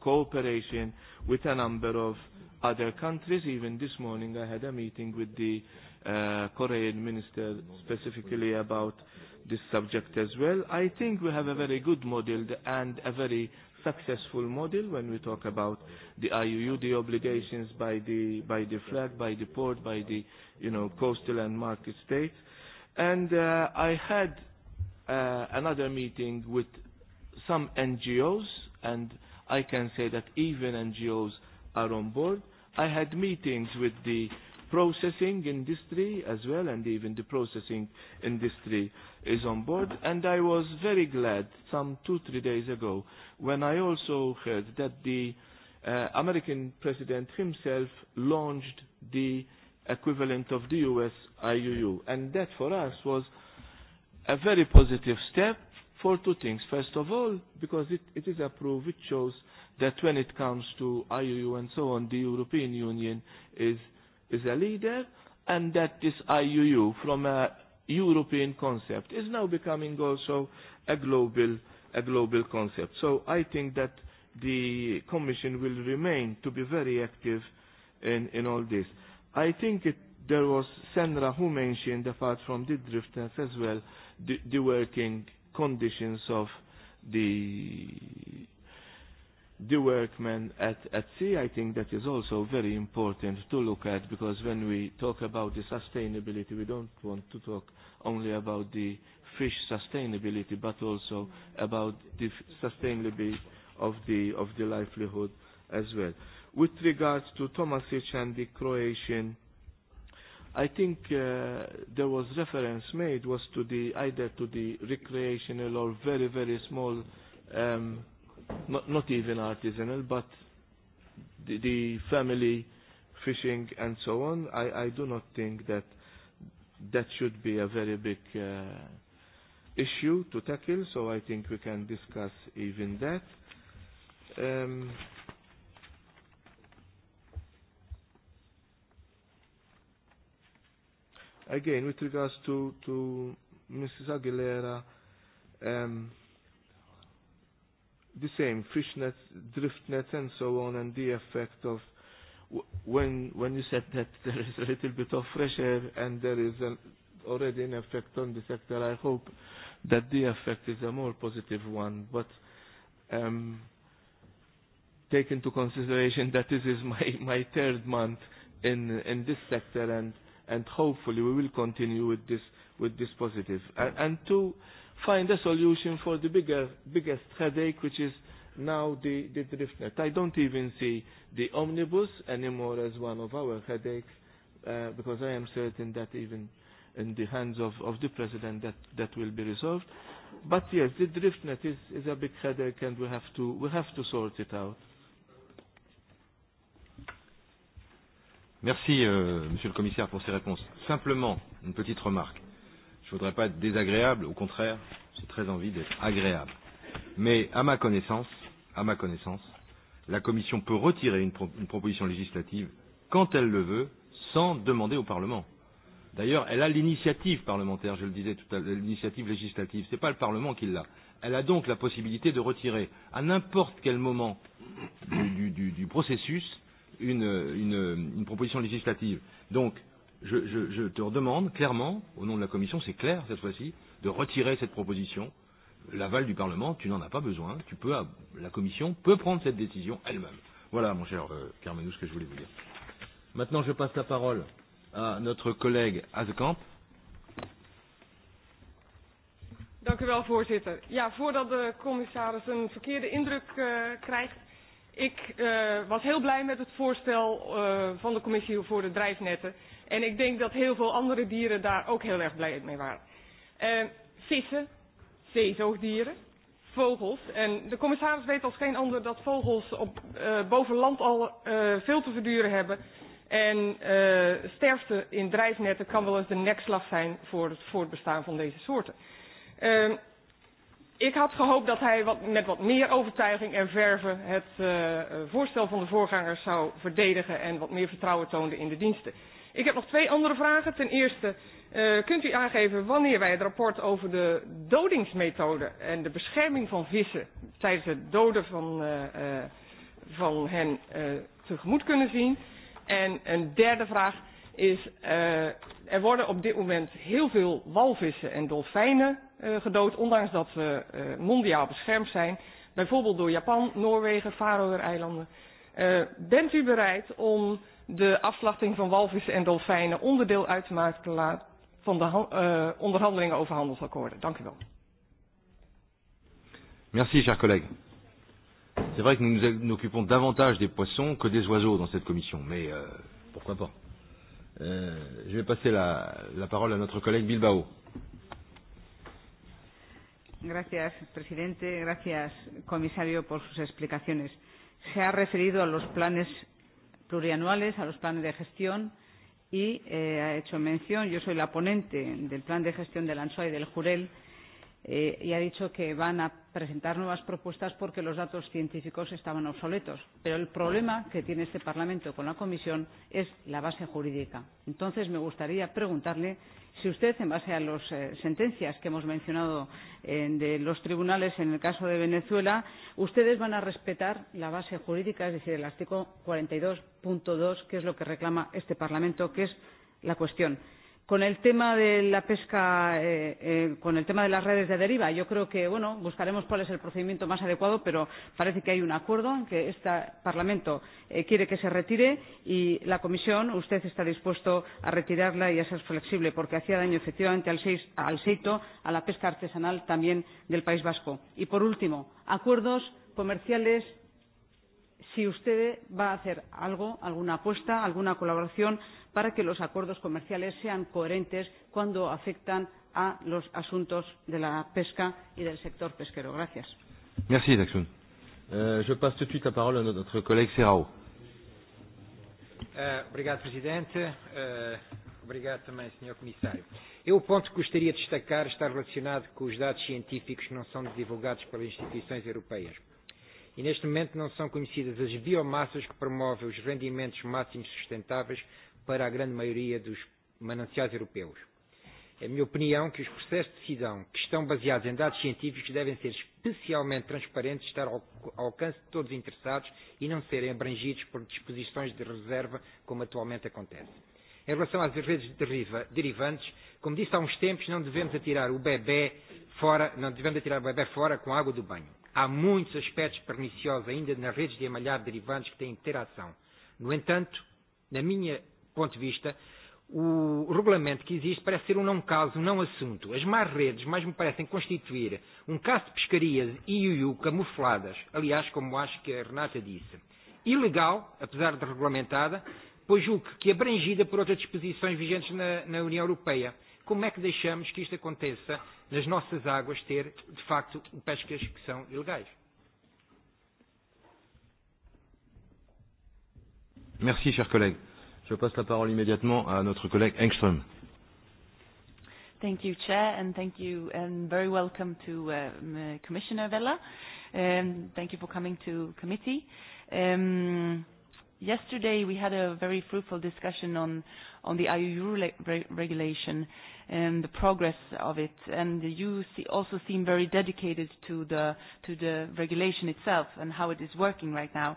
cooperation with a number of other countries. Even this morning I had a meeting with the uh, Korean minister specifically about this subject as well. I think we have a very good model and a very successful model when we talk about the IUU, the obligations by the, by the flag, by the port, by the you know, coastal and market states. And uh, I had uh, another meeting with some NGOs, and I can say that even NGOs are on board. I had meetings with the processing industry as well, and even the processing industry is on board. And I was very glad some two, three days ago when I also heard that the uh, American president himself launched the equivalent of the US IUU. And that for us was a very positive step for two things. First of all, because it, it is approved, it shows that when it comes to IUU and so on, the European Union is, is a leader and that this IUU from a European concept is now becoming also a global concept a global concept. So I think that the Commission will remain to be very active in, in all this. I think it, there was Sandra who mentioned, apart from the drifters as well, the, the working conditions of the the workmen at, at sea, I think that is also very important to look at because when we talk about the sustainability, we don't want to talk only about the fish sustainability, but also about the sustainability of the, of the livelihood as well. With regards to Tomasic and the Croatian, I think uh, there was reference made was to the either to the recreational or very very small, um, not, not even artisanal, but the, the family fishing and so on. I, I do not think that that should be a very big uh, issue to tackle, so I think we can discuss even that. Um, again, with regards to, to Mrs. Aguilera, um, the same, fish nets, drift nets, and so on, and the effect of when, when you said that there is a little bit of fresh air and there is an, already an effect on the sector, I hope that the effect is a more positive one, but um, take into consideration that this is my, my third month in, in this sector and, and hopefully we will continue with this, with this positive. And, and to find a solution for the bigger, biggest headache, which is now the, the driftnet. I don't even see the omnibus anymore as one of our headaches, uh, because I am certain that even in the hands of, of the president that, that will be resolved. But yes, the driftnet is, is a big headache and we have to, we have to sort it out. Merci, euh, Monsieur le Commissaire, pour ces réponses. Simplement, une petite remarque. Je ne voudrais pas être désagréable, au contraire, j'ai très envie d'être agréable. Mais à ma connaissance, à ma connaissance, la Commission peut retirer une, pro une proposition législative quand elle le veut, sans demander au Parlement. D'ailleurs, elle a l'initiative parlementaire, je le disais tout à l'heure, l'initiative législative. Ce n'est pas le Parlement qui l'a. Elle a donc la possibilité de retirer à n'importe quel moment du, du, du processus une, une, une proposition législative. Donc, je, je, je te demande clairement, au nom de la Commission, c'est clair cette fois-ci, de retirer cette proposition. L'aval du Parlement, tu n'en as pas besoin. Tu peux, la Commission peut prendre cette décision elle-même. Voilà, mon cher euh, Carmenou, ce que je voulais vous dire. Maintenant, je passe la parole euh, à euh, notre collègue Azekamp. Dank u wel, voorzitter. Ja, voordat de commissaris een verkeerde indruk uh, krijgt. Ik uh, was heel blij met het voorstel uh, van de commissie voor de drijfnetten. En ik denk dat heel veel andere dieren daar ook heel erg blij mee waren. Uh, vissen, zeezoogdieren, vogels. En de commissaris weet als geen ander dat vogels op, uh, boven land al uh, veel te verduren hebben. En uh, sterfte in drijfnetten kan wel eens de nekslag zijn voor het voortbestaan van deze soorten. Uh, ik had gehoopt dat hij wat, met wat meer overtuiging en verve het uh, voorstel van de voorgangers zou verdedigen en wat meer vertrouwen toonde in de diensten. Ik heb nog twee andere vragen. Ten eerste, uh, kunt u aangeven wanneer wij het rapport over de dodingsmethode en de bescherming van vissen tijdens het doden van, uh, uh, van hen uh, tegemoet kunnen zien? En een derde vraag is, uh, er worden op dit moment heel veel walvissen en dolfijnen uh, gedood, ondanks dat we uh, mondiaal beschermd zijn. Bijvoorbeeld door Japan, Noorwegen, Faroe-eilanden. Uh, bent u bereid om de afslachting van walvissen en dolfijnen onderdeel uit te maken van de uh, onderhandelingen over handelsakkoorden? Dank u wel. Merci, cher collègue. C'est vrai que nous nous occupons davantage des poissons que des oiseaux dans cette commission, mais euh, pourquoi pas. Euh, je vais passer la, la parole à notre collègue Bilbao. Gracias, presidente. Gracias, comisario, por sus explicaciones. Se ha referido a los planes plurianuales, a los planes de gestión y eh, ha hecho mención, yo soy la ponente del plan de gestión del ANSOA y del JUREL, eh, eh, y ha dicho que van a presentar nuevas propuestas porque los datos científicos estaban obsoletos. Pero el problema que tiene este Parlamento con la Comisión es la base jurídica. Entonces, me gustaría preguntarle si usted, en base a las eh, sentencias que hemos mencionado eh, de los tribunales en el caso de Venezuela, ustedes van a respetar la base jurídica, es decir, el artículo 42.2, que es lo que reclama este Parlamento, que es la cuestión Con el tema de la pesca, eh, eh, con el tema de las redes de deriva, yo creo que bueno, buscaremos cuál es el procedimiento más adecuado, pero parece que hay un acuerdo en que este Parlamento eh, quiere que se retire y la Comisión, usted está dispuesto a retirarla y a ser flexible, porque hacía daño efectivamente al, seis, al seito, a la pesca artesanal también del País Vasco. Y por último, acuerdos comerciales si usted va a hacer algo, alguna apuesta, alguna colaboración para que los acuerdos comerciales sean coherentes cuando afectan a los asuntos de la pesca y del sector pesquero. Gracias. Merci, Daxun. Uh, je passe tout de suite la parole à notre collègue Serrao. Uh, obrigado, Presidente. Uh, Obrigado também, Sr. Comissário. Eu o ponto que gostaria de destacar está relacionado com os dados científicos que não são divulgados pelas instituições europeias. Uh, e neste momento não são conhecidas as biomassas que promovem os rendimentos máximos sustentáveis para a grande maioria dos mananciais europeus. É minha opinião que os processos de decisão que estão baseados em dados científicos devem ser especialmente transparentes, estar ao alcance de todos os interessados e não serem abrangidos por disposições de reserva, como atualmente acontece. Em relação às redes deriva, derivantes, como disse há uns tempos, não devemos atirar o bebê fora, não devemos atirar o bebê fora com a água do banho. Há muitos aspectos perniciosos ainda nas redes de amalhado derivantes que têm interação. No entanto, na minha ponto de vista, o regulamento que existe parece ser um não caso, um não assunto. As más redes mais me parecem constituir um caso de pescarias e IUU camufladas, aliás, como acho que a Renata disse. Ilegal, apesar de regulamentada, pois julgo que abrangida por outras disposições vigentes na, na União Europeia como é que deixamos que isto aconteça nas nossas águas ter, de facto, um pescas que são ilegais? Merci, cher collègue. Je passe la parole immédiatement à notre collègue Engström. Thank you, Chair, and thank you, and very welcome to um, uh, Commissioner Vella. Um, thank you for coming to committee. Um, yesterday, we had a very fruitful discussion on, on the IUU re regulation, and the progress of it. And you see, also seem very dedicated to the, to the regulation itself and how it is working right now.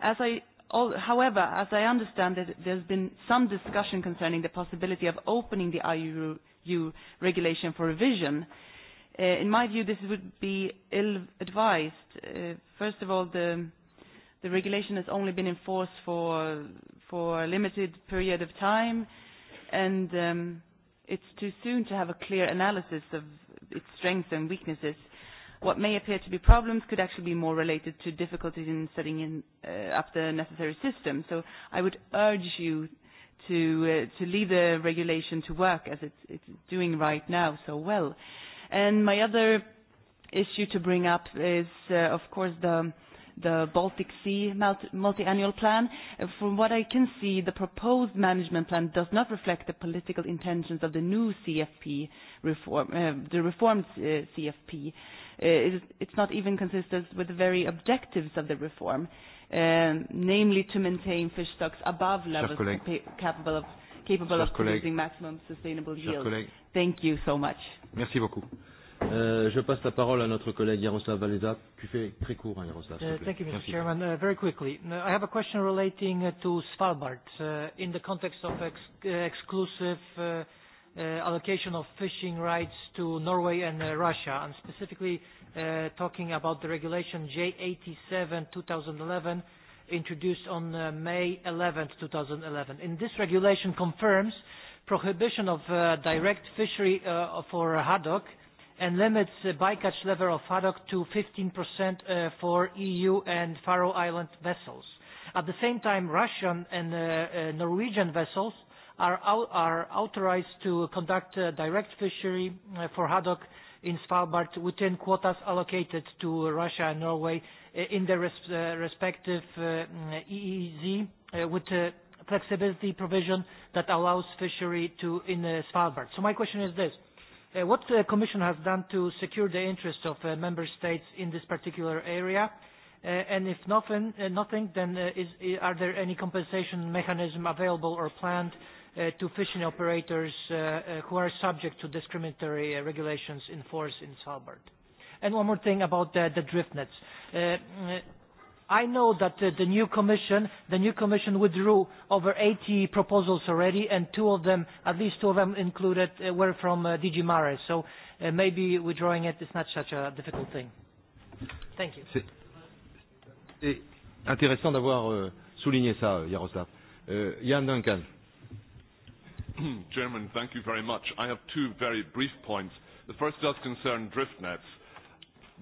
As I However, as I understand it, there's been some discussion concerning the possibility of opening the IUU regulation for revision. Uh, in my view, this would be ill-advised. Uh, first of all, the, the regulation has only been in force for, for a limited period of time, and um, it's too soon to have a clear analysis of its strengths and weaknesses. What may appear to be problems could actually be more related to difficulties in setting in, uh, up the necessary system. So I would urge you to, uh, to leave the regulation to work as it's, it's doing right now so well. And my other issue to bring up is, uh, of course, the the Baltic Sea multi-annual plan. From what I can see, the proposed management plan does not reflect the political intentions of the new CFP reform, uh, the reformed uh, CFP. Uh, it's not even consistent with the very objectives of the reform, um, namely to maintain fish stocks above levels capable of, capable Chers of producing maximum sustainable yields. Thank you so much. Merci beaucoup. Uh, je passe la parole à notre collègue Jaroslav Valeza. Tu fais très court, hein, Jaroslav. Uh, thank you, Mr. Merci. Chairman. Uh, very quickly, uh, I have a question relating uh, to Svalbard uh, in the context of ex uh, exclusive uh, uh, allocation of fishing rights to Norway and uh, Russia. I'm specifically uh, talking about the regulation J87-2011 introduced on uh, May 11, 2011. And this regulation confirms prohibition of uh, direct fishery uh, for haddock uh, and limits the bycatch level of haddock to 15% uh, for EU and Faroe Island vessels. At the same time, Russian and uh, uh, Norwegian vessels are, out, are authorized to conduct uh, direct fishery uh, for haddock in Svalbard within quotas allocated to Russia and Norway uh, in their res uh, respective uh, mm, EEZ uh, with uh, flexibility provision that allows fishery to in uh, Svalbard. So my question is this Uh, what the uh, Commission has done to secure the interest of uh, member states in this particular area? Uh, and if nothing, uh, nothing then uh, is, are there any compensation mechanism available or planned uh, to fishing operators uh, uh, who are subject to discriminatory uh, regulations in force in Svalbard? And one more thing about uh, the drift nets. Uh, uh, I know that uh, the new commission, the new commission withdrew over 80 proposals already, and two of them, at least two of them included, uh, were from uh, DG Mare. So uh, maybe withdrawing it is not such a difficult thing. Thank you. C'est intéressant d'avoir euh, souligné ça, euh, Yaroslav. Euh, Jan Duncan. Chairman, thank you very much. I have two very brief points. The first does concern drift nets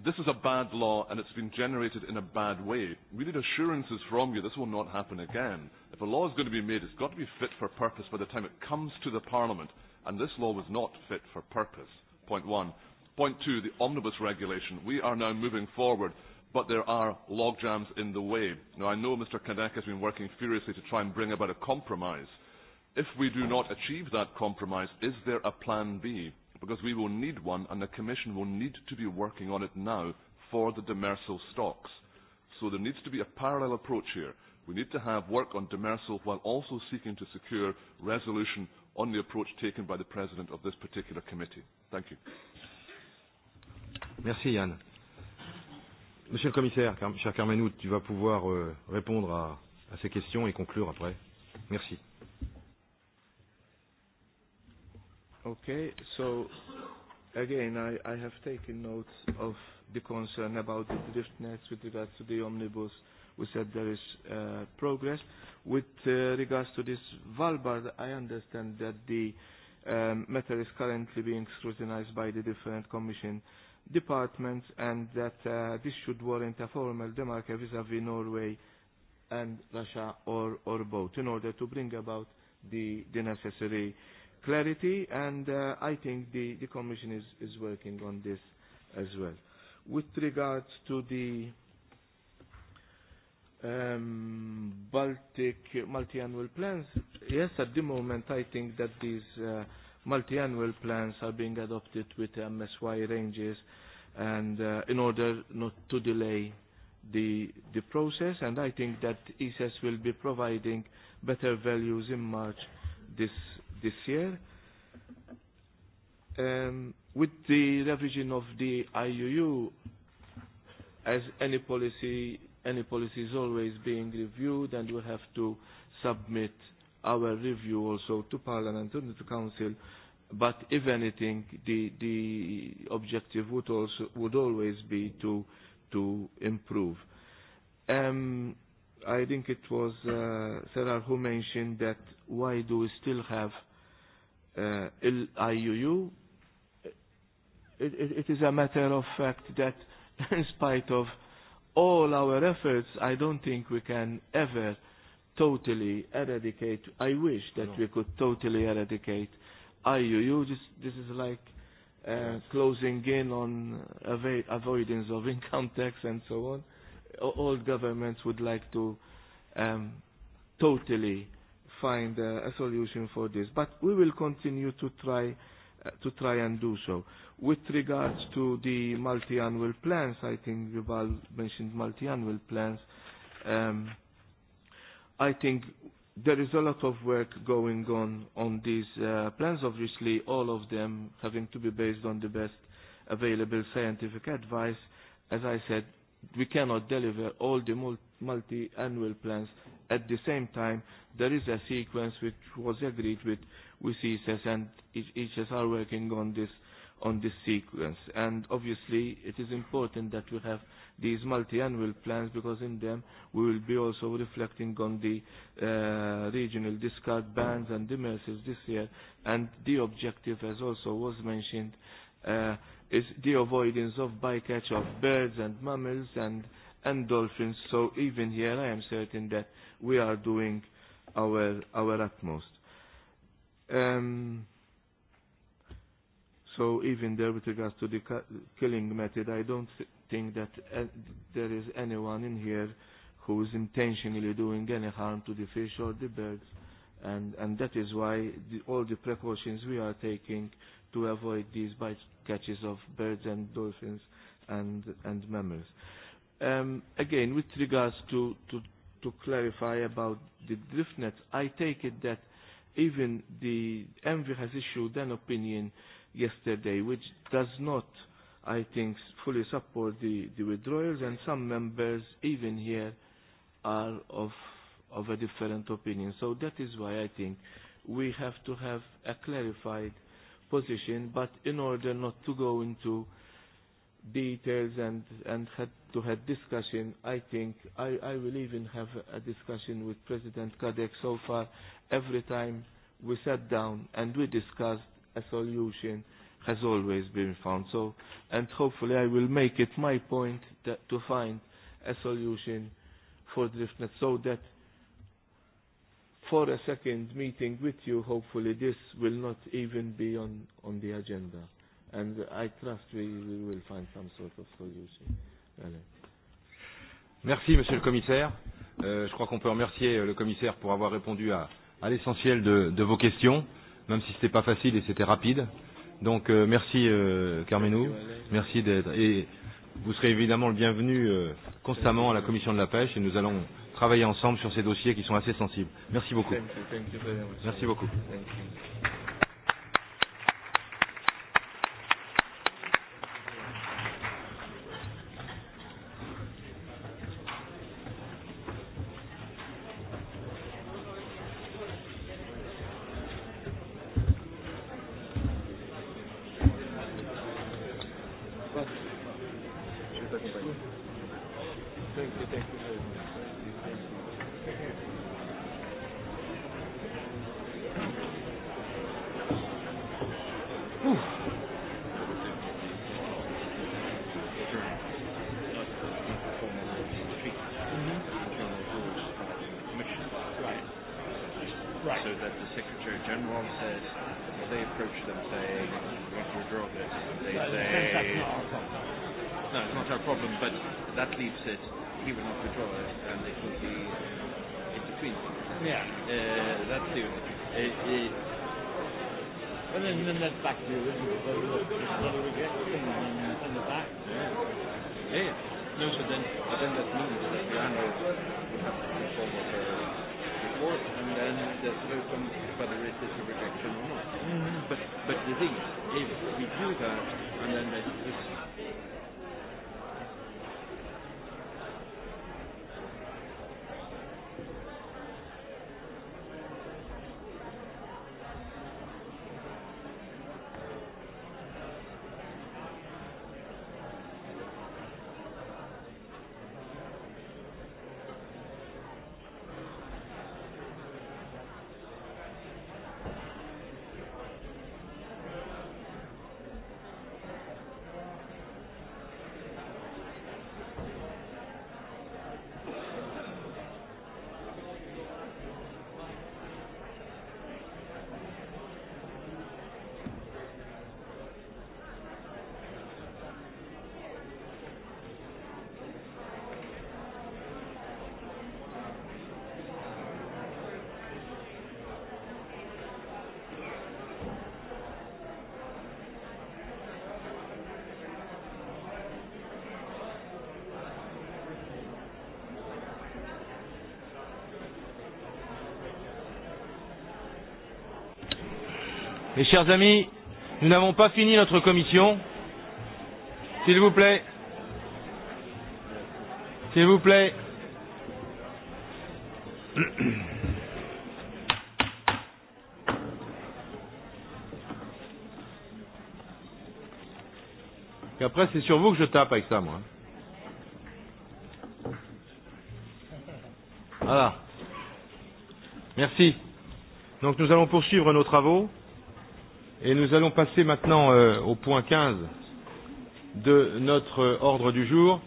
this is a bad law and it's been generated in a bad way. We need assurances from you this will not happen again. If a law is going to be made, it's got to be fit for purpose by the time it comes to the Parliament. And this law was not fit for purpose. Point one. Point two, the omnibus regulation. We are now moving forward, but there are log jams in the way. Now, I know Mr. Kadek has been working furiously to try and bring about a compromise. If we do not achieve that compromise, is there a plan B? because we will need one and the Commission will need to be working on it now for the demersal stocks. So there needs to be a parallel approach here. We need to have work on demersal while also seeking to secure resolution on the approach taken by the President of this particular committee. Thank you. Merci Yann. Monsieur le commissaire, cher Carmenoud, tu vas pouvoir euh, répondre à, à ces questions et conclure après. Merci. Okay, so again, I, I have taken note of the concern about the drift nets with regards to the omnibus. We said there is uh, progress. With uh, regards to this Valbard, I understand that the um, matter is currently being scrutinized by the different commission departments and that uh, this should warrant a formal demarca vis-à-vis Norway and Russia or, or both in order to bring about the, the necessary uh, clarity, and uh, I think the, the Commission is, is working on this as well. With regards to the um, Baltic multi-annual plans, yes, at the moment I think that these uh, multi-annual plans are being adopted with MSY ranges and uh, in order not to delay the, the process and I think that ESS will be providing better values in March this this year. Um, with the revision of the IUU, as any policy, any policy is always being reviewed and we'll have to submit our review also to Parliament and to Council. But if anything, the, the objective would, also, would always be to, to improve. Um, I think it was uh, Sarah who mentioned that why do we still have uh, IUU, it, it, it is a matter of fact that in spite of all our efforts, I don't think we can ever totally eradicate. I wish that no. we could totally eradicate IUU. This, this is like uh, closing in on avo avoidance of income tax and so on. All governments would like to um, totally find uh, a solution for this. But we will continue to try uh, to try and do so. With regards to the multi-annual plans, I think Yuval mentioned multi-annual plans. Um, I think there is a lot of work going on on these uh, plans, obviously, all of them having to be based on the best available scientific advice. As I said, we cannot deliver all the multi-annual plans at the same time, there is a sequence which was agreed with, with ESAS and ESAS e are working on this, on this sequence. And obviously, it is important that we have these multi-annual plans because in them we will be also reflecting on the uh, regional discard bans and demerses this year. And the objective, as also was mentioned, uh, is the avoidance of bycatch of birds and mammals and uh, and dolphins. So even here, I am certain that we are doing our, our utmost. Um, so even there, with regards to the killing method, I don't th think that uh, there is anyone in here who is intentionally doing any harm to the fish or the birds. And, and that is why the, all the precautions we are taking to avoid these bite catches of birds and dolphins and, and mammals. Uh, Um, again, with regards to, to, to clarify about the DriftNet, I take it that even the ENVI has issued an opinion yesterday which does not, I think, fully support the, the withdrawals, and some members, even here, are of, of a different opinion. So that is why I think we have to have a clarified position, but in order not to go into details and, and head to have discussion, I think I, I will even have a discussion with President Kadek so far. Every time we sat down and we discussed a solution has always been found. So, and hopefully I will make it my point that, to find a solution for DriftNet so that for a second meeting with you, hopefully this will not even be on, on the agenda. And I trust we, we will find some sort of solution. Merci, Monsieur le Commissaire. Euh, je crois qu'on peut remercier euh, le Commissaire pour avoir répondu à, à l'essentiel de, de vos questions, même si ce n'était pas facile et c'était rapide. Donc euh, merci euh, Carmenou, merci d'être et vous serez évidemment le bienvenu euh, constamment à la commission de la pêche et nous allons travailler ensemble sur ces dossiers qui sont assez sensibles. Merci beaucoup. Thank you, thank you very much. Merci beaucoup. Thank you. Mes chers amis, nous n'avons pas fini notre commission. S'il vous plaît. S'il vous plaît. Et après, c'est sur vous que je tape avec ça, moi. Voilà. Merci. Donc nous allons poursuivre nos travaux. Et nous allons passer maintenant euh, au point 15 de notre euh, ordre du jour,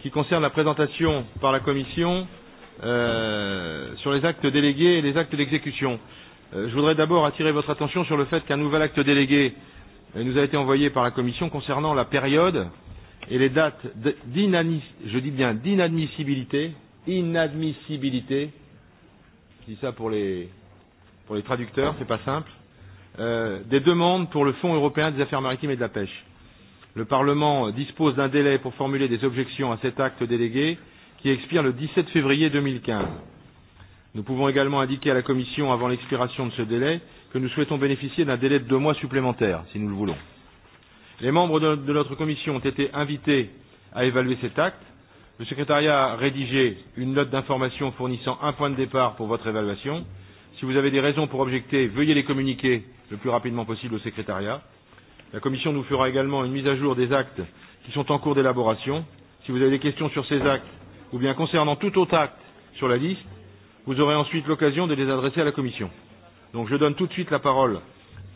qui concerne la présentation par la Commission euh, sur les actes délégués et les actes d'exécution. Euh, je voudrais d'abord attirer votre attention sur le fait qu'un nouvel acte délégué euh, nous a été envoyé par la Commission concernant la période et les dates je dis bien d'inadmissibilité, inadmissibilité, je dis ça pour les, pour les traducteurs, c'est pas simple, euh, des demandes pour le Fonds européen des affaires maritimes et de la pêche. Le Parlement euh, dispose d'un délai pour formuler des objections à cet acte délégué qui expire le 17 février 2015. Nous pouvons également indiquer à la Commission, avant l'expiration de ce délai, que nous souhaitons bénéficier d'un délai de deux mois supplémentaire, si nous le voulons. Les membres de, de notre Commission ont été invités à évaluer cet acte. Le secrétariat a rédigé une note d'information fournissant un point de départ pour votre évaluation. Si vous avez des raisons pour objecter, veuillez les communiquer le plus rapidement possible au secrétariat. La Commission nous fera également une mise à jour des actes qui sont en cours d'élaboration. Si vous avez des questions sur ces actes ou bien concernant tout autre acte sur la liste, vous aurez ensuite l'occasion de les adresser à la Commission. Donc je donne tout de suite la parole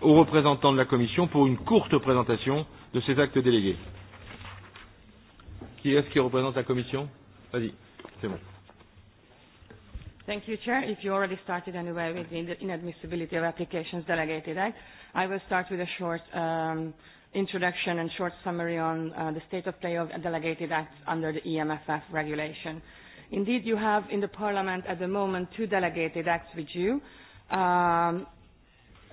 aux représentants de la Commission pour une courte présentation de ces actes délégués. Qui est-ce qui représente la Commission Vas-y, c'est bon. Thank you, Chair. If you already started anyway with the inadmissibility of applications delegated act, I will start with a short um, introduction and short summary on uh, the state of play of delegated acts under the EMFF regulation. Indeed, you have in the Parliament at the moment two delegated acts with you. Um,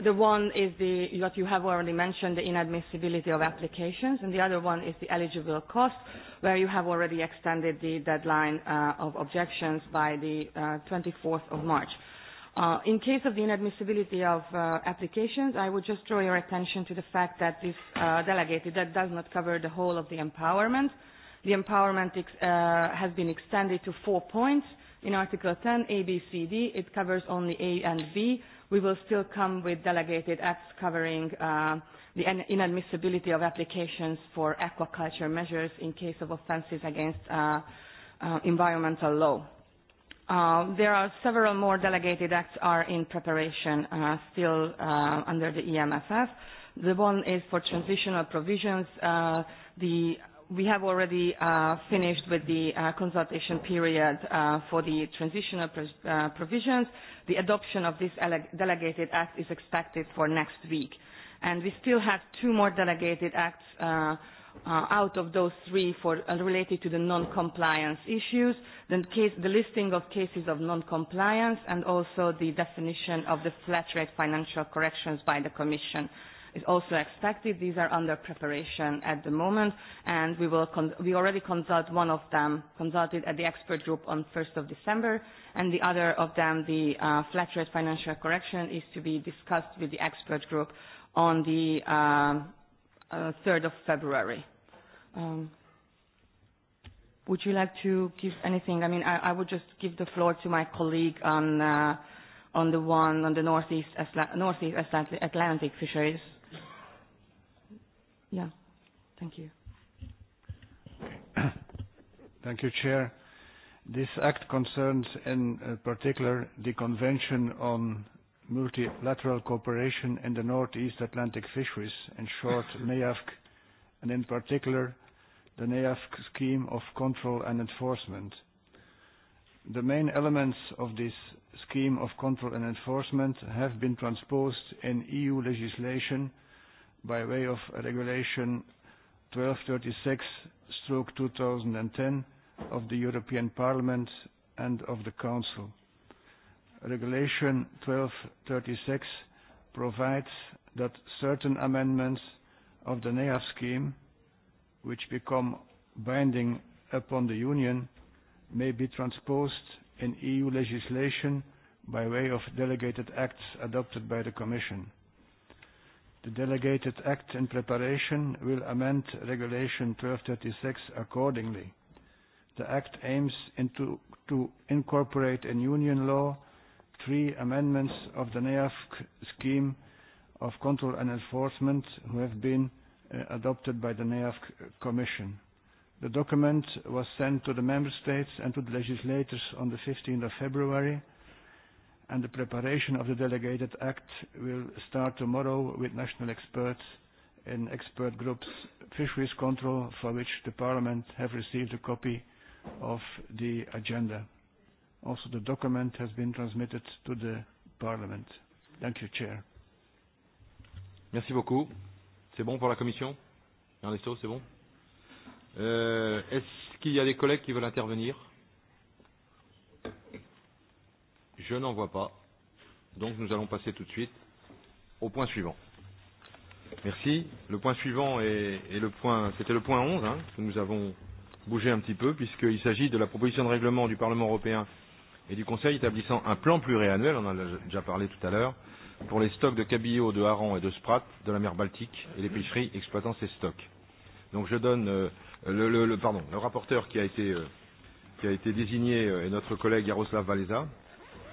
the one is the, what you have already mentioned, the inadmissibility of applications, and the other one is the eligible cost, where you have already extended the deadline uh, of objections by the uh, 24th of March. Uh, in case of the inadmissibility of uh, applications, I would just draw your attention to the fact that this uh, delegated that does not cover the whole of the empowerment. The empowerment ex uh, has been extended to four points. In Article 10, A, B, C, D, it covers only A and B. We will still come with delegated acts covering uh, the inadmissibility of applications for aquaculture measures in case of offences against uh, uh, environmental law. Uh, there are several more delegated acts are in preparation uh, still uh, under the EMFF. The one is for transitional provisions. Uh, the, we have already uh, finished with the uh, consultation period uh, for the transitional pro uh, provisions. The adoption of this delegated act is expected for next week. Uh, and we still have two more delegated acts uh, uh, out of those three for, uh, related to the non-compliance issues, the, case, the listing of cases of non-compliance, and also the definition of the flat rate financial corrections by the Commission is also expected. These are under preparation at the moment, and we, will con we already consult one of them, consulted at the expert group on 1st of December, and the other of them, the uh, flat rate financial correction, is to be discussed with the expert group on the um, uh, 3rd uh, of February. Um, would you like to give anything? I mean, I, I would just give the floor to my colleague on uh, on the one on the northeast Asla- northeast Atlantic fisheries. Yeah, thank you. Thank you, Chair. This act concerns, in uh, particular, the Convention on multilateral cooperation in the Northeast Atlantic fisheries, in short, NEAFC, and in particular, the NEAFC scheme of control and enforcement. The main elements of this scheme of control and enforcement have been transposed in EU legislation by way of Regulation 1236/2010 of the European Parliament and of the Council. Regulation 1236 provides that certain amendments of the NEAF scheme, which become binding upon the Union, may be transposed in EU legislation by way of delegated acts adopted by the Commission. The delegated act in preparation will amend Regulation 1236 accordingly. The act aims into, to incorporate in Union law three amendments of the NEAF scheme of control and enforcement who have been uh, adopted by the NEAF Commission. The document was sent to the Member States and to the legislators on the 15th of February, and the preparation of the delegated act will start tomorrow with national experts in expert groups fisheries control, for which the Parliament have received a copy of the agenda. Also, the document has been transmitted to the Parliament. Thank you, Chair. Merci beaucoup. C'est bon pour la Commission Ernesto, c'est bon euh, Est-ce qu'il y a des collègues qui veulent intervenir Je n'en vois pas. Donc nous allons passer tout de suite au point suivant. Merci. Le point suivant est, est le point, c'était le point 11 hein, que nous avons bougé un petit peu puisqu'il s'agit de la proposition de règlement du Parlement européen et du Conseil établissant un plan pluriannuel, on en a déjà parlé tout à l'heure, pour les stocks de cabillaud, de hareng et de sprat de la mer Baltique et les pêcheries exploitant ces stocks. Donc je donne euh, le, le, le, pardon, le rapporteur qui a été, euh, qui a été désigné euh, est notre collègue Jaroslav Valeza.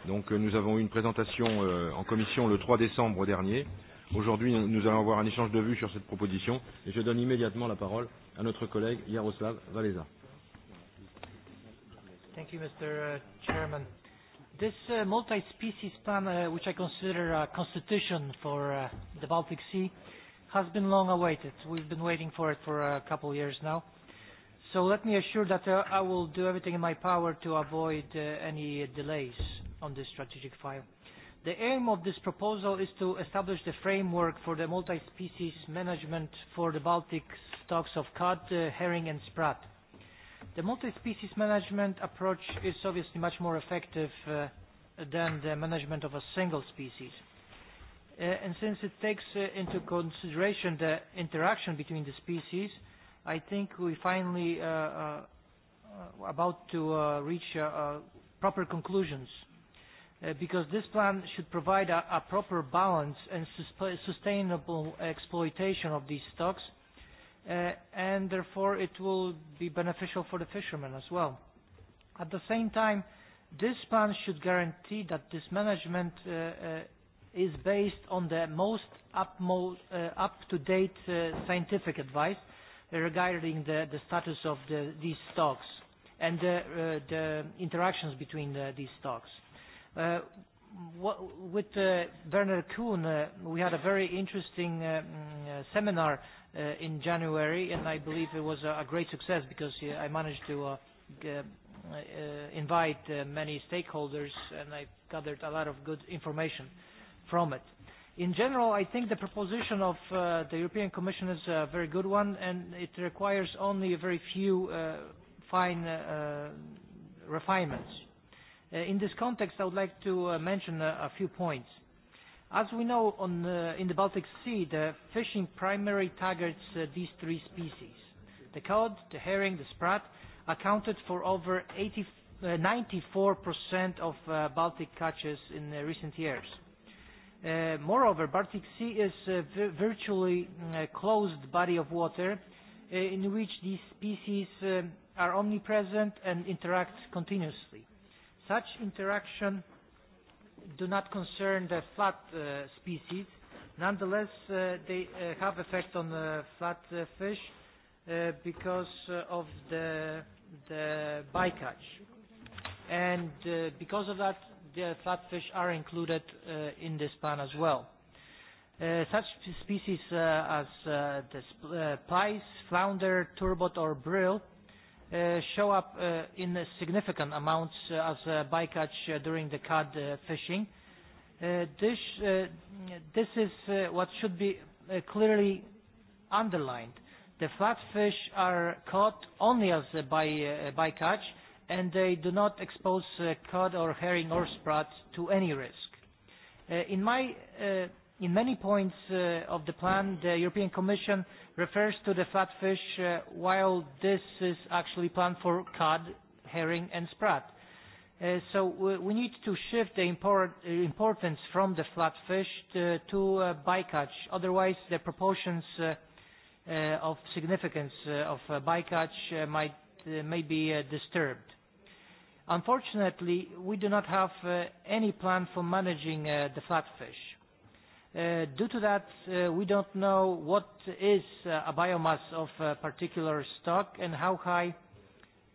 Donc euh, nous avons eu une présentation euh, en commission le 3 décembre dernier. Aujourd'hui, nous allons avoir un échange de vues sur cette proposition et je donne immédiatement la parole à notre collègue Jaroslav Valeza. Thank you, Mr. Uh, Chairman. This uh, multi-species plan, uh, which I consider a constitution for uh, the Baltic Sea, has been long awaited. We've been waiting for it for a couple of years now. So let me assure that uh, I will do everything in my power to avoid uh, any delays on this strategic file. The aim of this proposal is to establish the framework for the multi-species management for the Baltic stocks of cod, uh, herring and sprat. Uh, The multi-species management approach is obviously much more effective uh, than the management of a single species. Uh, and since it takes uh, into consideration the interaction between the species, I think we finally uh, uh, about to uh, reach uh, uh, proper conclusions uh, because this plan should provide a, a proper balance and sus sustainable exploitation of these stocks uh, uh, and therefore it will be beneficial for the fishermen as well. At the same time, this plan should guarantee that this management uh, uh, is based on the most upmo uh, up-to-date uh, scientific advice regarding the, the status of the, these stocks and the, uh, the interactions between the, uh, these stocks. Uh, what, with uh, Werner Kuhn, uh, we had a very interesting uh, um, uh, seminar uh, in January, and I believe it was a, a great success because uh, I managed to uh, g uh, uh, invite uh, many stakeholders, and I gathered a lot of good information from it. In general, I think the proposition of uh, the European Commission is a very good one, and it requires only a very few uh, fine uh, refinements. Uh, in this context, I would like to uh, mention a, a few points. Uh, As we know, on, uh, in the Baltic Sea, the fishing primarily targets uh, these three species. The cod, the herring, the sprat accounted for over 80, uh, 94% of uh, Baltic catches in uh, recent years. Uh, moreover, Baltic Sea is uh, mm, a vi virtually uh, closed body of water uh, in which these species uh, are omnipresent and interact continuously. Such interaction uh, do not concern the flat uh, species. Nonetheless, uh, they uh, have effect on the flat uh, fish uh, because uh, of the, the bycatch. And uh, because of that, the flat fish are included uh, in this plan as well. Uh, such species uh, as uh, the sp uh, pies, flounder, turbot, or brill uh, uh, show up uh, in significant amounts uh, as a bycatch uh, during the cod uh, fishing. Uh, this, uh, this is uh, what should be uh, clearly underlined. The flatfish are caught only as a by, uh, bycatch and they do not expose uh, cod or herring or sprat to any risk. Uh, in my uh, In many points uh, of the plan, the European Commission refers to the fat fish, uh, while this is actually planned for cod, herring, and sprat. Uh, so we, we need to shift the import, uh, importance from the flat fish to, uh, to uh, bycatch. Otherwise, the proportions uh, uh, of significance uh, of uh, bycatch uh, might uh, may be uh, disturbed. Unfortunately, we do not have uh, any plan for managing uh, the flatfish. Uh, due to that, uh, we don't know what is uh, a biomass of a particular stock and how high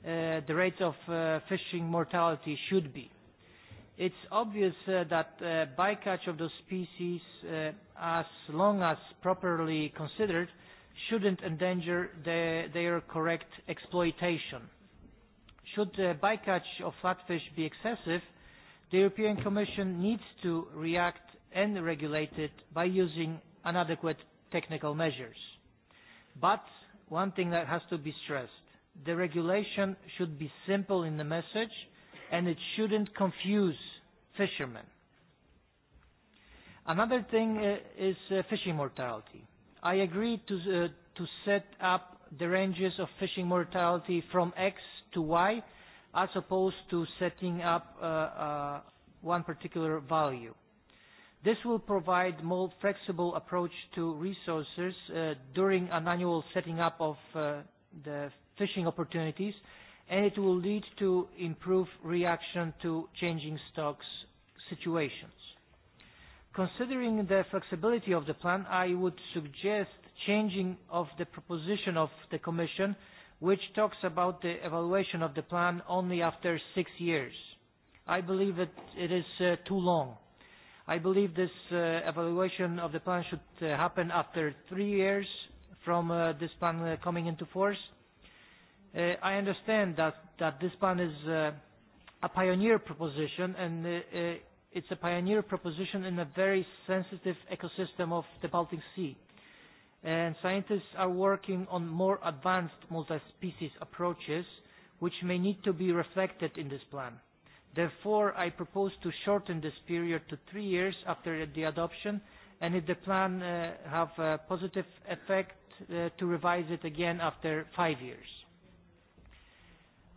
uh, the rate of uh, fishing mortality should be. It's obvious uh, that uh, bycatch of those species, uh, as long as properly considered, shouldn't endanger the, their correct exploitation. Should the uh, bycatch of flatfish be excessive, the European Commission needs to react and regulated by using inadequate technical measures. But one thing that has to be stressed, the regulation should be simple in the message and it shouldn't confuse fishermen. Another thing uh, is uh, fishing mortality. I agreed to, uh, to set up the ranges of fishing mortality from X to Y as opposed to setting up uh, uh, one particular value. Uh, This will provide more flexible approach to resources uh, during an annual setting up of uh, the fishing opportunities, and it will lead to improved reaction to changing stocks situations. Considering the flexibility of the plan, I would suggest changing of the proposition of the Commission, which talks about the evaluation of the plan only after six years. I believe that it is uh, too long. I believe this uh, evaluation of the plan should uh, happen after three years from uh, this plan uh, coming into force. Uh, I understand that, that this plan is uh, a pioneer proposition and uh, uh, it's a pioneer proposition in a very sensitive ecosystem of the Baltic Sea. And scientists are working on more advanced multi-species approaches which may need to be reflected in this plan. Uh, Therefore, I propose to shorten this period to three years after the adoption, and if the plan uh, have a positive effect, uh, to revise it again after five years.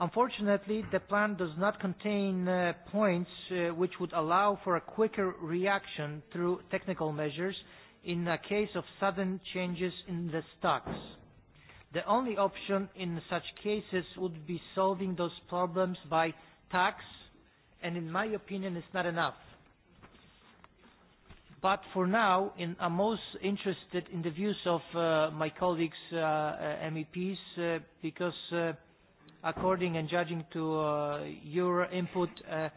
Unfortunately, the plan does not contain uh, points uh, which would allow for a quicker reaction through technical measures in a case of sudden changes in the stocks. The only option in such cases would be solving those problems by tax and in my opinion it's not enough. But for now, in, I'm most interested in the views of uh, my colleagues, uh, uh MEPs, uh, because uh, according and judging to uh, your input, uh,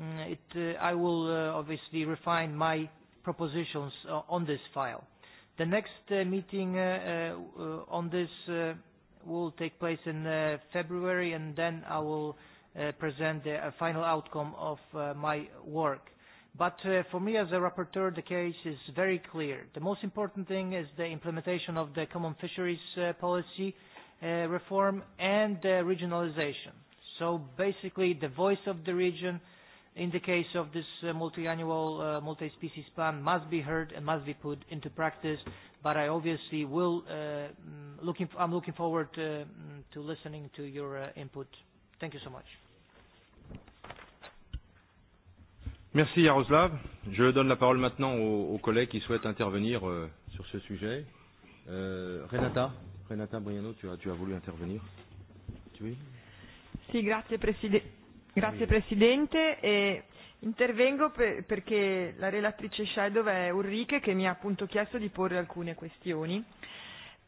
mm, it, uh, I will uh, obviously refine my propositions uh, on this file. The next uh, meeting uh, uh, on this uh, will take place in uh, February, and then I will uh, uh, present the uh, final outcome of uh, my work. But uh, for me as a rapporteur, the case is very clear. The most important thing is the implementation of the common fisheries uh, policy uh, reform and uh, regionalization. So basically the voice of the region in the case of this uh, multi-annual uh, multi-species plan must be heard and must be put into practice. But I obviously will, uh, mm, looking, I'm looking forward uh, mm, to listening to your uh, input. Thank you so much. Merci Yaroslav. Je donne la parole maintenant aux, aux collègues qui souhaitent intervenir euh, sur ce sujet. Euh, Renata, Renata Briano, tu as, tu as voulu intervenir. Tu veux sì, grazie, preside- grazie Presidente. E intervengo per- perché la relatrice Shadow è Ulrike che mi ha appunto chiesto di porre alcune questioni.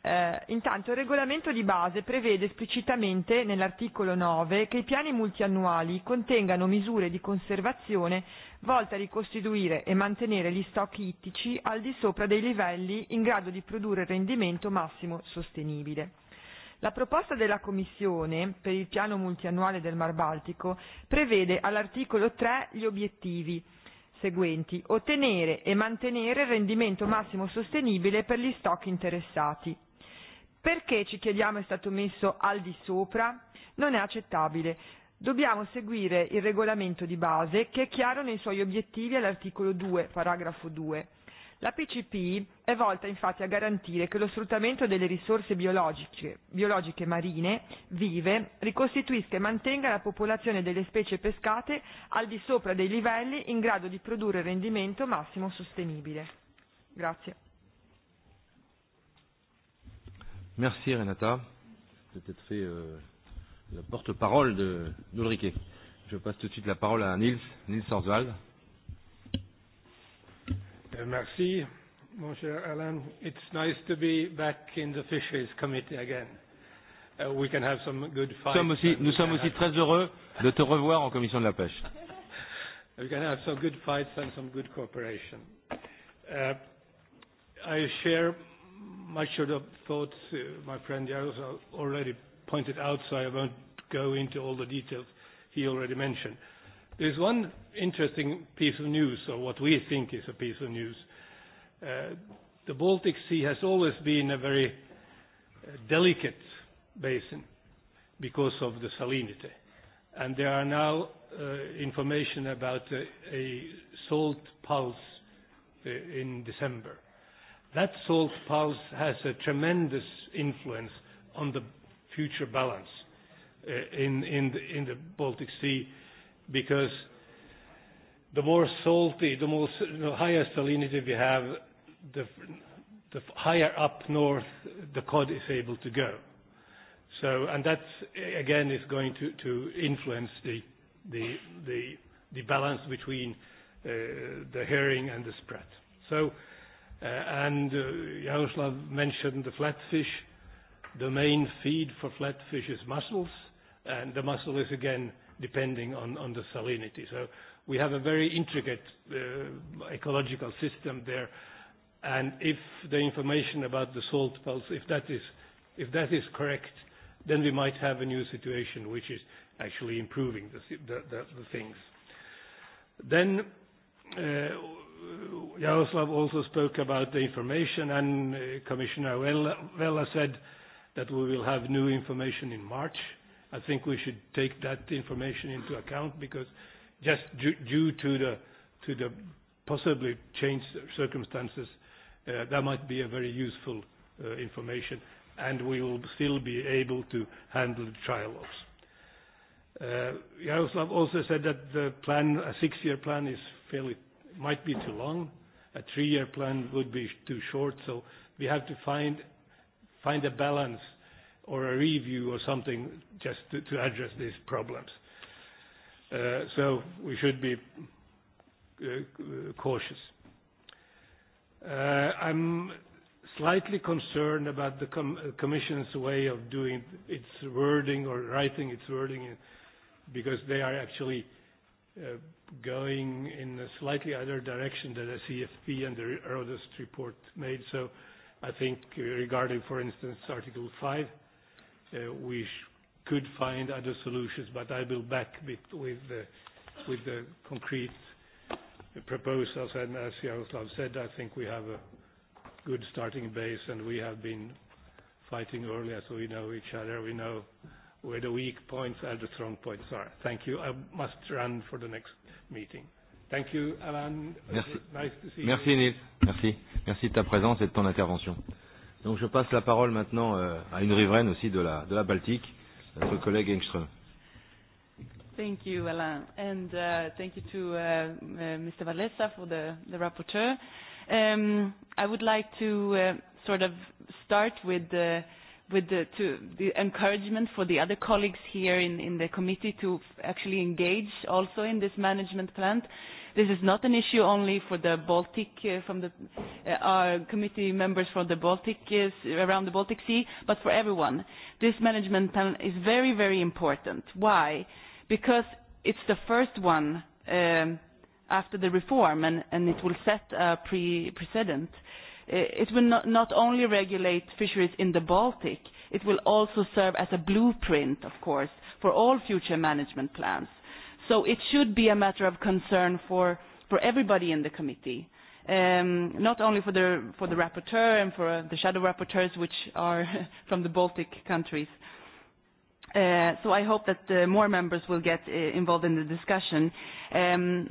Eh, intanto il regolamento di base prevede esplicitamente nell'articolo 9 che i piani multiannuali contengano misure di conservazione volta a ricostituire e mantenere gli stock ittici al di sopra dei livelli in grado di produrre il rendimento massimo sostenibile. La proposta della Commissione per il piano multiannuale del Mar Baltico prevede all'articolo 3 gli obiettivi seguenti ottenere e mantenere il rendimento massimo sostenibile per gli stock interessati. Perché ci chiediamo è stato messo al di sopra? Non è accettabile dobbiamo seguire il regolamento di base che è chiaro nei suoi obiettivi all'articolo 2, paragrafo 2. La PCP è volta infatti a garantire che lo sfruttamento delle risorse biologiche, biologiche marine vive ricostituisca e mantenga la popolazione delle specie pescate al di sopra dei livelli in grado di produrre rendimento massimo sostenibile. Grazie. Merci Renata, peut-être fait euh, le porte-parole d'Ulrike. Je passe tout de suite la parole à Nils, Nils Orswald. Euh, merci, mon cher Alan. It's nice to be back in the Fisheries Committee again. Uh, we can have some good fights. Nous sommes aussi, nous sommes aussi très heureux de te revoir en commission de la pêche. We can have some good fights and some good cooperation. Uh, I share much of the thoughts uh, my friend Jaros already pointed out, so I won't go into all the details he already mentioned. There's one interesting piece of news, or what we think is a piece of news. Uh, the Baltic Sea has always been a very uh, delicate basin because of the salinity. And there are now uh, information about a, a salt pulse uh, in December. That salt pulse has a tremendous influence on the future balance uh, in, in, the, in the Baltic Sea because the more salty, the, more, the higher salinity we have, the, the higher up north the cod is able to go. So, and that, again, is going to, to influence the, the, the, the balance between uh, the herring and the spread. So, uh, and uh, Jaroslav mentioned the flatfish the main feed for flatfish is mussels, and the mussel is again depending on, on the salinity. So we have a very intricate uh, ecological system there. And if the information about the salt pulse, if that is, if that is correct, then we might have a new situation which is actually improving the, the, the, the things. Then uh, Jaroslav also spoke about the information, and uh, Commissioner Vella said that we will have new information in March. I think we should take that information into account because just due to the, to the possibly changed circumstances, uh, that might be a very useful uh, information, and we will still be able to handle trialogues. Uh, Jaroslav also said that the plan, a six-year plan is fairly, might be too long. A three-year plan would be too short. So we have to find find a balance or a review or something just to, to address these problems. Uh, so we should be uh, cautious. Uh, I'm slightly concerned about the com Commission's way of doing its wording or writing its wording uh, because they are actually uh, going in a slightly other direction than the CFP and the Rodas report made. So I think uh, regarding, for instance, Article 5, uh, we sh could find other solutions, but I will back with, with, uh, with the concrete proposals. And as Jaroslav said, I think we have a good starting base, and we have been fighting earlier, so we know each other. We know where the weak points and the strong points are. Thank you. I must run for the next meeting. Thank you, Alan. Merci. Nice to see you. Merci, Nils. Merci. Merci de ta présence et de ton intervention. Donc, je passe la parole maintenant euh, à une riveraine aussi de la, de la Baltique, notre collègue Engström. Thank you, Alain, and uh, thank you to uh, uh, Mr. Valesa for the, the rapporteur. Um, I would like to uh, sort of start with uh, with the, to the encouragement for the other colleagues here in, in the committee to actually engage also in this management plan. This is not an issue only for the Baltic, uh, from the, uh, our committee members from the Baltic, uh, around the Baltic Sea, but for everyone. This management plan is very, very important. Why? Because it's the first one um, after the reform and, and it will set a pre precedent. Uh, Eh, it will not, not only regulate fisheries in the Baltic, it will also serve as a blueprint, of course, for all future management plans. So it should be a matter of concern for, for everybody in the committee, um, not only for the, for the rapporteur and for uh, the shadow rapporteurs, which are from the Baltic countries. Uh, so I hope that uh, more members will get uh, involved in the discussion. Um,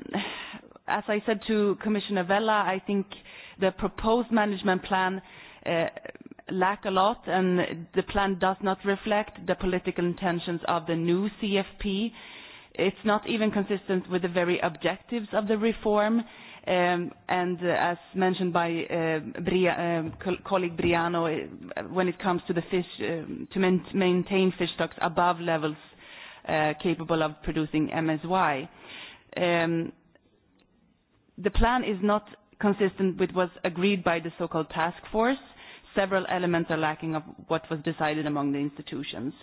as I said to Commissioner Vella, I think uh, The proposed management plan uh, lack a lot, and the plan does not reflect the political intentions of the new CFP. It's not even consistent with the very objectives of the reform. Um, and uh, as mentioned by uh, Bria, um, co colleague Briano, uh, when it comes to the fish, um, to man maintain fish stocks above levels uh, capable of producing MSY. Um, the plan is not consistent with what was agreed by the so-called task force. Several elements are lacking of what was decided among the institutions.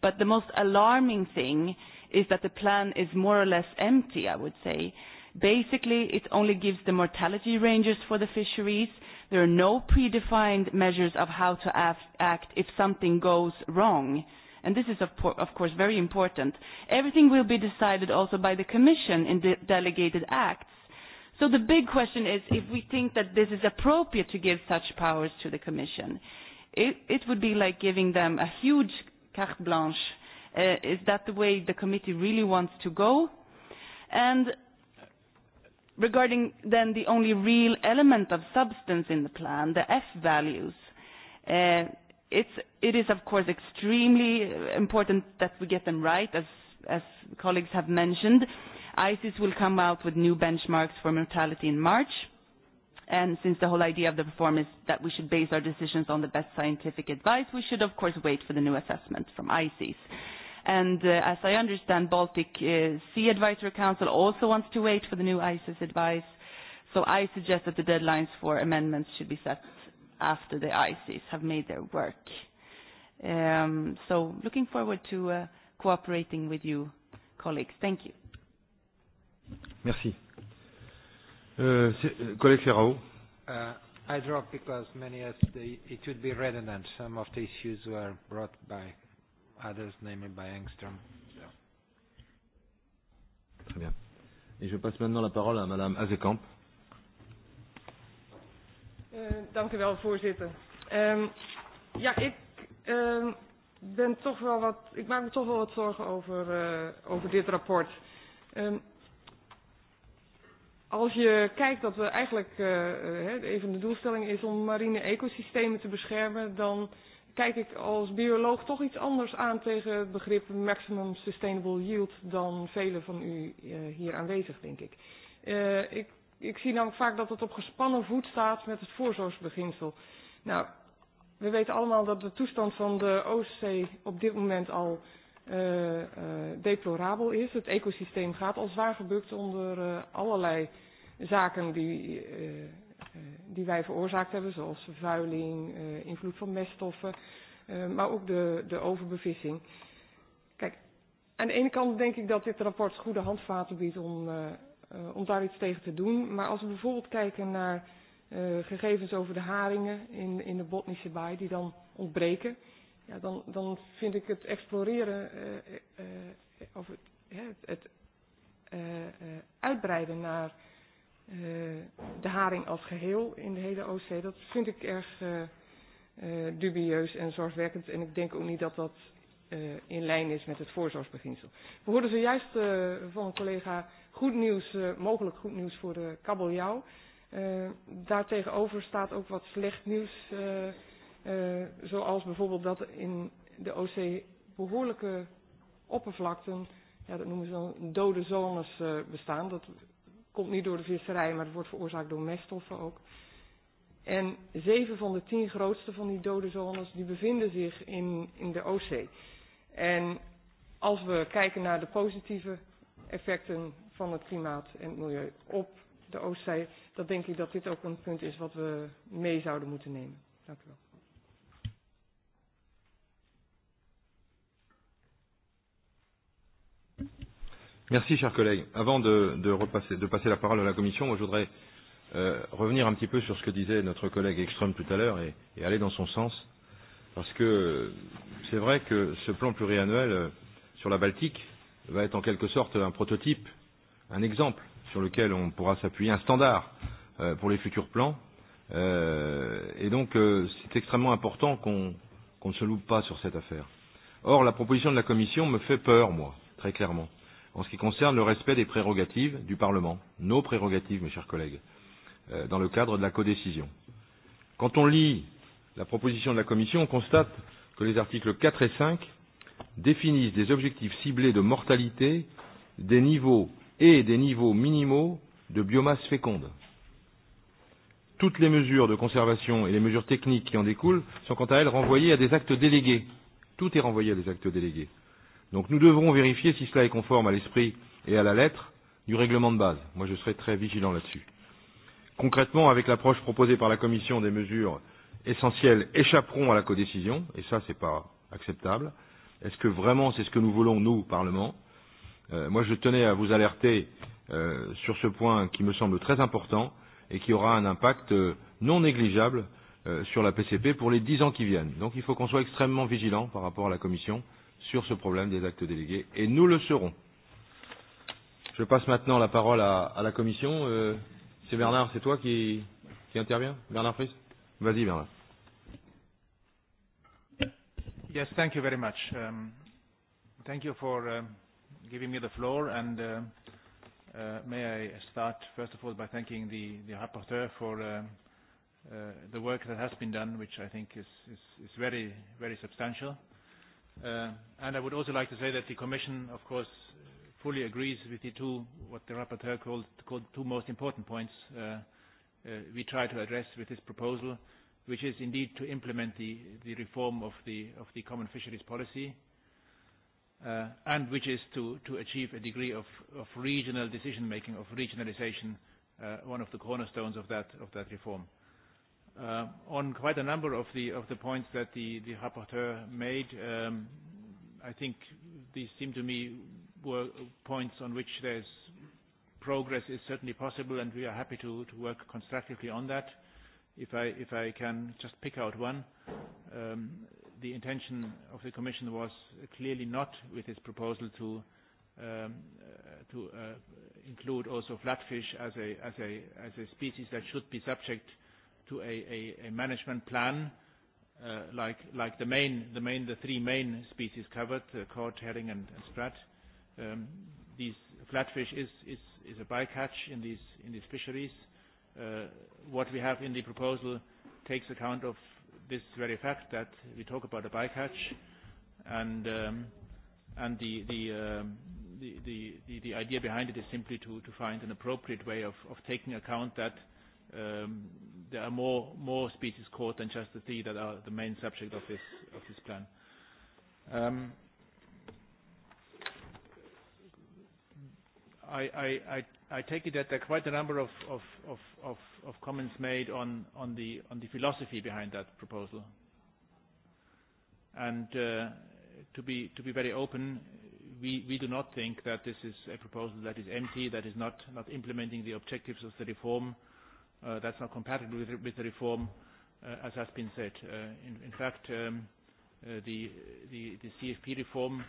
But the most alarming thing is that the plan is more or less empty, I would say. Basically, it only gives the mortality ranges for the fisheries. There are no predefined measures of how to act if something goes wrong. And this is, of, of course, very important. Everything will be decided also by the Commission in de delegated acts So the big question is if we think that this is appropriate to give such powers to the Commission. It, it would be like giving them a huge carte blanche. Uh, is that the way the committee really wants to go? And regarding then the only real element of substance in the plan, the F values, uh, it's, it is of course extremely important that we get them right, as, as colleagues have mentioned. Uh, ICES will come out with new benchmarks for mortality in March. And since the whole idea of the reform is that we should base our decisions on the best scientific advice, we should, of course, wait for the new assessment from ICES. And uh, as I understand, Baltic uh, Sea Advisory Council also wants to wait for the new ICES advice. So I suggest that the deadlines for amendments should be set after the ICES have made their work. Um, so looking forward to uh, cooperating with you, colleagues. Thank you. Merci. Euh, euh, collègue Ferrao. Uh, I dropped because many of the, it would be redundant. Some of the issues were brought by others, namely by Engstrom. So. Très bien. Et je passe maintenant la parole à Madame Azekamp. Uh, dank u wel, voorzitter. Um, ja, ik um, ben toch wel wat, ik maak me toch wel wat zorgen over, uh, over dit rapport. Um, Als je kijkt dat we eigenlijk, uh, een van de doelstellingen is om marine ecosystemen te beschermen, dan kijk ik als bioloog toch iets anders aan tegen het begrip maximum sustainable yield dan velen van u uh, hier aanwezig, denk ik. Uh, ik. Ik zie namelijk vaak dat het op gespannen voet staat met het voorzorgsbeginsel. Nou, we weten allemaal dat de toestand van de Oostzee op dit moment al uh, uh, deplorabel is. Het ecosysteem gaat al zwaar gebukt onder uh, allerlei zaken die, uh, uh, die wij veroorzaakt hebben, zoals vervuiling, uh, invloed van meststoffen, uh, maar ook de, de overbevissing. Kijk, aan de ene kant denk ik dat dit rapport goede handvaten biedt om, uh, uh, om daar iets tegen te doen. Maar als we bijvoorbeeld kijken naar uh, gegevens over de haringen in, in de Botnische baai die dan ontbreken, uh, ja, dan, dan vind ik het exploreren uh, uh, of het, ja, het, het uh, uh, uitbreiden naar uh, de haring als geheel in de hele OC, dat vind ik erg uh, uh, dubieus en zorgwekkend. En ik denk ook niet dat dat uh, in lijn is met het voorzorgsbeginsel. We hoorden zojuist uh, van een collega goed nieuws, uh, mogelijk goed nieuws voor de kabeljauw. Uh, daartegenover staat ook wat slecht nieuws. Uh, Uh, zoals bijvoorbeeld dat in de OC behoorlijke oppervlakten, ja, dat noemen ze dan dode zones uh, bestaan. Dat komt niet door de visserij, maar dat wordt veroorzaakt door meststoffen ook. En zeven van de tien grootste van die dode zones, die bevinden zich in, in de OC. En als we kijken naar de positieve effecten van het klimaat en het milieu op de Oostzee, dan denk ik dat dit ook een punt is wat we mee zouden moeten nemen. Dank u wel. Merci, chers collègues. Avant de, de, repasser, de passer la parole à la Commission, moi, je voudrais euh, revenir un petit peu sur ce que disait notre collègue Ekström tout à l'heure et, et aller dans son sens. Parce que c'est vrai que ce plan pluriannuel euh, sur la Baltique va être en quelque sorte un prototype, un exemple sur lequel on pourra s'appuyer, un standard euh, pour les futurs plans. Euh, et donc, euh, c'est extrêmement important qu'on qu ne se loupe pas sur cette affaire. Or, la proposition de la Commission me fait peur, moi, très clairement. Euh, en ce qui concerne le respect des prérogatives du Parlement, nos prérogatives, mes chers collègues, euh, dans le cadre de la codécision. Quand on lit la proposition de la Commission, on constate que les articles 4 et 5 définissent des objectifs ciblés de mortalité, des niveaux et des niveaux minimaux de biomasse féconde. Toutes les mesures de conservation et les mesures techniques qui en découlent sont quant à elles renvoyées à des actes délégués. Tout est renvoyé à des actes délégués. Donc nous devrons vérifier si cela est conforme à l'esprit et à la lettre du règlement de base. Moi, je serai très vigilant là-dessus. Concrètement, avec l'approche proposée par la Commission, des mesures essentielles échapperont à la codécision, et ça, ce n'est pas acceptable. Est-ce que vraiment c'est ce que nous voulons, nous, Parlement euh, Moi, je tenais à vous alerter euh, sur ce point qui me semble très important et qui aura un impact euh, non négligeable euh, sur la PCP pour les dix ans qui viennent. Donc, il faut qu'on soit extrêmement vigilant par rapport à la Commission euh, sur ce problème des actes délégués, et nous le serons. Je passe maintenant la parole à, à la Commission. Euh, c'est Bernard, c'est toi qui, qui intervient Bernard Fries Vas-y, Bernard. Yes, thank you very much. Um, thank you for um, giving me the floor, and uh, uh, may I start, first of all, by thanking the, the rapporteur for um, uh, the work that has been done, which I think is, is, is very, very substantial. Uh, Uh, and I would also like to say that the Commission, of course, fully agrees with the two, what the rapporteur called, called two most important points uh, uh, we try to address with this proposal, which is indeed to implement the, the reform of the, of the common fisheries policy, uh, and which is to, to achieve a degree of, of regional decision-making, of regionalization, uh, one of the cornerstones of that, of that reform. Uh, Uh, on quite a number of the, of the points that the, the rapporteur made, um, I think these seem to me were points on which there's progress is certainly possible, and we are happy to, to work constructively on that. If I, if I can just pick out one, um, the intention of the Commission was clearly not with this proposal to, um, uh, to uh, include also flatfish as a, as, a, as a species that should be subject to a, a, a management plan uh, like, like the, main, the, main, the three main species covered, uh, cod, herring and, and sprat. Um, these flatfish is, is, is a bycatch in these, in these fisheries. Uh, what we have in the proposal takes account of this very fact that we talk about a bycatch and, um, and the, the, um, the, the, the, the idea behind it is simply to, to find an appropriate way of, of taking account that um, there are more, more species caught than just the three that are the main subject of this, of this plan. Um, I, I, I, I take it that there are quite a number of, of, of, of, of comments made on, on, the, on the philosophy behind that proposal. And uh, to, be, to be very open, we, we do not think that this is a proposal that is empty, that is not, not implementing the objectives of the reform uh, uh, that's not compatible with, with the reform, uh, as has been said. Uh, in, in fact, um, uh, the, the, the CFP reform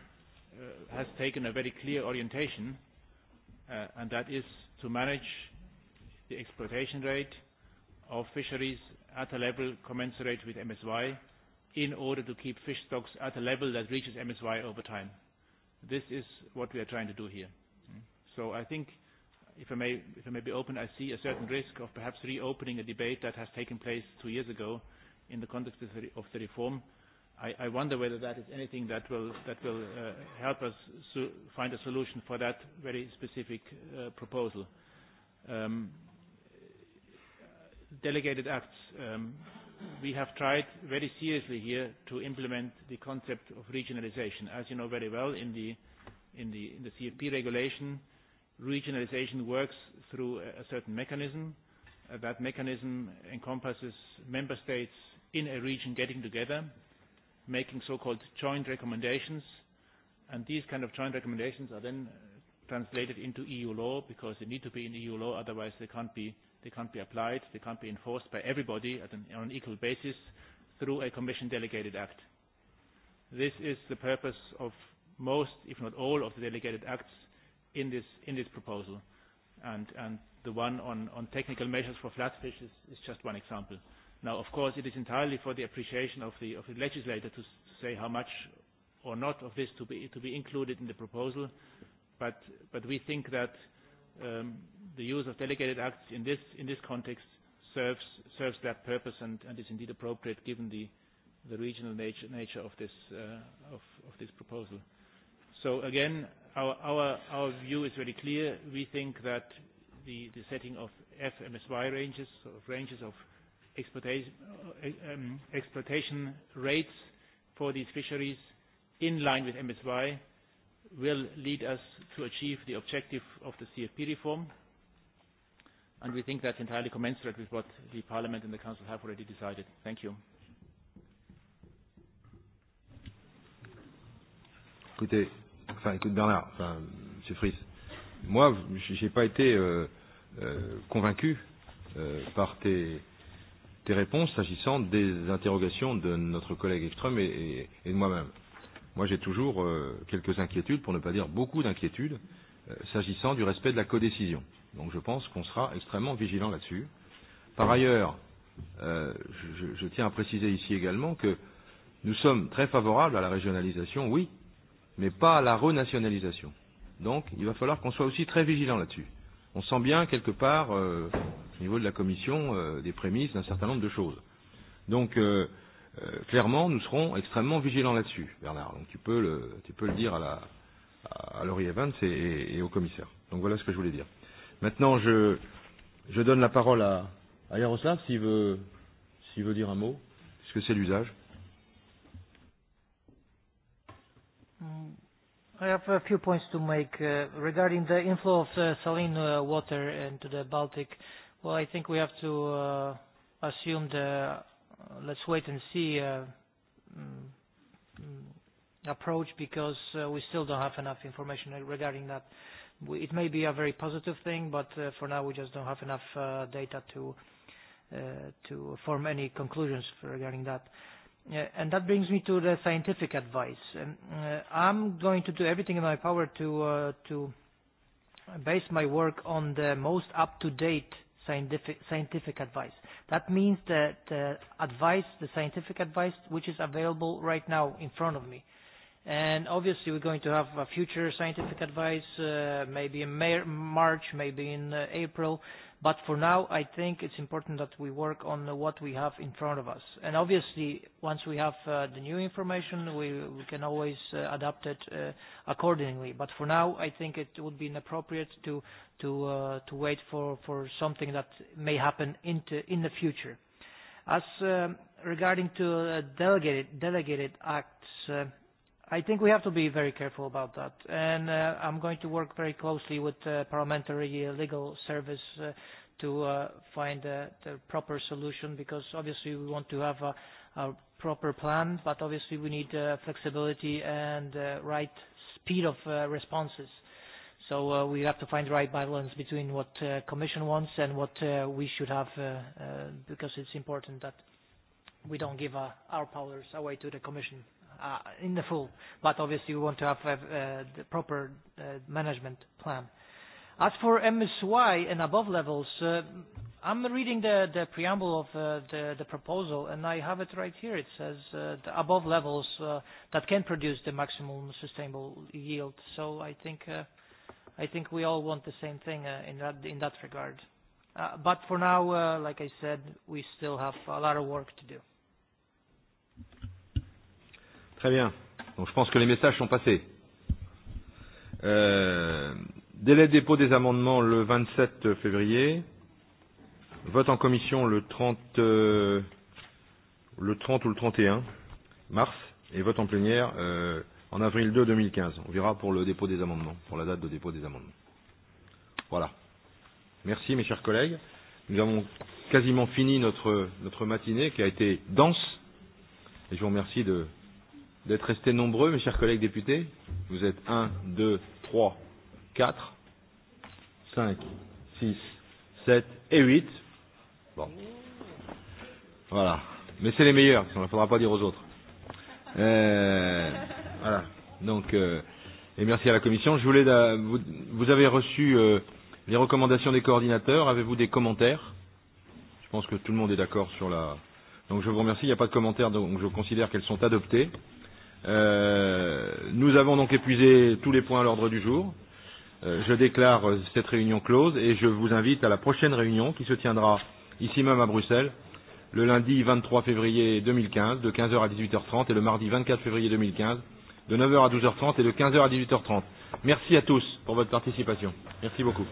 uh, has taken a very clear orientation, uh, and that is to manage the exploitation rate of fisheries at a level commensurate with MSY in order to keep fish stocks at a level that reaches MSY over time. This is what we are trying to do here. Mm. So I think uh, if I, may, if I may be open, I see a certain risk of perhaps reopening a debate that has taken place two years ago in the context of the, of the reform. I, I wonder whether that is anything that will, that will uh, help us so find a solution for that very specific uh, proposal. Um, delegated acts. Um, we have tried very seriously here to implement the concept of regionalization. As you know very well, in the, in the, in the CFP regulation, uh, regionalization works through a certain mechanism. Uh, that mechanism encompasses member states in a region getting together, making so-called joint recommendations, and these kind of joint recommendations are then uh, translated into EU law because they need to be in EU law, otherwise they can't be, they can't be applied, they can't be enforced by everybody at an, on an equal basis through a Commission delegated act. This is the purpose of most, if not all, of the delegated acts in this, in this proposal. And, and the one on, on technical measures for flatfish is, is just one example. Now, of course, it is entirely for the appreciation of the, of the legislator to, to say how much or not of this to be, to be included in the proposal, but, but we think that um, the use of delegated acts in this, in this context serves, serves that purpose and, and is indeed appropriate given the, the regional nature, nature of, this, uh, of, of this proposal. So again, Our, our, our view is very clear. We think that the, the setting of FMSY ranges, of ranges of exploitation, uh, um, exploitation rates for these fisheries in line with MSY will lead us to achieve the objective of the CFP reform. And we think that's entirely commensurate with what the Parliament and the Council have already decided. Thank you. Écoutez, enfin écoute Bernard, enfin Monsieur Fries, moi j'ai pas été euh, euh, convaincu euh, par tes tes réponses s'agissant des interrogations de notre collègue Ekström et, et, et de moi-même. Moi, moi j'ai toujours euh, quelques inquiétudes, pour ne pas dire beaucoup d'inquiétudes, euh, s'agissant du respect de la codécision. Donc je pense qu'on sera extrêmement vigilant là-dessus. Par ailleurs, euh, je, je tiens à préciser ici également que nous sommes très favorables à la régionalisation, oui, euh, mais pas à la renationalisation. Donc, il va falloir qu'on soit aussi très vigilant là-dessus. On sent bien, quelque part, euh, au niveau de la Commission, euh, des prémices d'un certain nombre de choses. Donc, euh, euh, clairement, nous serons extrêmement vigilants là-dessus, Bernard. Donc, tu peux le, tu peux le dire à, la, à, à Laurie Evans et, et, et au commissaire. Donc, voilà ce que je voulais dire. Maintenant, je, je donne la parole à, à Yaroslav s'il veut, veut dire un mot, puisque c'est l'usage. I have a few points to make. Uh, regarding the inflow of uh, saline uh, water into the Baltic, well, I think we have to uh, assume the uh, let's wait and see uh, mm, approach because uh, we still don't have enough information regarding that. We, it may be a very positive thing, but uh, for now we just don't have enough uh, data to uh, to form any conclusions regarding that. Uh, Uh, and that brings me to the scientific advice. Um, uh, I'm going to do everything in my power to uh, to base my work on the most up-to-date scientific scientific advice. That means that the uh, advice, the scientific advice, which is available right now in front of me. And obviously, we're going to have a future scientific advice, uh, maybe in May, March, maybe in uh, April But for now, I think it's important that we work on what we have in front of us. And obviously, once we have uh, the new information, we, we can always uh, adapt it uh, accordingly. But for now, I think it would be inappropriate to to uh, to wait for for something that may happen into in the future. As um, regarding to uh, delegated delegated acts. Uh, I think we have to be very careful about that. And uh, I'm going to work very closely with uh, parliamentary uh, legal service uh, to uh, find uh, the proper solution because obviously we want to have a, a proper plan, but obviously we need uh, flexibility and uh, right speed of uh, responses. So uh, we have to find the right balance between what uh, Commission wants and what uh, we should have uh, uh, because it's important that we don't give uh, our powers away to the Commission uh, in the full, but obviously we want to have, have uh, the proper uh, management plan. As for MSY and above levels, uh, I'm reading the, the preamble of uh, the, the proposal, and I have it right here. It says uh, the above levels uh, that can produce the maximum sustainable yield. So I think, uh, I think we all want the same thing uh, in, that, in that regard. Uh, but for now, uh, like I said, we still have a lot of work to do. Très bien. Donc je pense que les messages sont passés. Euh, délai de dépôt des amendements le 27 février. Vote en commission le 30, euh, le 30 ou le 31 mars. Et vote en plénière euh, en avril 2 2015. On verra pour le dépôt des amendements, pour la date de dépôt des amendements. Voilà. Merci mes chers collègues. Nous avons quasiment fini notre, notre matinée qui a été dense. Et je vous remercie de d'être restés nombreux, mes chers collègues députés. Vous êtes 1, 2, 3, 4, 5, 6, 7 et 8. Bon. Voilà. Mais c'est les meilleurs, parce qu'on ne faudra pas dire aux autres. Euh, voilà. Donc, euh, et merci à la Commission. Je voulais, euh, vous, vous avez reçu euh, les recommandations des coordinateurs. Avez-vous des commentaires Je pense que tout le monde est d'accord sur la. Donc je vous remercie. Il n'y a pas de commentaires, donc je considère qu'elles sont adoptées. Euh, nous avons donc épuisé tous les points à l'ordre du jour. Euh, je déclare euh, cette réunion close et je vous invite à la prochaine réunion qui se tiendra ici même à Bruxelles le lundi 23 février 2015 de 15h à 18h30 et le mardi 24 février 2015 de 9h à 12h30 et de 15h à 18h30. Merci à tous pour votre participation. Merci beaucoup.